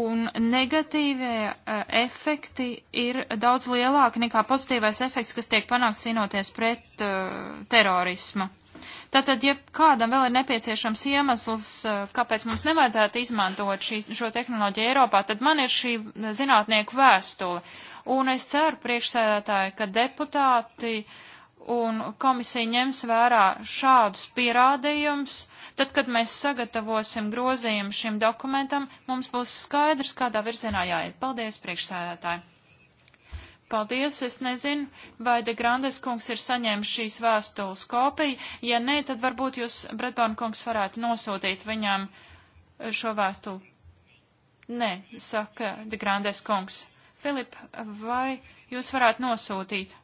un negatīvie eh, efekti ir daudz lielāki nekā pozitīvais efekts, kas tiek panāks cīnoties pret uh, terorismu. Tātad, ja kādam vēl ir nepieciešams iemesls, eh, kāpēc mums nevajadzētu izmantot šī, šo tehnoloģiju Eiropā, tad man ir šī zinātnieku vēstule. Un es ceru, priekšsēdētāji, ka deputāti un komisija ņems vērā šādus pierādījumus. Tad, kad mēs sagatavosim grozījumu šim dokumentam, mums būs skaidrs, kādā virzienā jāiet. Paldies, priekšsēdētāji! Paldies, es nezinu, vai De Grandes kungs ir saņēmis šīs vēstules kopiju. Ja nē, tad varbūt jūs, Bretbārn kungs, varētu nosūtīt viņām eh, šo vēstuli. Nē, saka De Grandes kungs. Filip, vai jūs varētu nosūtīt?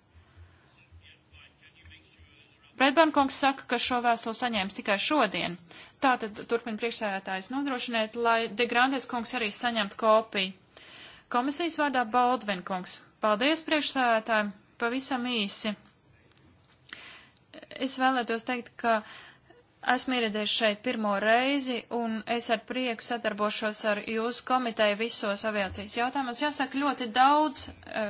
Bretbārn kungs saka, ka šo vēstuli saņēmis tikai šodien. Tātad turpina priekšsēdētājs nodrošināt, lai De Grandes kungs arī saņemtu kopiju. Komisijas vārdā Baldvin kungs. Paldies, priekšsēdētāji, pavisam īsi. Es vēlētos teikt, ka esmu ieradies šeit pirmo reizi, un es ar prieku sadarbošos ar jūsu komiteju visos aviācijas jautājumos. Jāsaka, ļoti daudz e,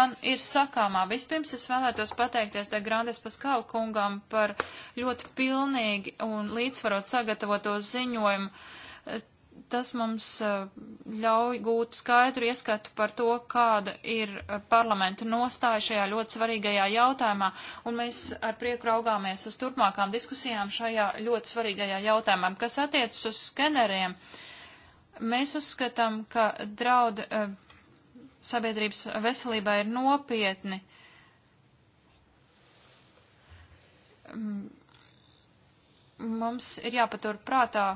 man ir sakāmā. Vispirms es vēlētos pateikties te Grandes Paskau kungam par ļoti pilnīgi un līdzvarot sagatavoto ziņojumu tas mums ļauj gūt skaidru ieskatu par to, kāda ir parlamenta nostāja šajā ļoti svarīgajā jautājumā, un mēs ar prieku raugāmies uz turpmākām diskusijām šajā ļoti svarīgajā jautājumā. Kas attiecas uz skeneriem, mēs uzskatām, ka draud sabiedrības veselībā ir nopietni. Mums ir jāpatur prātā,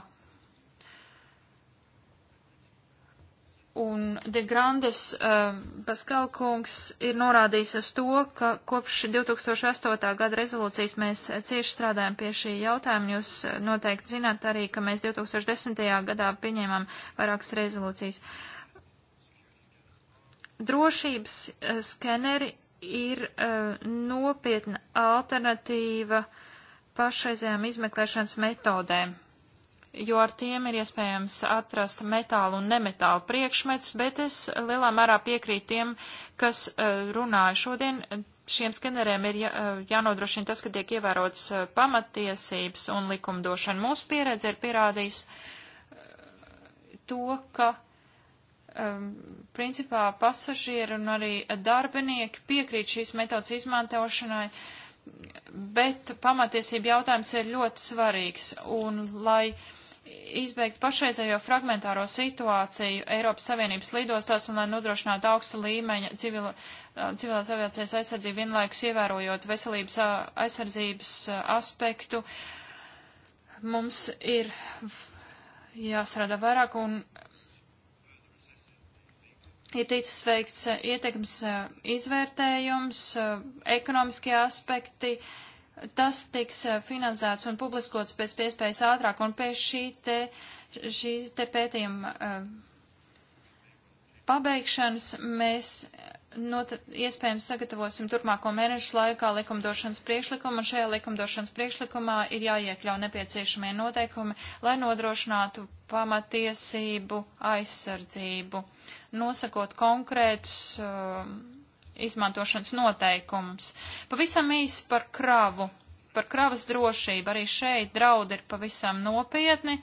Un De Grandes uh, eh, Paskalkungs ir norādījis uz to, ka kopš 2008. gada rezolūcijas mēs cieši strādājam pie šī jautājuma. Jūs eh, noteikti zināt arī, ka mēs 2010. gadā pieņēmām vairākas rezolūcijas. Drošības eh, skeneri ir uh, nopietna alternatīva pašreizējām izmeklēšanas metodēm jo ar tiem ir iespējams atrast metālu un nemetālu priekšmetus, bet es lielā mērā piekrītu tiem, kas eh, runāja šodien. Šiem skeneriem ir jā, eh, jānodrošina tas, ka tiek ievērotas eh, pamatiesības un likumdošana. Mūsu pieredze ir pierādījusi to, ka um, principā pasažieri un arī darbinieki piekrīt šīs metodas izmantošanai. Bet pamatiesība jautājums ir ļoti svarīgs, un lai uh, izbeigt pašreizējo fragmentāro situāciju Eiropas Savienības lidostās un lai nodrošinātu augsta līmeņa civila, uh, civilās aviācijas aizsardzību vienlaikus ievērojot veselības uh, aizsardzības uh, aspektu. Mums ir jāstrādā vairāk un ir ticis veikts ietekmes izvērtējums, ekonomiskie aspekti, uh, tas tiks eh, finansēts un publiskots pēc iespējas ātrāk un pēc šī te, šī te pētījuma eh, pabeigšanas mēs eh, not, iespējams sagatavosim turpmāko mēnešu laikā likumdošanas priekšlikumu, un šajā likumdošanas priekšlikumā ir jāiekļau nepieciešamie noteikumi, lai nodrošinātu pamatiesību aizsardzību, nosakot konkrētus uh, izmantošanas noteikumus. Pavisam īsi par kravu, par kravas drošību. Arī šeit draudi ir pavisam nopietni.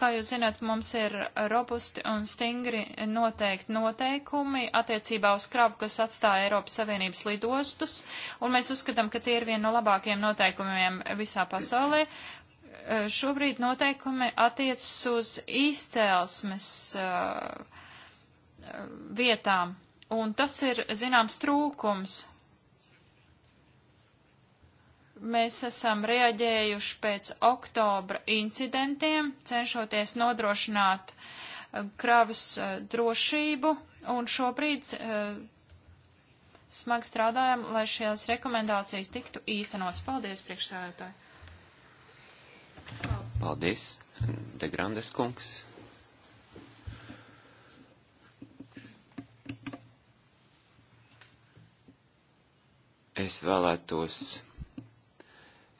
Kā jūs zināt, mums ir robusti un stingri noteikti noteikumi attiecībā uz kravu, kas atstāja Eiropas Savienības lidostus, un mēs uzskatām, ka tie ir viena no labākajiem noteikumiem visā pasaulē. Eh, šobrīd noteikumi attiecas uz izcēlesmes uh, eh, eh, vietām. Un tas ir zināms trūkums. Mēs esam reaģējuši pēc oktobra incidentiem, cenšoties nodrošināt uh, kravas uh, drošību, un šobrīd uh, smagi strādājam, lai šīs rekomendācijas tiktu īstenotas. Paldies, priekšsēdētāji! Paldies, Degrandes kungs! Es vēlētos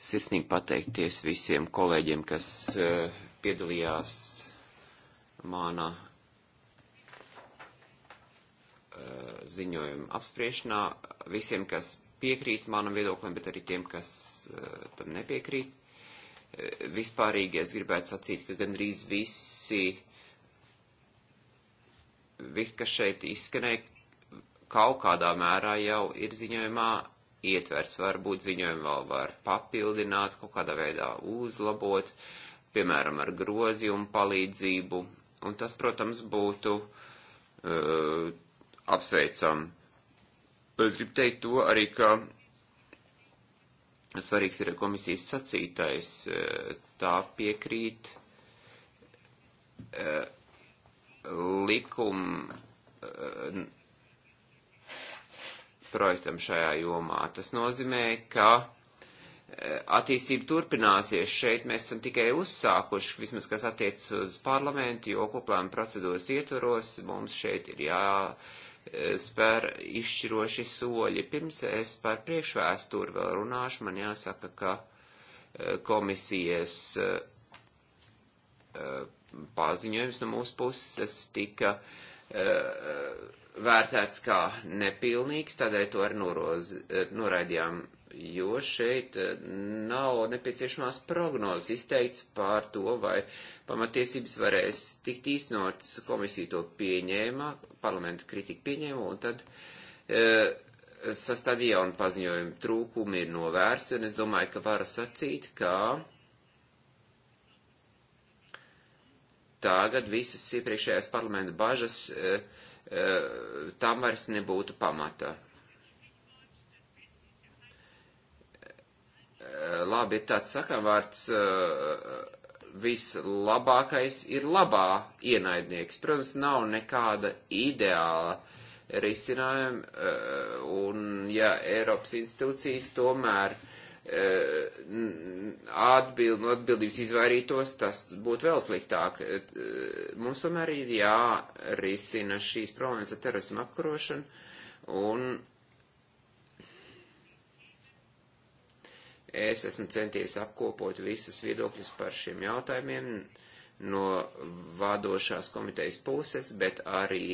sirsnīgi pateikties visiem kolēģiem, kas uh, piedalījās mānā uh, eh, ziņojuma apspriešanā, visiem, kas piekrīt manam viedoklim, bet arī tiem, kas uh, tam nepiekrīt. Vispārīgi es gribētu sacīt, ka gandrīz visi, viss, kas šeit izskanēja, kaut kādā mērā jau ir ziņojumā ietverts. Varbūt ziņojumu vēl var papildināt, kaut kādā veidā uzlabot, piemēram, ar grozījumu palīdzību. Un tas, protams, būtu uh, apsveicam. Es gribu teikt to arī, ka svarīgs ir komisijas sacītais, eh, tā piekrīt eh, likuma projektam šajā jomā. Tas nozīmē, ka e, attīstība turpināsies. Šeit mēs esam tikai uzsākuši, vismaz kas attiecas uz parlamentu, jo koplēma procedūras ietvaros mums šeit ir jāspēr e, izšķiroši soļi. Pirms es par priekšvēsturi vēl runāšu, man jāsaka, ka e, komisijas paziņojums no mūsu puses tika vērtēts kā nepilnīgs, tādēļ to arī noroz, e, noraidījām, jo šeit e, nav nepieciešamās prognozes izteikts pār to, vai pamatiesības varēs tikt īstenotas, komisija to pieņēma, parlamentu kritiku pieņēma, un tad e, sastādīja jaunu paziņojumu trūkumi ir novērsti, un es domāju, ka varu sacīt, ka tagad visas iepriekšējās parlamentu bažas uh, e, Eh, tam vairs nebūtu pamata. Eh, labi, tāds sakavārds eh, vislabākais ir labā ienaidnieks. Protams, nav nekāda ideāla risinājuma, un ja Eiropas institūcijas tomēr uh, Eh, atbild, no atbildības izvairītos, tas būtu vēl sliktāk. Eh, mums tomēr ir jārisina šīs problēmas ar terorismu apkarošanu un es esmu centies apkopot visus viedokļus par šiem jautājumiem no vadošās komitejas puses, bet arī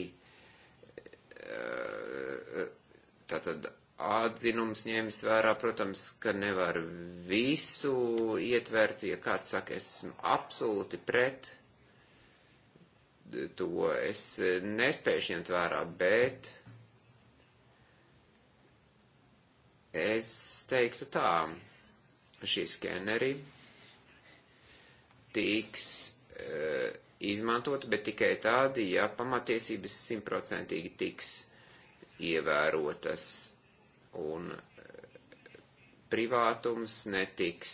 eh, tātad atzinums ņēmis vērā, protams, ka nevar visu ietvert, ja kāds saka, esmu absolūti pret, to es nespēju ņemt vērā, bet es teiktu tā, šī skeneri tiks e, izmantot, bet tikai tādi, ja pamatiesības simtprocentīgi tiks ievērotas un eh, privātums netiks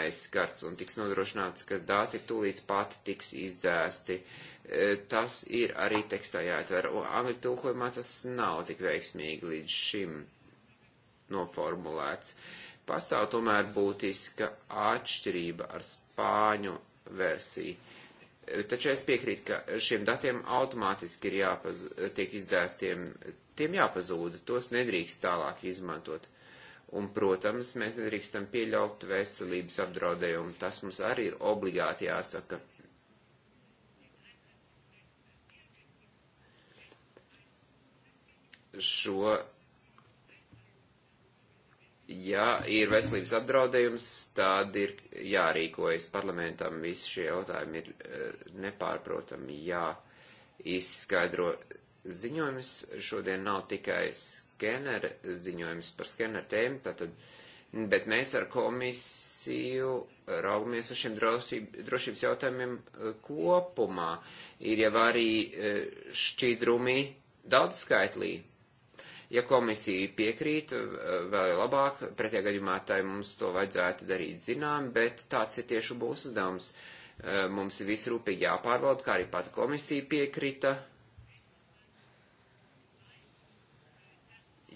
aizskarts un tiks nodrošināts, ka dati tūlīt pat tiks izdzēsti. Eh, tas ir arī tekstā jāatver, un angļu tulkojumā tas nav tik veiksmīgi līdz šim noformulēts. Pastāv tomēr būtiska atšķirība ar spāņu versiju. Eh, taču es piekrītu, ka šiem datiem automātiski ir jāpaz, tiek izdzēstiem tiem jāpazūda, tos nedrīkst tālāk izmantot. Un, protams, mēs nedrīkstam pieļaut veselības apdraudējumu, tas mums arī ir obligāti jāsaka. Šo, ja ir veselības apdraudējums, tad ir jārīkojas parlamentam, visi šie jautājumi ir eh, nepārprotami jāizskaidro ziņojums šodien nav tikai skenera ziņojums par skenera tēmu, tātad, bet mēs ar komisiju raugamies uz šiem drošība, drošības jautājumiem eh, kopumā. Ir jau arī eh, šķidrumi daudzskaitlī. Ja komisija piekrīt, eh, vēl labāk, pretie gadījumā tai mums to vajadzētu darīt zinām, bet tāds ir tieši mūsu uzdevums. Mums ir visrūpīgi jāpārbauda, kā arī pat komisija piekrita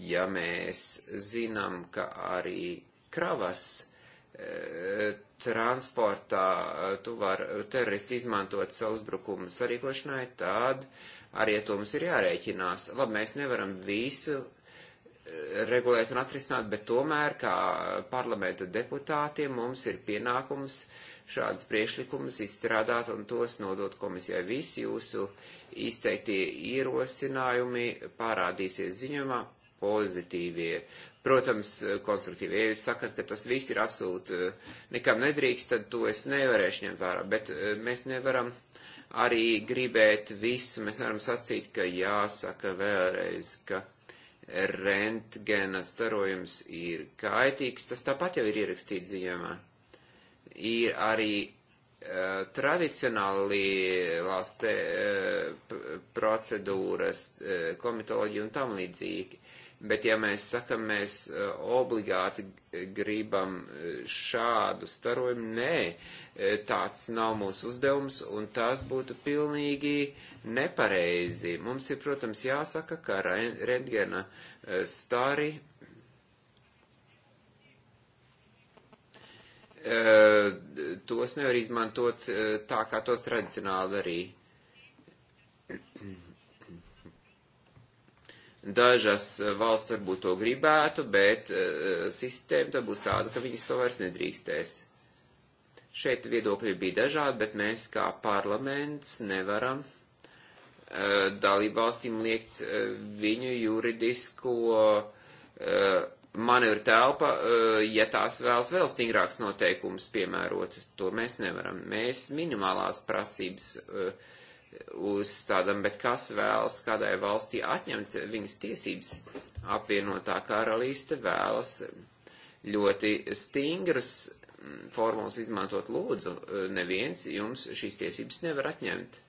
ja mēs zinām, ka arī kravas e, transportā e, tu var teroristi izmantot savu uzbrukumu sarīkošanai, tad arī to mums ir jārēķinās. Labi, mēs nevaram visu e, regulēt un atrisināt, bet tomēr, kā parlamenta deputātiem, mums ir pienākums šādas priekšlikumus izstrādāt un tos nodot komisijai. Visi jūsu izteiktie ierosinājumi parādīsies ziņojumā, pozitīvie. Protams, eh, konstruktīvi, ja jūs sakat, ka tas viss ir absolūti eh, nekam nedrīkst, tad to es nevarēšu ņemt vērā, bet eh, mēs nevaram arī gribēt visu, mēs varam sacīt, ka jāsaka vēlreiz, ka rentgena starojums ir kaitīgs, tas tāpat jau ir ierakstīts ziemā. Ir arī tradicionālās te, procedūras, komitoloģija un tam līdzīgi. Bet ja mēs sakam, mēs eh, obligāti gribam eh, šādu starojumu, nē, eh, tāds nav mūsu uzdevums, un tas būtu pilnīgi nepareizi. Mums ir, protams, jāsaka, ka rentgena stari tos nevar izmantot tā, kā tos tradicionāli darīja Dažas eh, valsts varbūt to gribētu, bet uh, sistēma tad būs tāda, ka viņas to vairs nedrīkstēs. Šeit viedokļi bija dažādi, bet mēs kā parlaments nevaram uh, dalībvalstīm liekt uh, viņu juridisko manevru telpa, ja tās vēlas vēl stingrāks noteikums piemērot. To mēs nevaram. Mēs minimālās prasības uh, uzstādām, bet kas vēlas kādai valstī atņemt viņas tiesības? Apvienotā karalīste vēlas ļoti stingras formulas izmantot lūdzu. Neviens jums šīs tiesības nevar atņemt.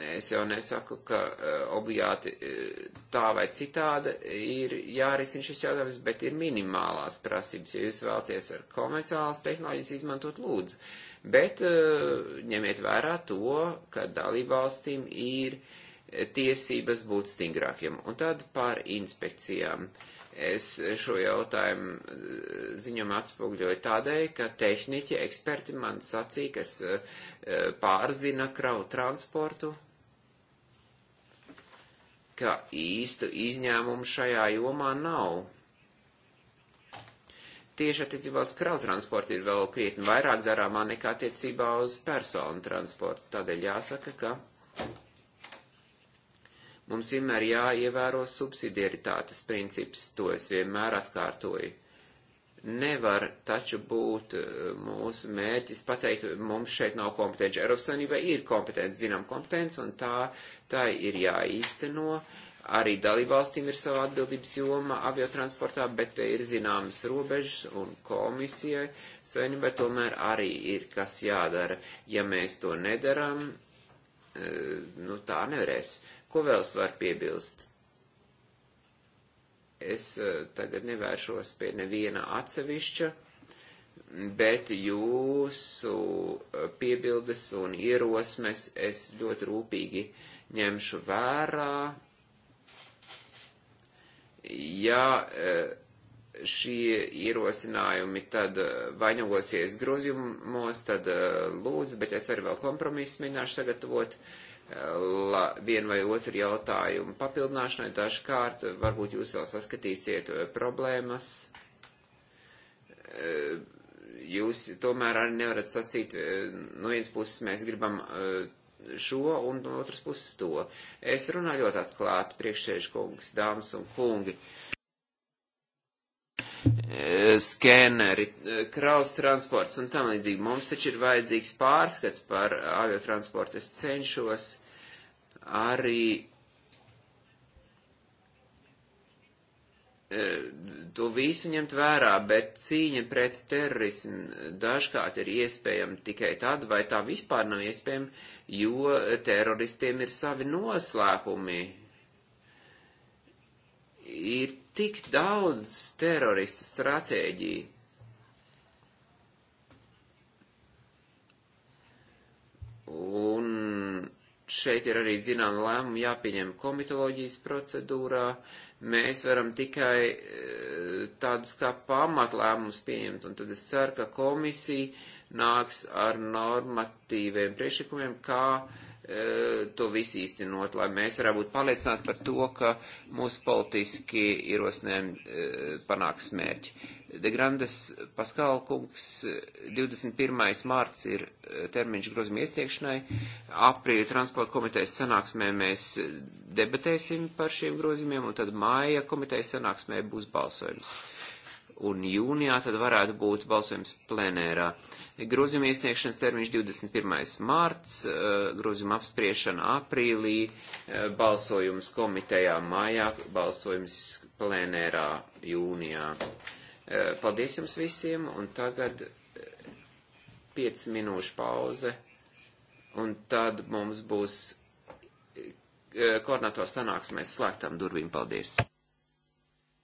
Es jau nesaku, ka eh, obligāti eh, tā vai citāda ir jārisina šis jautājums, bet ir minimālās prasības, ja jūs vēlaties ar komerciālas tehnoloģijas izmantot lūdzu. Bet eh, ņemiet vērā to, ka dalībvalstīm ir tiesības būt stingrākiem. Un tad par inspekcijām. Uh, Es šo jautājumu eh, ziņam atspūgļoju tādēļ, ka tehniķi, eksperti man sacīja, kas eh, pārzina kravu transportu, ka īstu izņēmumu šajā jomā nav. Tieši attiecībā uz kravu transportu ir vēl krietni vairāk darāmā nekā attiecībā uz personu transportu. Tādēļ jāsaka, ka Mums vienmēr jāievēro subsidiaritātes princips, to es vienmēr atkārtoju. Nevar taču būt eh, mūsu mērķis pateikt, mums šeit nav kompetenci. Eiropas Savienībai ir kompetenci, zinām kompetenci, un tā, tā ir jāīsteno. Arī dalībvalstīm ir sava atbildības joma aviotransportā, bet te ir zināmas robežas, un komisijai Savienībai tomēr arī ir kas jādara. Ja mēs to nedaram, eh, nu tā nevarēs. Uh, Ko vēl es varu piebilst? Es eh, tagad nevēršos pie neviena atsevišķa, bet jūsu eh, piebildes un ierosmes es ļoti rūpīgi ņemšu vērā. Ja eh, šie ierosinājumi tad vainagosies grozījumos, tad lūdzu, bet es arī vēl kompromisu mēģināšu sagatavot. Uh, la, vienu vai otru jautājumu papildināšanai. Dažkārt varbūt jūs vēl saskatīsiet eh, problēmas. Eh, jūs tomēr arī nevarat sacīt, eh, no vienas puses mēs gribam šo un no otras puses to. Es runāju ļoti atklāti, priekšsēžu kungs, dāmas un kungi. Uh, Eh, skēneri, eh, kraus transports un tam līdzīgi. Mums taču ir vajadzīgs pārskats par aviotransportu. Es cenšos arī eh, to visu ņemt vērā, bet cīņa pret terorismu dažkārt ir iespējama tikai tad, vai tā vispār nav iespējama, jo teroristiem ir savi noslēpumi. Ir tik daudz terorista stratēģiju. Un šeit ir arī zinām lēmumu jāpieņem komitoloģijas procedūrā. Mēs varam tikai eh, tādus kā pamatlēmumus pieņemt, un tad es ceru, ka komisija nāks ar normatīviem priekšlikumiem, kā uh, E, to visu īstenot, lai mēs varētu būt pārliecināti par to, ka mūsu politiski ierosinājumi e, panāks mērķi. De Grandes Paskāla kungs 21. mārts ir e, termiņš grozuma iestiekšanai. Aprīļa transporta komitejas sanāksmē mēs debatēsim par šiem grozījumiem, un tad māja komitejas sanāksmē būs balsojums. Uh, un jūnijā tad varētu būt balsojums plenērā. Grozījuma iesniegšanas termiņš 21. mārts, eh, grozījuma apspriešana aprīlī, eh, balsojums komitejā mājā, balsojums plenērā jūnijā. Eh, paldies jums visiem, un tagad 5 minūšu pauze, un tad mums būs koordinators sanāksmēs slēgtām durvīm. Paldies!